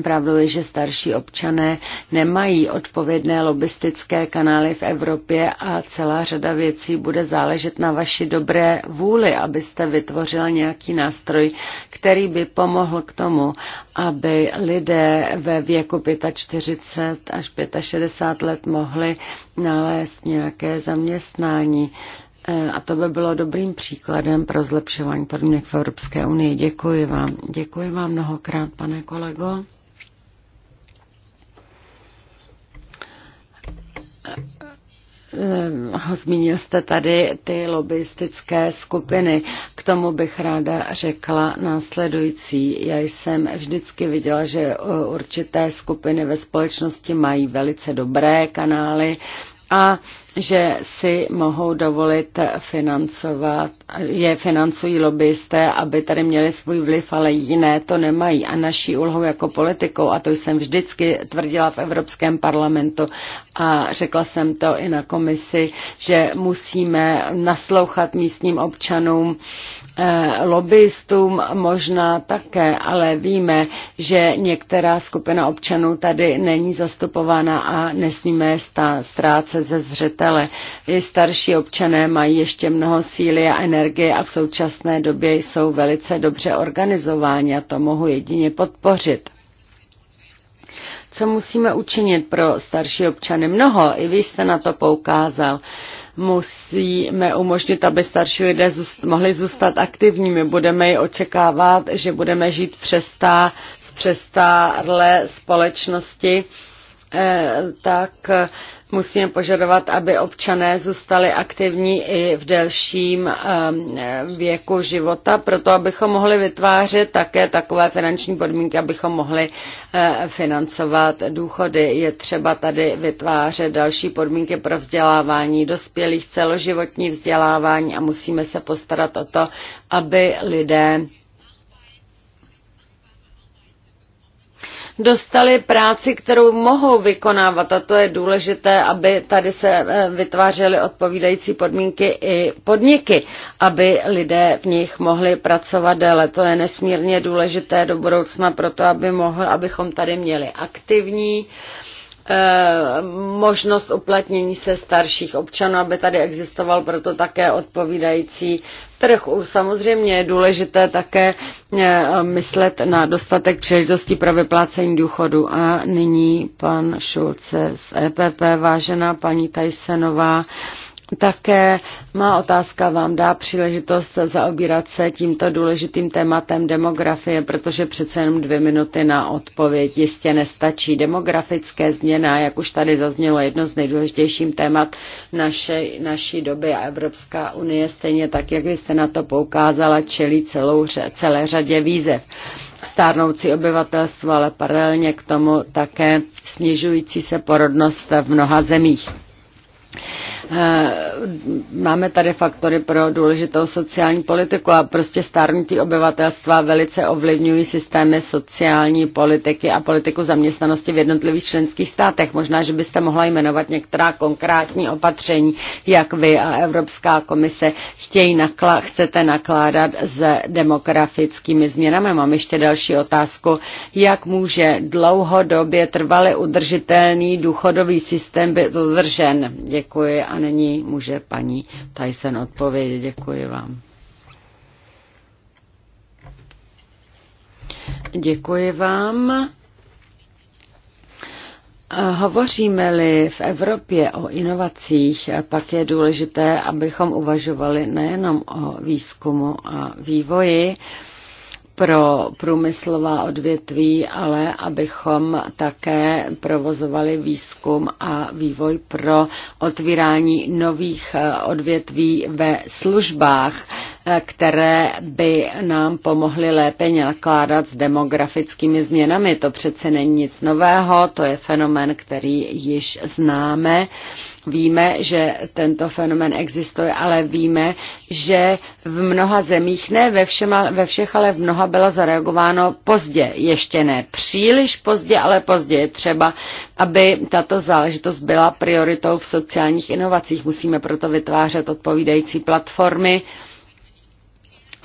Pravdou je, že starší občané nemají odpovědné lobistické kanály v Evropě a celá řada věcí bude záležet na vaší dobré vůli, abyste vytvořil nějaký nástroj, který by pomohl k tomu, aby lidé ve věku 45 až 65 let mohli nalézt nějaké zaměstnání. E, a to by bylo dobrým příkladem pro zlepšování podmínek v Evropské unii. Děkuji vám. Děkuji vám mnohokrát, pane kolego. Eh, zmínil jste tady ty lobbyistické skupiny. K tomu bych ráda řekla následující. Já jsem vždycky viděla, že eh, určité skupiny ve společnosti mají velice dobré kanály a že si mohou dovolit financovat, je financují lobbyisté, aby tady měli svůj vliv, ale jiné to nemají. A naší úlohou jako politikou, a to jsem vždycky tvrdila v Evropském parlamentu a řekla jsem to i na komisi, že musíme naslouchat místním občanům, eh, lobbyistům možná také, ale víme, že některá skupina občanů tady není zastupována a nesmíme ztrácet ze zřetele podnikatele. I starší občané mají ještě mnoho síly a energie a v současné době jsou velice dobře organizováni a to mohu jedině podpořit. Co musíme učinit pro starší občany? Mnoho, i vy jste na to poukázal musíme umožnit, aby starší lidé zůst, mohli zůstat aktivními. Budeme ji očekávat, že budeme žít přestá, z přestárlé společnosti Eh, tak musíme požadovat, aby občané zůstali aktivní i v delším eh, věku života, proto abychom mohli vytvářet také takové finanční podmínky, abychom mohli eh, financovat důchody. Je třeba tady vytvářet další podmínky pro vzdělávání dospělých, celoživotní vzdělávání a musíme se postarat o to, aby lidé dostali práci, kterou mohou vykonávat a to je důležité, aby tady se eh, vytvářely odpovídající podmínky i podniky, aby lidé v nich mohli pracovat déle. To je nesmírně důležité do budoucna to, aby mohl, abychom tady měli aktivní uh, Eh, možnost uplatnění se starších občanů, aby tady existoval proto také odpovídající trh. Samozřejmě je důležité také eh, myslet na dostatek příležitostí pro vyplácení důchodu. A nyní pan Šulce z EPP, vážená paní Tajsenová. Také má otázka vám dá příležitost zaobírat se tímto důležitým tématem demografie, protože přece jenom dvě minuty na odpověď jistě nestačí. Demografické změna, jak už tady zaznělo, jedno z nejdůležitějším témat naše, naší doby a Evropská unie, stejně tak, jak vy jste na to poukázala, čelí celou, celé řadě výzev stárnoucí obyvatelstvo, ale paralelně k tomu také snižující se porodnost v mnoha zemích. Eh, máme tady faktory pro důležitou sociální politiku a prostě stárnutí obyvatelstva velice ovlivňují systémy sociální politiky a politiku zaměstnanosti v jednotlivých členských státech. Možná, že byste mohla jmenovat některá konkrétní opatření, jak vy a Evropská komise chtějí nakla- chcete nakládat s demografickými změnami. Mám ještě další otázku. Jak může dlouhodobě trvale udržitelný důchodový systém být udržen? Děkuji a nyní může paní Tyson odpovědět. Děkuji vám. Děkuji vám. Hovoříme-li v Evropě o inovacích, pak je důležité, abychom uvažovali nejenom o výzkumu a vývoji, pro průmyslová odvětví, ale abychom také provozovali výzkum a vývoj pro otvírání nových eh, odvětví ve službách, eh, které by nám pomohly lépe nakládat s demografickými změnami. To přece není nic nového, to je fenomen, který již známe. Víme, že tento fenomen existuje, ale víme, že v mnoha zemích, ne ve, všem, ve všech, ale v mnoha bylo zareagováno pozdě. Ještě ne příliš pozdě, ale pozdě je třeba, aby tato záležitost byla prioritou v sociálních inovacích. Musíme proto vytvářet odpovídající platformy,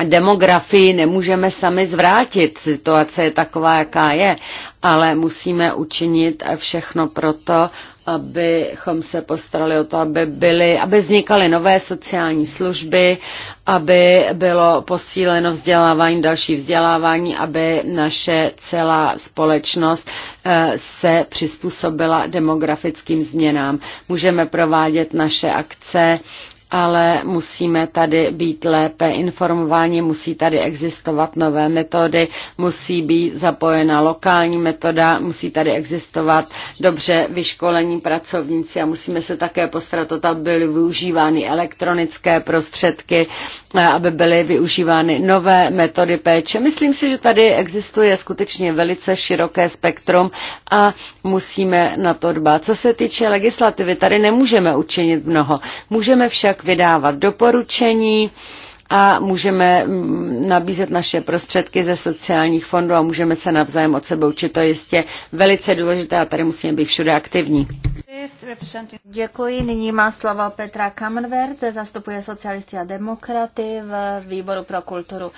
demografii nemůžeme sami zvrátit, situace je taková, jaká je, ale musíme učinit všechno proto, abychom se postarali o to, aby, byly, aby vznikaly nové sociální služby, aby bylo posíleno vzdělávání, další vzdělávání, aby naše celá společnost eh, se přizpůsobila demografickým změnám. Můžeme provádět naše akce ale musíme tady být lépe informováni, musí tady existovat nové metody, musí být zapojena lokální metoda, musí tady existovat dobře vyškolení pracovníci a musíme se také postarat o to, aby byly využívány elektronické prostředky, aby byly využívány nové metody péče. Myslím si, že tady existuje skutečně velice široké spektrum a musíme na to dbát. Co se týče legislativy, tady nemůžeme učinit mnoho. Můžeme však tak vydávat doporučení a můžeme nabízet naše prostředky ze sociálních fondů a můžeme se navzájem od sebe učit. To je jistě velice důležité a tady musíme být všude aktivní. Děkuji. Nyní má slovo Petra Kamrvert, zastupuje socialisty a demokraty v výboru pro kulturu.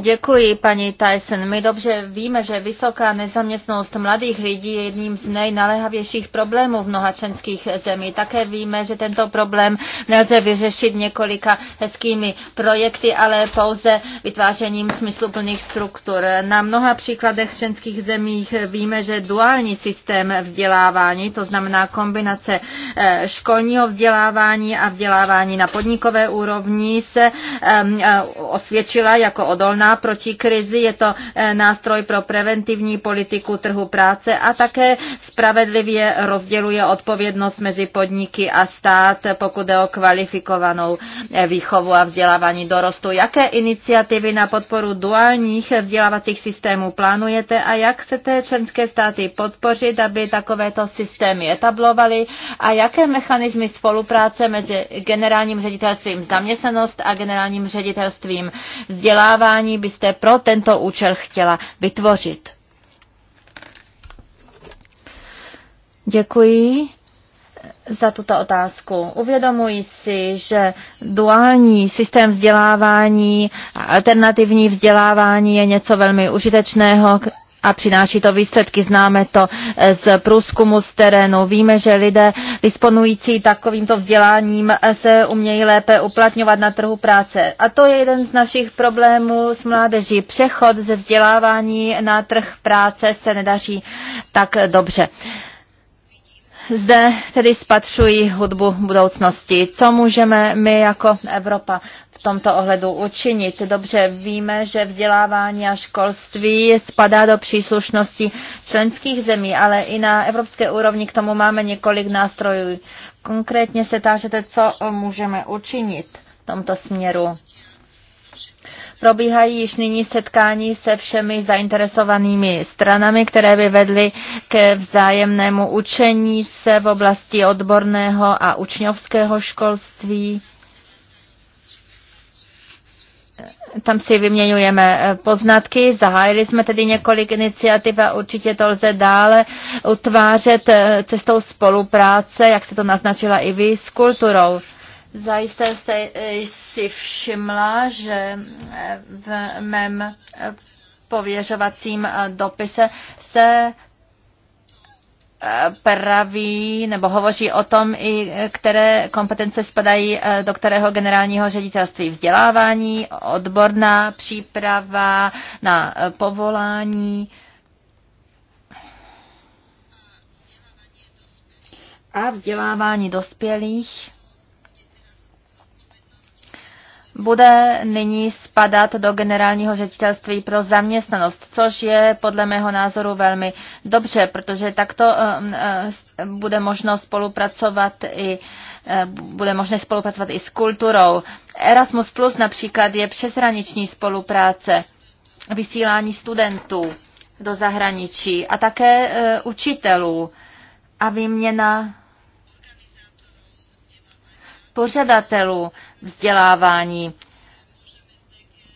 Děkuji, paní Tyson. My dobře víme, že vysoká nezaměstnost mladých lidí je jedním z nejnalehavějších problémů v mnoha členských zemí. Také víme, že tento problém nelze vyřešit několika hezkými projekty, ale pouze vytvářením smysluplných struktur. Na mnoha příkladech členských zemích víme, že duální systém vzdělávání, to znamená kombinace kombinace eh, školního vzdělávání a vzdělávání na podnikové úrovni se eh, eh, osvědčila jako odolná proti krizi. Je to nástroj pro preventivní politiku trhu práce a také spravedlivě rozděluje odpovědnost mezi podniky a stát, pokud je o kvalifikovanou výchovu a vzdělávání dorostu. Jaké iniciativy na podporu duálních vzdělávacích systémů plánujete a jak chcete členské státy podpořit, aby takovéto systémy etablovaly a jaké mechanizmy spolupráce mezi generálním ředitelstvím zaměstnanost a generálním ředitelstvím vzdělávání byste pro tento účel chtěla vytvořit. Děkuji za tuto otázku. Uvědomuji si, že duální systém vzdělávání, alternativní vzdělávání je něco velmi užitečného, a přináší to výsledky. Známe to eh, z průzkumu z terénu. Víme, že lidé disponující takovýmto vzděláním eh, se umějí lépe uplatňovat na trhu práce. A to je jeden z našich problémů s mládeží. Přechod ze vzdělávání na trh práce se nedaří tak dobře. Zde tedy spatřují hudbu budoucnosti. Co můžeme my jako Evropa tomto ohledu učinit. Dobře víme, že vzdělávání a školství spadá do příslušnosti členských zemí, ale i na evropské úrovni k tomu máme několik nástrojů. Konkrétně se tážete, co můžeme učinit v tomto směru. Probíhají již nyní setkání se všemi zainteresovanými stranami, které by vedly ke vzájemnému učení se v oblasti odborného a učňovského školství. tam si vyměňujeme eh, poznatky, zahájili jsme tedy několik iniciativ a určitě to lze dále utvářet eh, cestou spolupráce, jak se to naznačila i vy, s kulturou. Zajisté jste eh, si všimla, že v mém pověřovacím dopise se praví nebo hovoří o tom, i které kompetence spadají eh, do kterého generálního ředitelství. Vzdělávání, odborná příprava na eh, povolání. A vzdělávání dospělých bude nyní spadat do generálního ředitelství pro zaměstnanost, což je podle mého názoru velmi dobře, protože takto eh, eh, bude možno spolupracovat i eh, bude možné spolupracovat i s kulturou. Erasmus Plus například je přeshraniční spolupráce, vysílání studentů do zahraničí a také učitelů a výměna pořadatelů vzdělávání.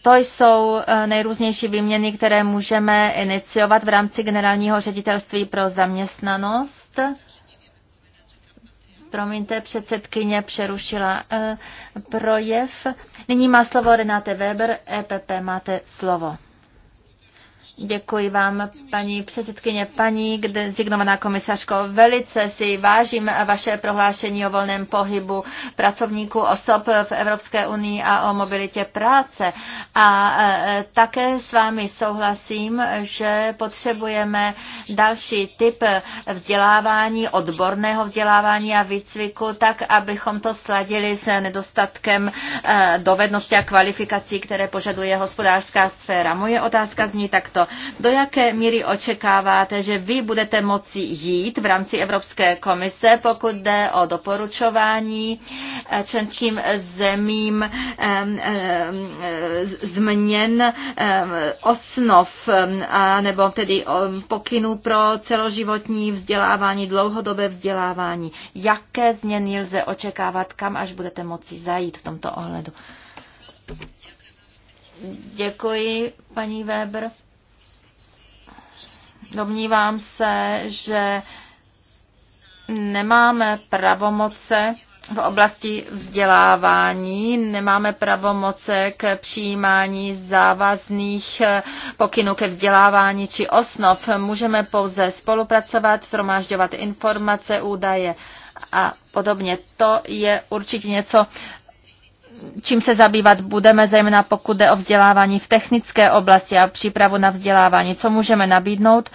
To jsou eh, nejrůznější výměny, které můžeme iniciovat v rámci Generálního ředitelství pro zaměstnanost. Promiňte, předsedkyně přerušila eh, projev. Nyní má slovo Renate Weber, EPP, máte slovo. Děkuji vám, paní předsedkyně, paní zignovaná komisařko. Velice si vážím vaše prohlášení o volném pohybu pracovníků, osob v Evropské unii a o mobilitě práce. A e, také s vámi souhlasím, že potřebujeme další typ vzdělávání, odborného vzdělávání a výcviku, tak abychom to sladili s nedostatkem e, dovedností a kvalifikací, které požaduje hospodářská sféra. Moje otázka zní takto to, do jaké míry očekáváte, že vy budete moci jít v rámci Evropské komise, pokud jde o doporučování eh, členským zemím eh, změn osnov, a nebo tedy pokynů pro celoživotní vzdělávání, dlouhodobé vzdělávání. Jaké změny lze očekávat, kam až budete moci zajít v tomto ohledu? Děkuji, paní Weber. Domnívám se, že nemáme pravomoce v oblasti vzdělávání, nemáme pravomoce k přijímání závazných pokynů ke vzdělávání či osnov. Můžeme pouze spolupracovat, shromažďovat informace, údaje a podobně. To je určitě něco, čím se zabývat budeme, zejména pokud jde o vzdělávání v technické oblasti a přípravu na vzdělávání. Co můžeme nabídnout?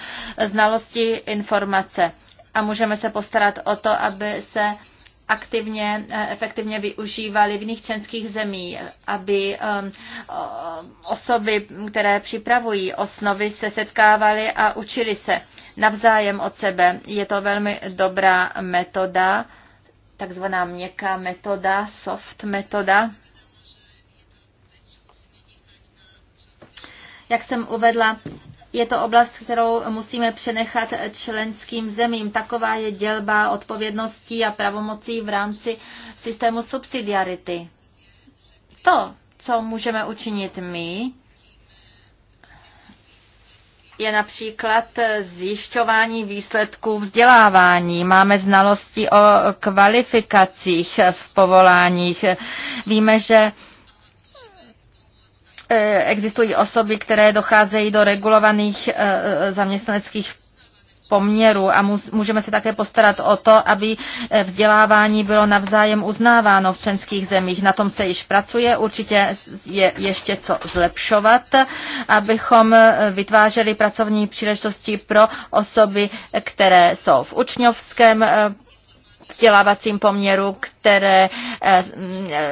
Znalosti, informace. A můžeme se postarat o to, aby se aktivně, eh, efektivně využívali v jiných členských zemí, aby ehm, osoby, které připravují osnovy, se setkávaly a učili se navzájem od sebe. Je to velmi dobrá metoda takzvaná měkká metoda, soft metoda. Jak jsem uvedla, je to oblast, kterou musíme přenechat členským zemím. Taková je dělba odpovědností a pravomocí v rámci systému subsidiarity. To, co můžeme učinit my, je například zjišťování výsledků vzdělávání. Máme znalosti o kvalifikacích v povoláních. Víme, že eh, existují osoby, které docházejí do regulovaných eh, eh, zaměstnaneckých poměru a můžeme se také postarat o to, aby eh, vzdělávání bylo navzájem uznáváno v členských zemích. Na tom se již pracuje, určitě je ještě co zlepšovat, abychom eh, vytvářeli pracovní příležitosti pro osoby, které jsou v učňovském eh, vzdělávacím poměru, které eh, mm, eh,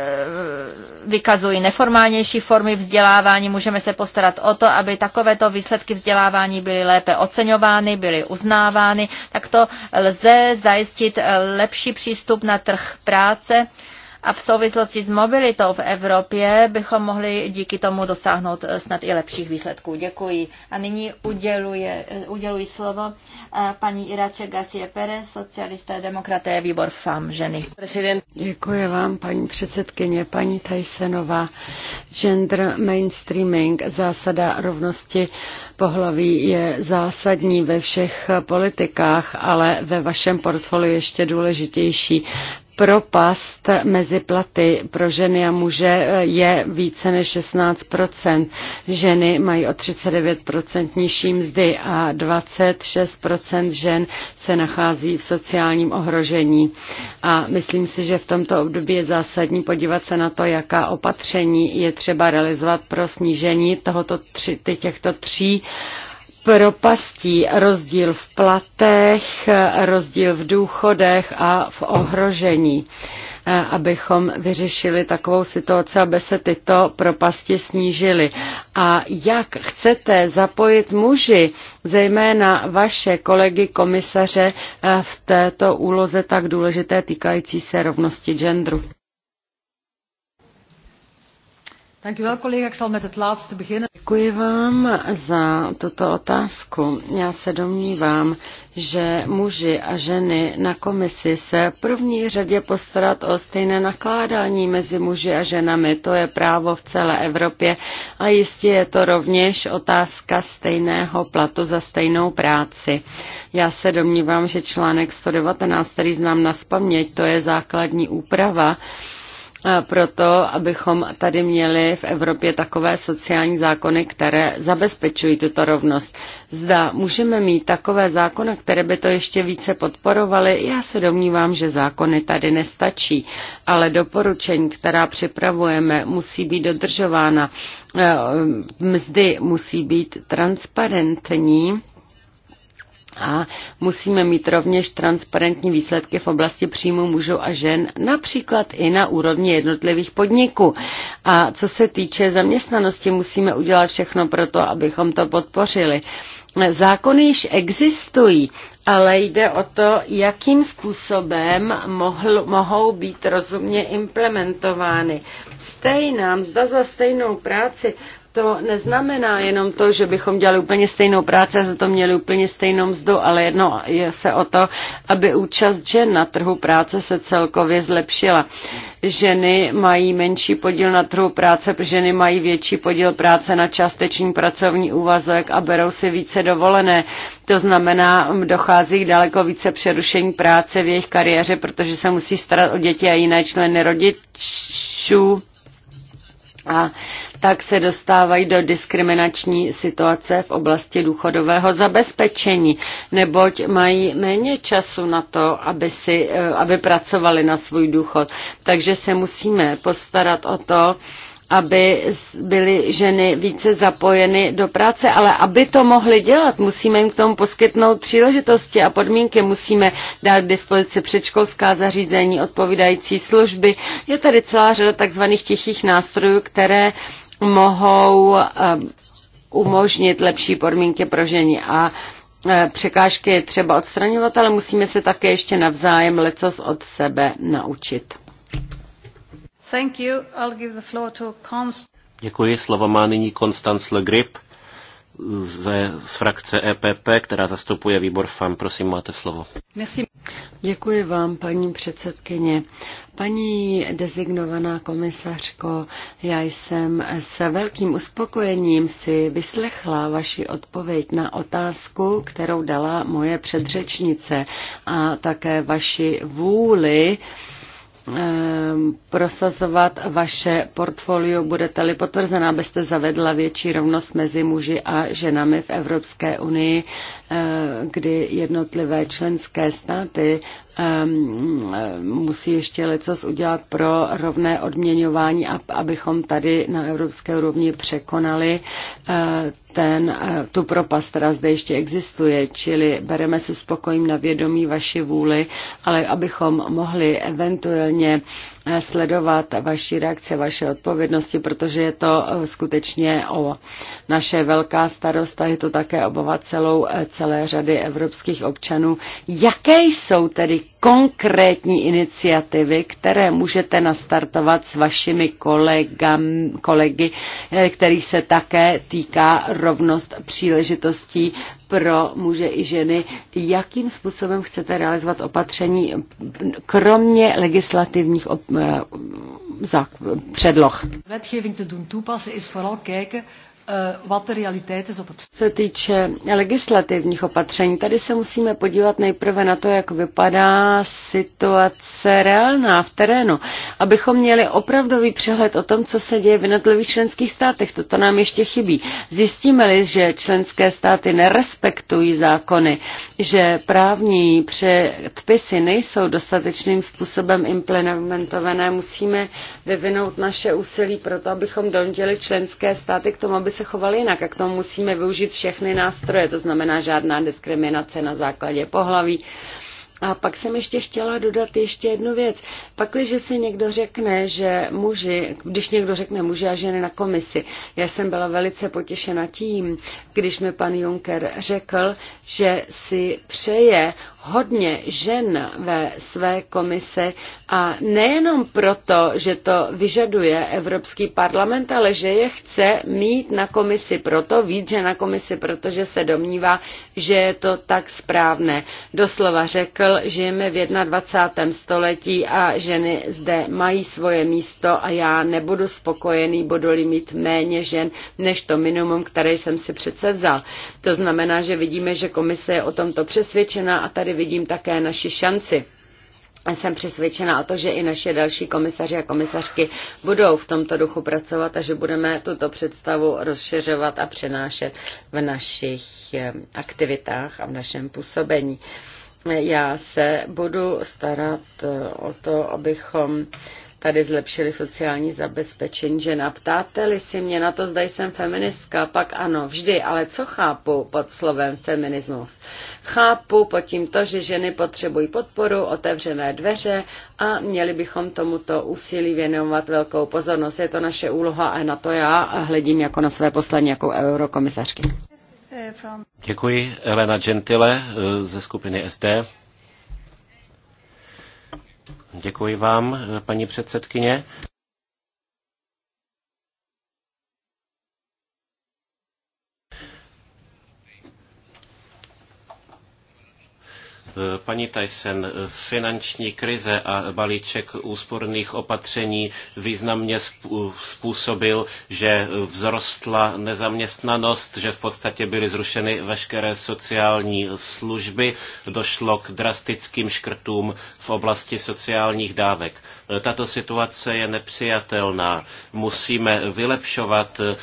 vykazují neformálnější formy vzdělávání. Můžeme se postarat o to, aby takovéto výsledky vzdělávání byly lépe oceňovány, byly uznávány. Takto lze zajistit lepší přístup na trh práce a v souvislosti s mobilitou v Evropě bychom mohli díky tomu dosáhnout eh, snad i lepších výsledků. Děkuji. A nyní uděluje, eh, uděluji slovo eh, paní Irače Gasie Pere, socialisté demokraté, výbor FAM ženy. Děkuji vám, paní předsedkyně, paní Tajsenová. Gender mainstreaming, zásada rovnosti pohlaví je zásadní ve všech politikách, ale ve vašem portfoliu ještě důležitější propast mezi platy pro ženy a muže eh, je více než 16 Ženy mají o 39 nižší mzdy a 26 žen se nachází v sociálním ohrožení. A myslím si, že v tomto období je zásadní podívat se na to, jaká opatření je třeba realizovat pro snížení tohoto tři, těchto tří propastí, rozdíl v platech, rozdíl v důchodech a v ohrožení, eh, abychom vyřešili takovou situaci, aby se tyto propasti snížily. A jak chcete zapojit muži, zejména vaše kolegy komisaře, eh, v této úloze tak důležité týkající se rovnosti genderu? Děkuji vám za tuto otázku. Já se domnívám, že muži a ženy na komisi se v první řadě postarat o stejné nakládání mezi muži a ženami. To je právo v celé Evropě a jistě je to rovněž otázka stejného platu za stejnou práci. Já se domnívám, že článek 119, který znám na spaměť, to je základní úprava, E, proto, abychom tady měli v Evropě takové sociální zákony, které zabezpečují tuto rovnost. Zda můžeme mít takové zákony, které by to ještě více podporovaly, já se domnívám, že zákony tady nestačí, ale doporučení, která připravujeme, musí být dodržována. E, mzdy musí být transparentní a musíme mít rovněž transparentní výsledky v oblasti příjmu mužů a žen, například i na úrovni jednotlivých podniků. A co se týče zaměstnanosti, musíme udělat všechno pro to, abychom to podpořili. Zákony již existují, ale jde o to, jakým způsobem mohl, mohou být rozumně implementovány. Stejná mzda za stejnou práci to neznamená jenom to, že bychom dělali úplně stejnou práci a za to měli úplně stejnou mzdu, ale jedno je se o to, aby účast žen na trhu práce se celkově zlepšila. Ženy mají menší podíl na trhu práce, ženy mají větší podíl práce na částečný pracovní úvazek a berou si více dovolené. To znamená, dochází k daleko více přerušení práce v jejich kariéře, protože se musí starat o děti a jiné členy rodičů. A tak se dostávají do diskriminační situace v oblasti důchodového zabezpečení, neboť mají méně času na to, aby, si, eh, aby pracovali na svůj důchod. Takže se musíme postarat o to, aby byly ženy více zapojeny do práce, ale aby to mohly dělat, musíme jim k tomu poskytnout příležitosti a podmínky, musíme dát k dispozici předškolská zařízení, odpovídající služby. Je tady celá řada takzvaných tichých nástrojů, které uh, mohou ehm, umožnit lepší podmínky pro ženy. A ehm, překážky je třeba odstraňovat, ale musíme se také ještě navzájem lecos od sebe naučit. Thank you. I'll give the floor to Const- Děkuji. Slovo má nyní Konstanc Le Grip ze, z frakce EPP, která zastupuje výbor FAM. Prosím, máte slovo. Merci. Děkuji vám, paní předsedkyně. Paní designovaná komisařko, já jsem s velkým uspokojením si vyslechla vaši odpověď na otázku, kterou dala moje předřečnice a také vaši vůli eh, Ehm, prosazovat vaše portfolio, budete-li potvrzena, abyste zavedla větší rovnost mezi muži a ženami v Evropské unii kdy jednotlivé členské státy musí ještě lecos udělat pro rovné odměňování, abychom tady na evropské úrovni překonali eh, ten, eh, tu propast, která zde ještě existuje, čili bereme se spokojím na vědomí vaši vůli, ale abychom mohli eventuálně Eh, sledovat vaši reakce, vaše odpovědnosti, protože je to eh, skutečně o naše velká starost a je to také obava celou, eh, celé řady evropských občanů. Jaké jsou tedy konkrétní iniciativy, které můžete nastartovat s vašimi kolegam, kolegy, který se také týká rovnost příležitostí pro muže i ženy. Jakým způsobem chcete realizovat opatření, kromě legislativních op- Eh, za předloh. Wetgeving te doen toepassen is vooral kijken Eh, se týče legislativních opatření, tady se musíme podívat nejprve na to, jak vypadá situace reálná v terénu, abychom měli opravdový přehled o tom, co se děje v jednotlivých členských státech. Toto nám ještě chybí. Zjistíme-li, že členské státy nerespektují zákony, že právní předpisy nejsou dostatečným způsobem implementované, musíme vyvinout naše úsilí pro to, abychom donutili členské státy k tomu, aby aby se chovali jinak a k tomu musíme využít všechny nástroje, to znamená žádná diskriminace na základě pohlaví, a pak jsem ještě chtěla dodat ještě jednu věc. Pak, když si někdo řekne, že muži, když někdo řekne muži a ženy na komisi, já jsem byla velice potěšena tím, když mi pan Juncker řekl, že si přeje hodně žen ve své komise a nejenom proto, že to vyžaduje Evropský parlament, ale že je chce mít na komisi proto, víc, že na komisi, protože se domnívá, že je to tak správné. Doslova řekl, že žijeme v 21. století a ženy zde mají svoje místo a já nebudu spokojený, budu-li mít méně žen, než to minimum, které jsem si přece vzal. To znamená, že vidíme, že komise je o tomto přesvědčena a tady tady vidím také naši šanci. A jsem přesvědčena o to, že i naše další komisaři a komisařky budou v tomto duchu pracovat a že budeme tuto představu rozšiřovat a přenášet v našich eh, aktivitách a v našem působení. Já se budu starat eh, o to, abychom tady zlepšili sociální zabezpečení žena. Ptáte-li si mě na to, zda jsem feministka, pak ano, vždy, ale co chápu pod slovem feminismus? Chápu pod tím to, že ženy potřebují podporu, otevřené dveře a měli bychom tomuto úsilí věnovat velkou pozornost. Je to naše úloha a na to já hledím jako na své poslání jako eurokomisařky. Eh, Děkuji. Elena Gentile eh, ze skupiny SD. Děkuji vám, paní předsedkyně. Eh, paní Tyson, finanční krize a balíček úsporných opatření významně způsobil, že vzrostla nezaměstnanost, že v podstatě byly zrušeny veškeré sociální služby, došlo k drastickým škrtům v oblasti sociálních dávek. Eh, tato situace je nepřijatelná. Musíme vylepšovat eh,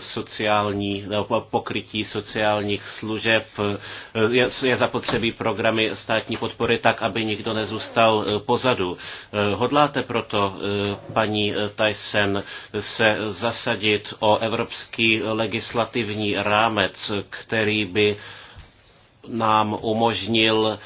sociální, pokrytí sociálních služeb. Je, je zapotřebí programy státní podpory tak, aby nikdo nezůstal e, pozadu. E, hodláte proto, e, paní Tyson, se zasadit o evropský legislativní rámec, který by nám umožnil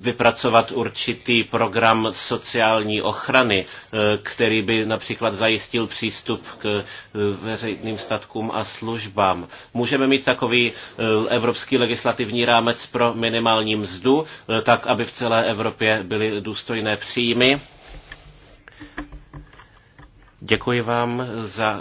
vypracovat určitý program sociální ochrany, eh, který by například zajistil přístup k eh, veřejným statkům a službám. Můžeme mít takový eh, evropský legislativní rámec pro minimální mzdu, tak aby v celé Evropě byly důstojné příjmy. Děkuji vám, za,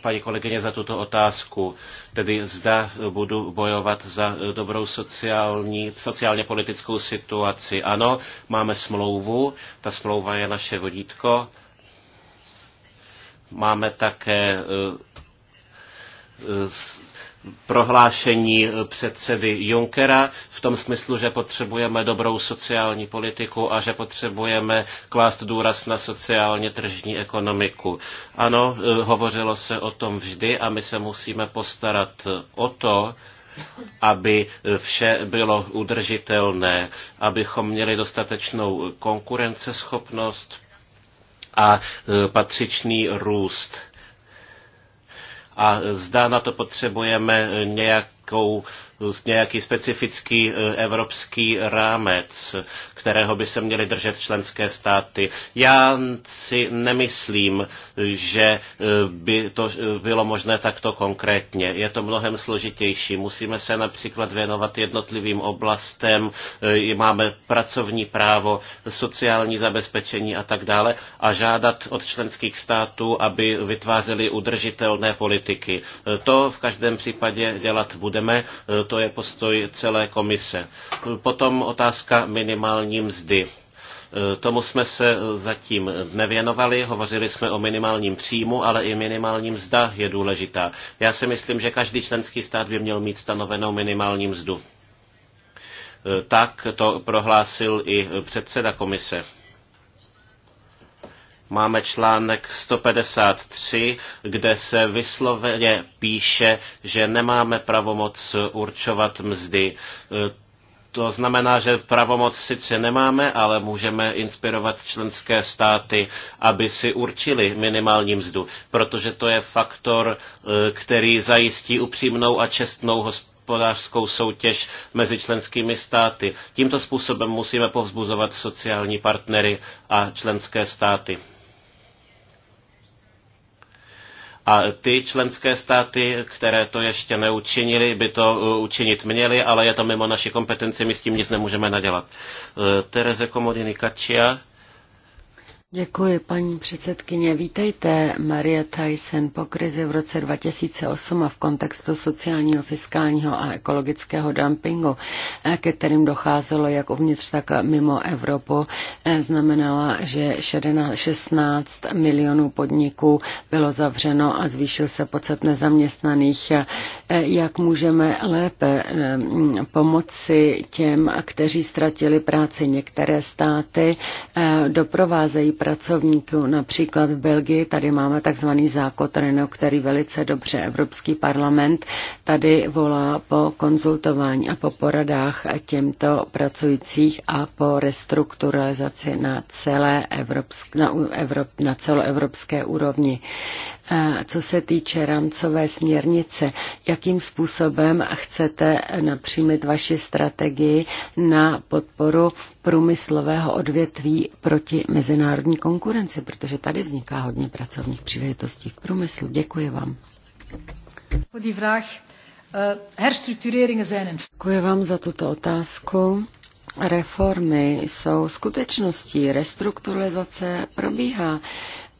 paní kolegyně, za tuto otázku. Tedy zda budu bojovat za dobrou sociální, sociálně politickou situaci. Ano, máme smlouvu, ta smlouva je naše vodítko. Máme také eh, prohlášení eh, předsedy Junckera v tom smyslu, že potřebujeme dobrou sociální politiku a že potřebujeme klást důraz na sociálně tržní ekonomiku. Ano, eh, hovořilo se o tom vždy a my se musíme postarat eh, o to, aby vše bylo udržitelné, abychom měli dostatečnou konkurenceschopnost a patřičný růst a zda na to potřebujeme nějakou nějaký specifický e, evropský rámec, kterého by se měly držet členské státy. Já si nemyslím, že e, by to e, bylo možné takto konkrétně. Je to mnohem složitější. Musíme se například věnovat jednotlivým oblastem, máme pracovní právo, sociální zabezpečení a tak dále a žádat od členských států, aby vytvářeli udržitelné politiky. To v každém případě dělat budeme, to je postoj celé komise. Potom otázka minimální mzdy. Tomu jsme se zatím nevěnovali, hovořili jsme o minimálním příjmu, ale i minimální mzda je důležitá. Já si myslím, že každý členský stát by měl mít stanovenou minimální mzdu. Tak to prohlásil i předseda komise máme článek 153, kde se vysloveně píše, že nemáme pravomoc určovat mzdy. E, to znamená, že pravomoc sice nemáme, ale můžeme inspirovat členské státy, aby si určili minimální mzdu, protože to je faktor, e, který zajistí upřímnou a čestnou hospodářství hospodářskou soutěž mezi členskými státy. Tímto způsobem musíme povzbuzovat sociální partnery a členské státy. A ty členské státy, které to ještě neučinili, by to uh, učinit měly, ale je to mimo naši kompetenci, my s tím nic nemůžeme nadělat. Uh, Tereze Komodiny Kačia. Děkuji, paní předsedkyně. Vítejte, Maria Tyson, po krizi v roce 2008 a v kontextu sociálního, fiskálního a ekologického dumpingu, eh, ke kterým docházelo jak uvnitř, tak mimo Evropu, eh, znamenala, že 16 milionů podniků bylo zavřeno a zvýšil se počet nezaměstnaných. Eh, jak můžeme lépe pomoci těm, kteří ztratili práci? Některé státy doprovázejí pracovníků. Například v Belgii tady máme takzvaný zákotreno, který velice dobře Evropský parlament tady volá po konzultování a po poradách těmto pracujících a po restrukturalizaci na celé Evropsk, na, Evrop, na celoevropské úrovni co se týče rámcové směrnice, jakým způsobem chcete napřímit vaši strategii na podporu průmyslového odvětví proti mezinárodní konkurenci, protože tady vzniká hodně pracovních příležitostí v průmyslu. Děkuji vám. Eh, Děkuji vám za tuto otázku. Reformy jsou skutečností, restrukturalizace probíhá.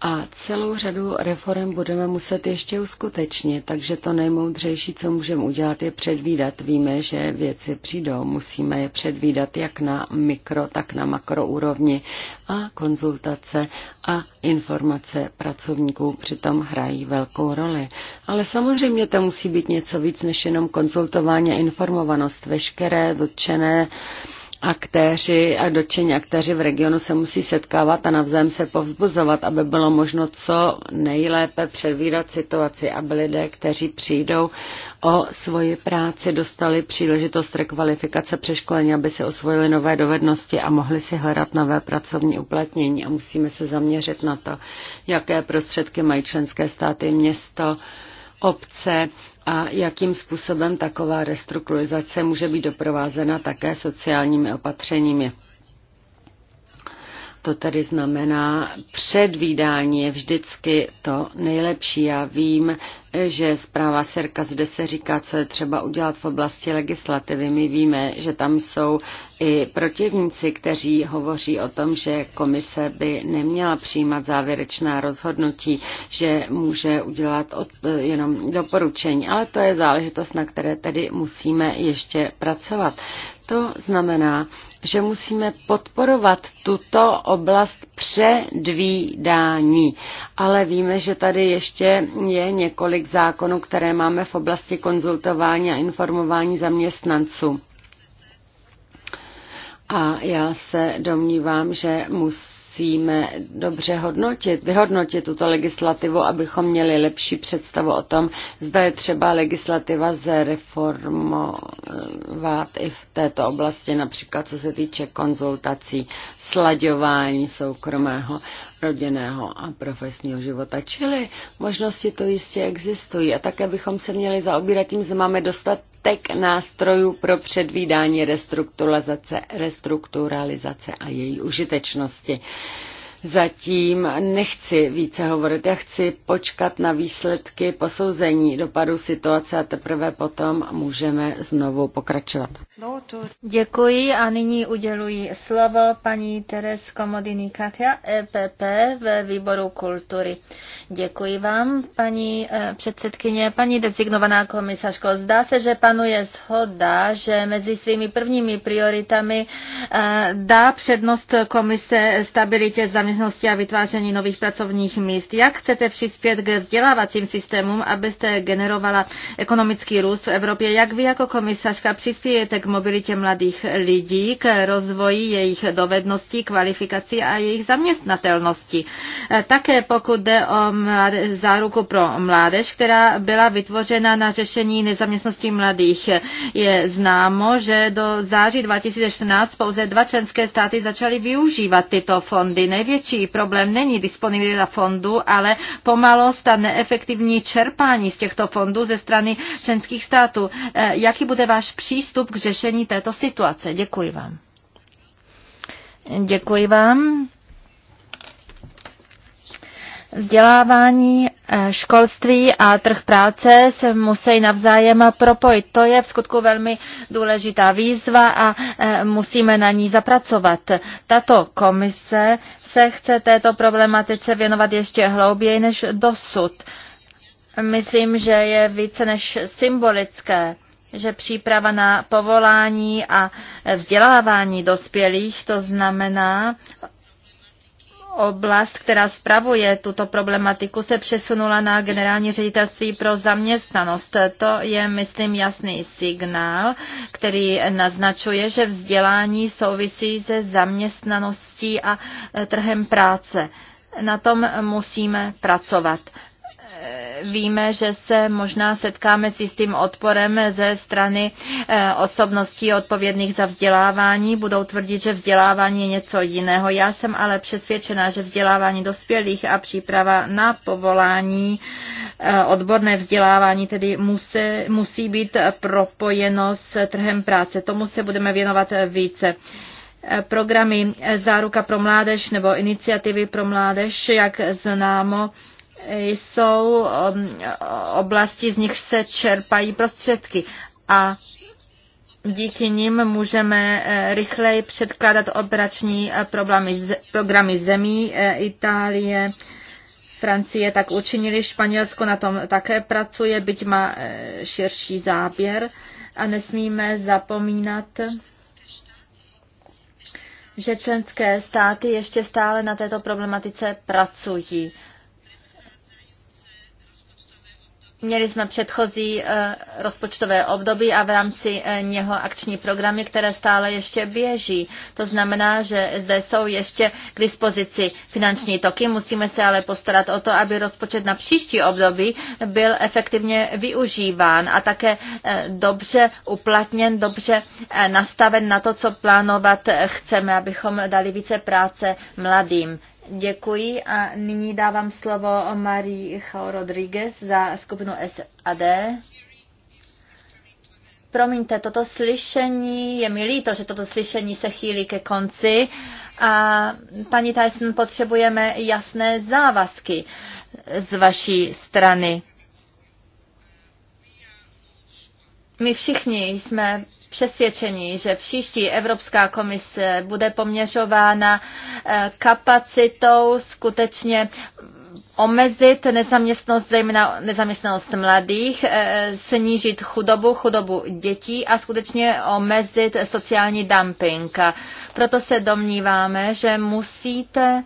A celou řadu reform budeme muset ještě uskutečnit, takže to nejmoudřejší, co můžeme udělat, je předvídat. Víme, že věci přijdou, musíme je předvídat jak na mikro, tak na makro úrovni a konzultace a informace pracovníků přitom hrají velkou roli. Ale samozřejmě to musí být něco víc než jenom konzultování a informovanost. Veškeré dotčené aktéři a dotčení aktéři v regionu se musí setkávat a navzájem se povzbuzovat, aby bylo možno co nejlépe předvídat situaci, aby lidé, kteří přijdou o svoji práci, dostali příležitost rekvalifikace přeškolení, aby se osvojili nové dovednosti a mohli si hledat nové pracovní uplatnění. A musíme se zaměřit na to, jaké prostředky mají členské státy, město, obce a jakým způsobem taková restrukturalizace může být doprovázena také sociálními opatřeními. To tedy znamená, předvídání je vždycky to nejlepší. Já vím, že zpráva Serka zde se říká, co je třeba udělat v oblasti legislativy. My víme, že tam jsou i protivníci, kteří hovoří o tom, že komise by neměla přijímat závěrečná rozhodnutí, že může udělat od, jenom doporučení. Ale to je záležitost, na které tedy musíme ještě pracovat. To znamená, že musíme podporovat tuto oblast předvídání. Ale víme, že tady ještě je několik zákonů, které máme v oblasti konzultování a informování zaměstnanců. A já se domnívám, že musí musíme dobře hodnotit, vyhodnotit tuto legislativu, abychom měli lepší představu o tom, zda je třeba legislativa zreformovat i v této oblasti, například co se týče konzultací, slaďování soukromého rodinného a profesního života. Čili možnosti to jistě existují a také bychom se měli zaobírat tím, že máme dostatek nástrojů pro předvídání restrukturalizace, restrukturalizace a její užitečnosti. Uh, Zatím nechci více hovorit, já chci počkat na výsledky posouzení dopadu situace a teprve potom můžeme znovu pokračovat. Děkuji a nyní uděluji slovo paní Teres Komodiny Kakia, EPP ve výboru kultury. Děkuji vám, paní eh, předsedkyně, paní designovaná komisařko. Zdá se, že panuje shoda, že mezi svými prvními prioritami eh, dá přednost komise stabilitě za zaměstnanosti a vytváření nových pracovních míst. Jak chcete přispět k vzdělávacím systémům, abyste generovala ekonomický růst v Evropě? Jak vy jako komisařka přispějete k mobilitě mladých lidí, k rozvoji jejich dovedností, kvalifikací a jejich zaměstnatelnosti? E, také pokud jde o záruku pro mládež, která byla vytvořena na řešení nezaměstnosti mladých, je známo, že do září 2014 pouze dva členské státy začaly využívat tyto fondy. Nevědět největší problém není disponibilita fondů, ale pomalost a neefektivní čerpání z těchto fondů ze strany členských států. E, jaký bude váš přístup k řešení této situace? Děkuji vám. Děkuji vám. Vzdělávání, eh, školství a trh práce se musí navzájem propojit. To je v skutku velmi důležitá výzva a eh, musíme na ní zapracovat. Tato komise se chce této problematice věnovat ještě hlouběji než dosud. Myslím, že je více než symbolické že příprava na povolání a vzdělávání dospělých, to znamená oblast, která spravuje tuto problematiku, se přesunula na generální ředitelství pro zaměstnanost. To je, myslím, jasný signál, který naznačuje, že vzdělání souvisí se zaměstnaností a eh, trhem práce. Na tom musíme pracovat. Eh, víme, že se možná setkáme s jistým odporem ze strany eh, osobností odpovědných za vzdělávání. Budou tvrdit, že vzdělávání je něco jiného. Já jsem ale přesvědčená, že vzdělávání dospělých a příprava na povolání, eh, odborné vzdělávání tedy musí, musí být propojeno s trhem práce. Tomu se budeme věnovat více programy Záruka pro mládež nebo iniciativy pro mládež, jak známo, jsou um, oblasti, z nich se čerpají prostředky a díky nim můžeme eh, rychleji předkládat operační eh, programy, programy zemí eh, Itálie, Francie tak učinili, Španělsko na tom také pracuje, byť má širší záběr a nesmíme zapomínat, že členské státy ještě stále na této problematice pracují. Měli jsme předchozí eh, rozpočtové období a v rámci eh, něho akční programy, které stále ještě běží. To znamená, že zde jsou ještě k dispozici finanční toky. Musíme se ale postarat o to, aby rozpočet na příští období byl efektivně využíván a také eh, dobře uplatněn, dobře nastaven na to, co plánovat chceme, abychom dali více práce mladým Děkuji a nyní dávám slovo Marii Chao Rodriguez za skupinu SAD. Promiňte, toto slyšení, je mi líto, že toto slyšení se chýlí ke konci a paní Tyson, potřebujeme jasné závazky z vaší strany. my všichni jsme přesvědčeni, že příští Evropská komise bude poměřována eh, kapacitou skutečně omezit nezaměstnost, zejména nezaměstnost mladých, eh, snížit chudobu, chudobu dětí a skutečně omezit sociální dumping. Proto se domníváme, že musíte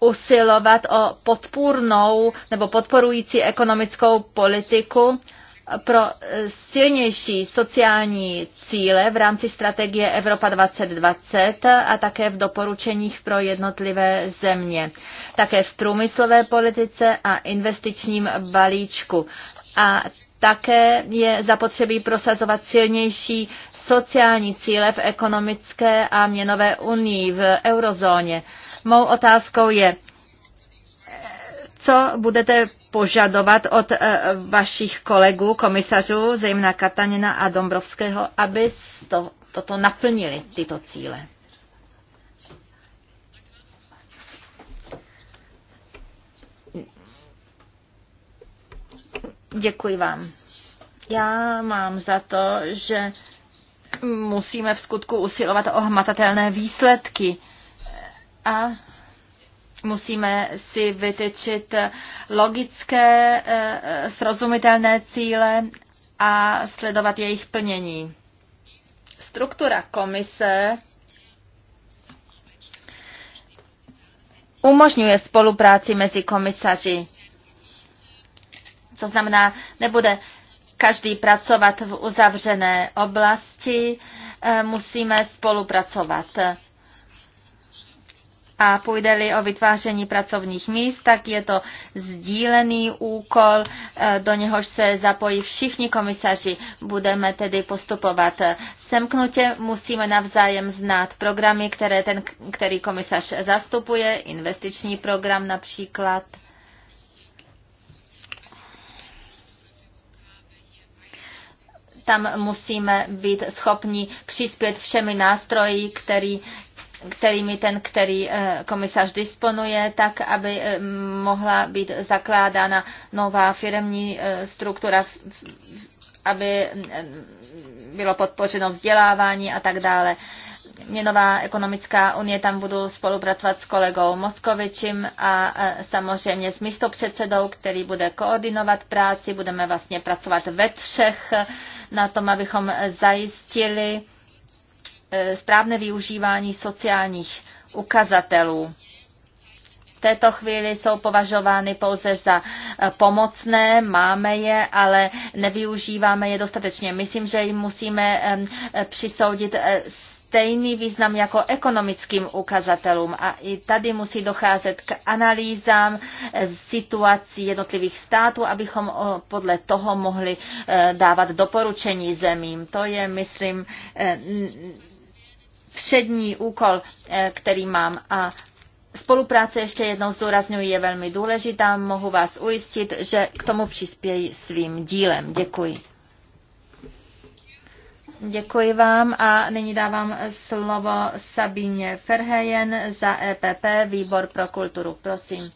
usilovat o podpůrnou nebo podporující ekonomickou politiku, pro eh, silnější sociální cíle v rámci strategie Evropa 2020 a také v doporučeních pro jednotlivé země, také v průmyslové politice a investičním balíčku. A také je zapotřebí prosazovat silnější sociální cíle v ekonomické a měnové unii v eurozóně. Mou otázkou je, co budete požadovat od eh, vašich kolegů, komisařů, zejména Katanina a Dombrovského, aby to, toto naplnili, tyto cíle? Děkuji vám. Já mám za to, že musíme v skutku usilovat o hmatatelné výsledky a Musíme si vytyčit logické, eh, srozumitelné cíle a sledovat jejich plnění. Struktura komise umožňuje spolupráci mezi komisaři. Co znamená, nebude každý pracovat v uzavřené oblasti, eh, musíme spolupracovat a půjde-li o vytváření pracovních míst, tak je to sdílený úkol, eh, do něhož se zapojí všichni komisaři. Budeme tedy postupovat semknutě, musíme navzájem znát programy, které ten, který komisař zastupuje, investiční program například. tam musíme být schopni přispět všemi nástroji, který kterými ten, který eh, komisař disponuje, tak aby eh, mohla být zakládána nová firmní eh, struktura, aby bylo podpořeno vzdělávání a tak dále. Měnová ekonomická unie, tam budu spolupracovat s kolegou Moskovičem a samozřejmě s místopředsedou, který bude koordinovat práci. Budeme vlastně pracovat ve třech na tom, abychom zajistili, Eh, správné využívání sociálních ukazatelů. V této chvíli jsou považovány pouze za eh, pomocné, máme je, ale nevyužíváme je dostatečně. Myslím, že jim musíme eh, přisoudit stejný význam jako ekonomickým ukazatelům a i tady musí docházet k analýzám situací jednotlivých států, abychom podle toho mohli dávat doporučení zemím. To je, myslím, přední úkol, eh, který mám. A spolupráce, ještě jednou zdůrazňuji, je velmi důležitá. Mohu vás ujistit, že k tomu přispějí svým dílem. Děkuji. Děkuji vám a nyní dávám slovo Sabině Ferhejen za EPP, Výbor pro kulturu. Prosím.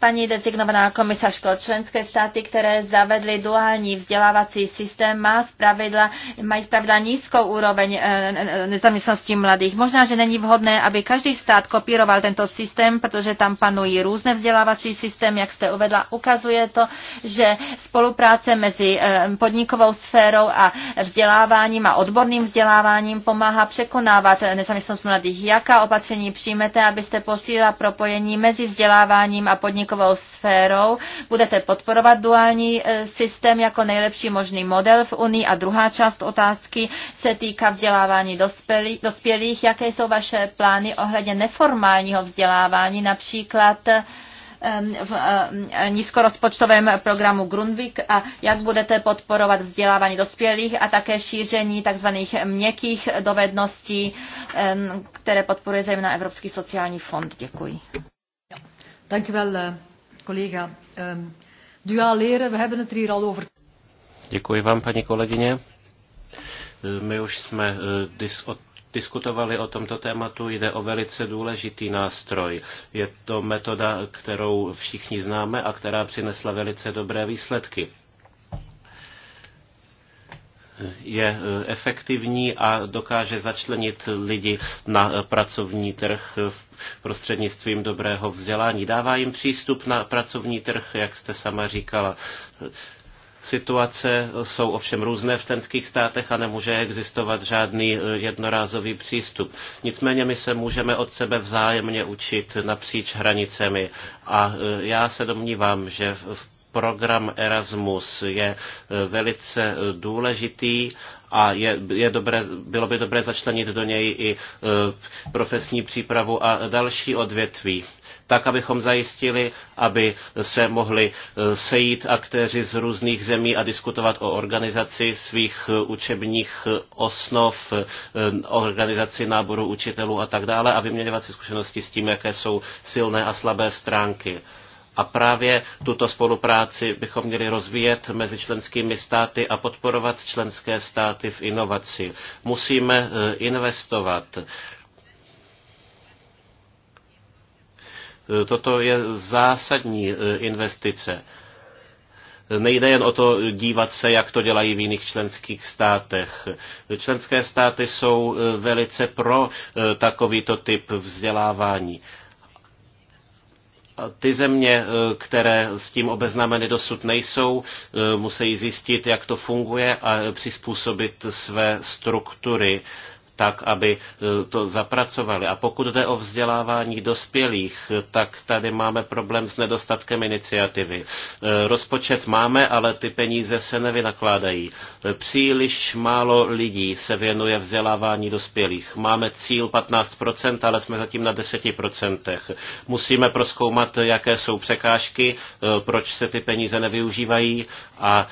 Paní designovaná komisařko, členské státy, které zavedly duální vzdělávací systém, má zpravidla, mají zpravidla nízkou úroveň eh, eh, nezaměstnosti mladých. Možná, že není vhodné, aby každý stát kopíroval tento systém, protože tam panují různé vzdělávací systém, jak jste uvedla. Ukazuje to, že spolupráce mezi eh, podnikovou sférou a vzděláváním a odborným vzděláváním pomáhá překonávat nezaměstnost mladých. Jaká opatření přijmete, abyste posílila propojení mezi vzděláváním podnikáním a podnikovou sférou. Budete podporovat duální e, systém jako nejlepší možný model v Unii. A druhá část otázky se týká vzdělávání dospělých. Jaké jsou vaše plány ohledně neformálního vzdělávání, například e, v e, nízkorozpočtovém programu Grundvik a jak budete podporovat vzdělávání dospělých a také šíření tzv. měkkých dovedností, které podporuje zejména Evropský sociální fond. Děkuji. Dank u wel, eh, collega. Ehm, Duaal leren, we hebben het er hier al over. Děkuji vám, paní kolegyně. Eh, my už jsme eh, dis- o diskutovali o tomto tématu, jde o velice důležitý nástroj. Je to metoda, kterou všichni známe a která přinesla velice dobré výsledky je eh, efektivní a dokáže začlenit lidi na eh, pracovní trh eh, prostřednictvím dobrého vzdělání. Dává jim přístup na pracovní trh, jak jste sama říkala. Situace jsou ovšem různé v členských státech a nemůže existovat žádný jednorázový přístup. Nicméně my se můžeme od sebe vzájemně učit napříč hranicemi a já se domnívám, že v program Erasmus je e, velice e, důležitý a je, je dobré, bylo by dobré začlenit do něj i e, profesní přípravu a další odvětví tak, abychom zajistili, aby se mohli sejít aktéři z různých zemí a diskutovat o organizaci svých učebních osnov, organizaci náboru učitelů a tak dále a vyměňovat si zkušenosti s tím, jaké jsou silné a slabé stránky. A právě tuto spolupráci bychom měli rozvíjet mezi členskými státy a podporovat členské státy v inovaci. Musíme e, investovat. E, toto je zásadní e, investice. Nejde jen o to dívat se, jak to dělají v jiných členských státech. Členské státy jsou velice pro takovýto typ vzdělávání. Ty země, eh, které s tím obeznámeny dosud nejsou, eh, musí zjistit, jak to funguje a eh, přizpůsobit své struktury tak, aby e, to zapracovali. A pokud jde o vzdělávání dospělých, tak tady máme problém s nedostatkem iniciativy. E, rozpočet máme, ale ty peníze se nevynakládají. E, příliš málo lidí se věnuje vzdělávání dospělých. Máme cíl 15%, ale jsme zatím na 10%. Musíme proskoumat, jaké jsou překážky, proč se ty peníze nevyužívají a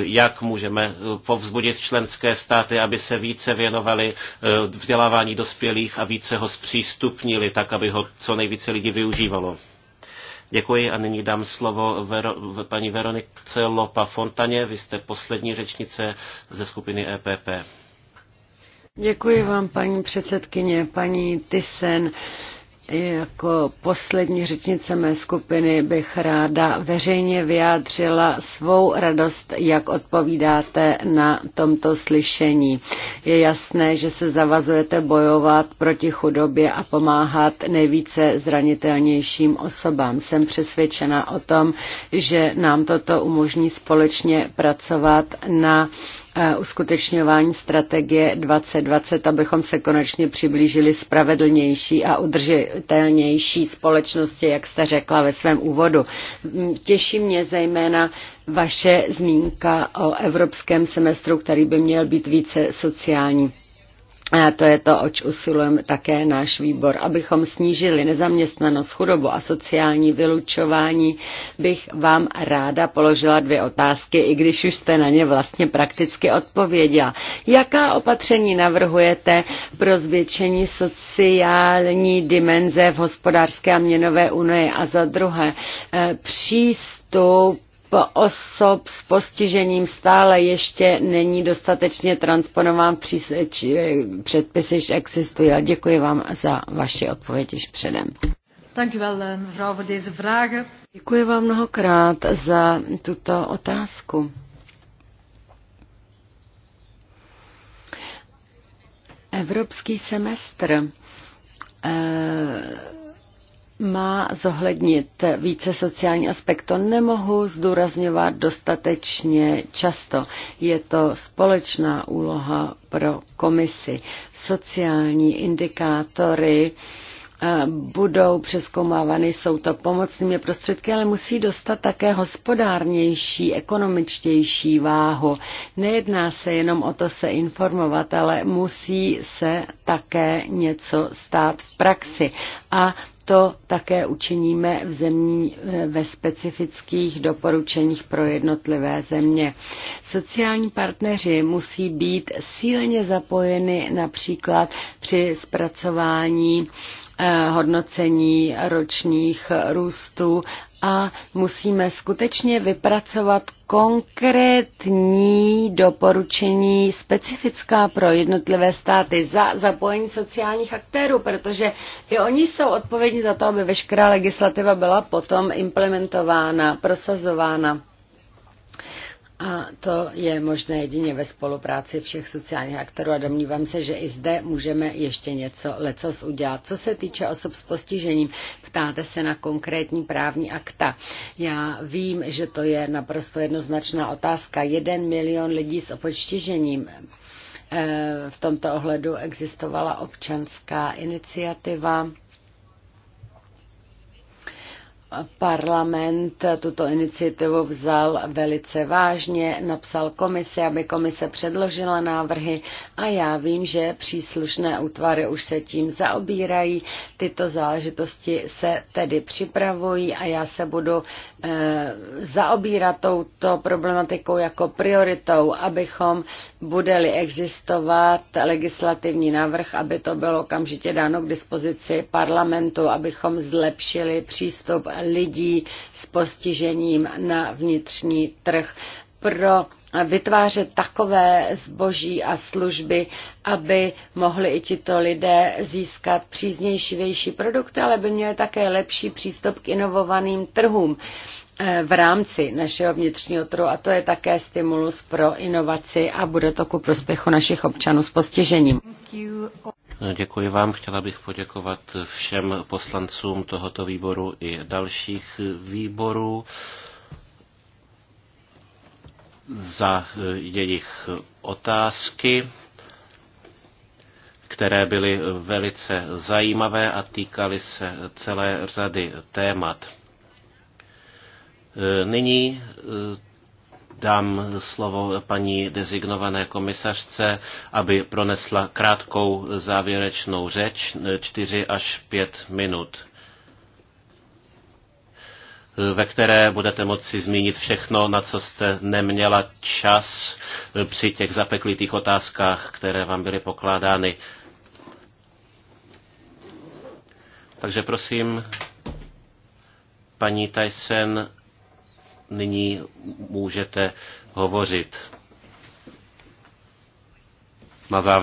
jak můžeme povzbudit členské státy, aby se více věnovali Eh, vzdělávání dospělých a více ho zpřístupnili, tak aby ho co nejvíce lidí využívalo. Děkuji a nyní dám slovo Vero, paní Veronice Lopa Fontaně. Vy jste poslední řečnice ze skupiny EPP. Děkuji vám, paní předsedkyně, paní Tysen. Jako poslední řečnice mé skupiny bych ráda veřejně vyjádřila svou radost, jak odpovídáte na tomto slyšení. Je jasné, že se zavazujete bojovat proti chudobě a pomáhat nejvíce zranitelnějším osobám. Jsem přesvědčena o tom, že nám toto umožní společně pracovat na E, uskutečňování strategie 2020, abychom se konečně přiblížili spravedlnější a udržitelnější společnosti, jak jste řekla ve svém úvodu. Těší mě zejména vaše zmínka o evropském semestru, který by měl být více sociální a to je to, oč usilujeme také náš výbor. Abychom snížili nezaměstnanost, chudobu a sociální vylučování, bych vám ráda položila dvě otázky, i když už jste na ně vlastně prakticky odpověděla. Jaká opatření navrhujete pro zvětšení sociální dimenze v hospodářské a měnové unii? A za druhé, eh, přístup osob s postižením stále ještě není dostatečně transponován v eh, předpisy, již existují. A děkuji vám za vaši odpověď již předem. Um, děkuji vám mnohokrát za tuto otázku. Evropský semestr eh, má zohlednit více sociální aspekt. To nemohu zdůrazňovat dostatečně často. Je to společná úloha pro komisi. Sociální indikátory eh, budou přeskoumávány, jsou to pomocnými prostředky, ale musí dostat také hospodárnější, ekonomičtější váhu. Nejedná se jenom o to se informovat, ale musí se také něco stát v praxi. A to také učiníme v zemí eh, ve specifických doporučeních pro jednotlivé země. Sociální partneři musí být síleně zapojeny například při zpracování Eh, hodnocení ročních růstů a musíme skutečně vypracovat konkrétní doporučení specifická pro jednotlivé státy za zapojení sociálních aktérů, protože i oni jsou odpovědní za to, aby veškerá legislativa byla potom implementována, prosazována. A to je možné jedině ve spolupráci všech sociálních aktorů a domnívám se, že i zde můžeme ještě něco lecos udělat. Co se týče osob s postižením, ptáte se na konkrétní právní akta. Já vím, že to je naprosto jednoznačná otázka. Jeden milion lidí s postižením eh, v tomto ohledu existovala občanská iniciativa Parlament tuto iniciativu vzal velice vážně, napsal komisi, aby komise předložila návrhy a já vím, že příslušné útvary už se tím zaobírají. Tyto záležitosti se tedy připravují a já se budu e, zaobírat touto problematikou jako prioritou, abychom budeli existovat legislativní návrh, aby to bylo okamžitě dáno k dispozici parlamentu, abychom zlepšili přístup lidí s postižením na vnitřní trh pro vytvářet takové zboží a služby, aby mohli i tito lidé získat příznější produkty, ale by měli také lepší přístup k inovovaným trhům eh, v rámci našeho vnitřního trhu a to je také stimulus pro inovaci a bude to ku prospěchu našich občanů s postižením. Děkuji vám. Chtěla bych poděkovat všem poslancům tohoto výboru i dalších výborů za jejich otázky které byly velice zajímavé a týkaly se celé řady témat. Nyní dám slovo paní dezignované komisařce, aby pronesla krátkou závěrečnou řeč, 4 až 5 minut ve které budete moci zmínit všechno, na co jste neměla čas při těch zapeklitých otázkách, které vám byly pokládány. Takže prosím, paní Tyson, nyní můžete hovořit na závěr.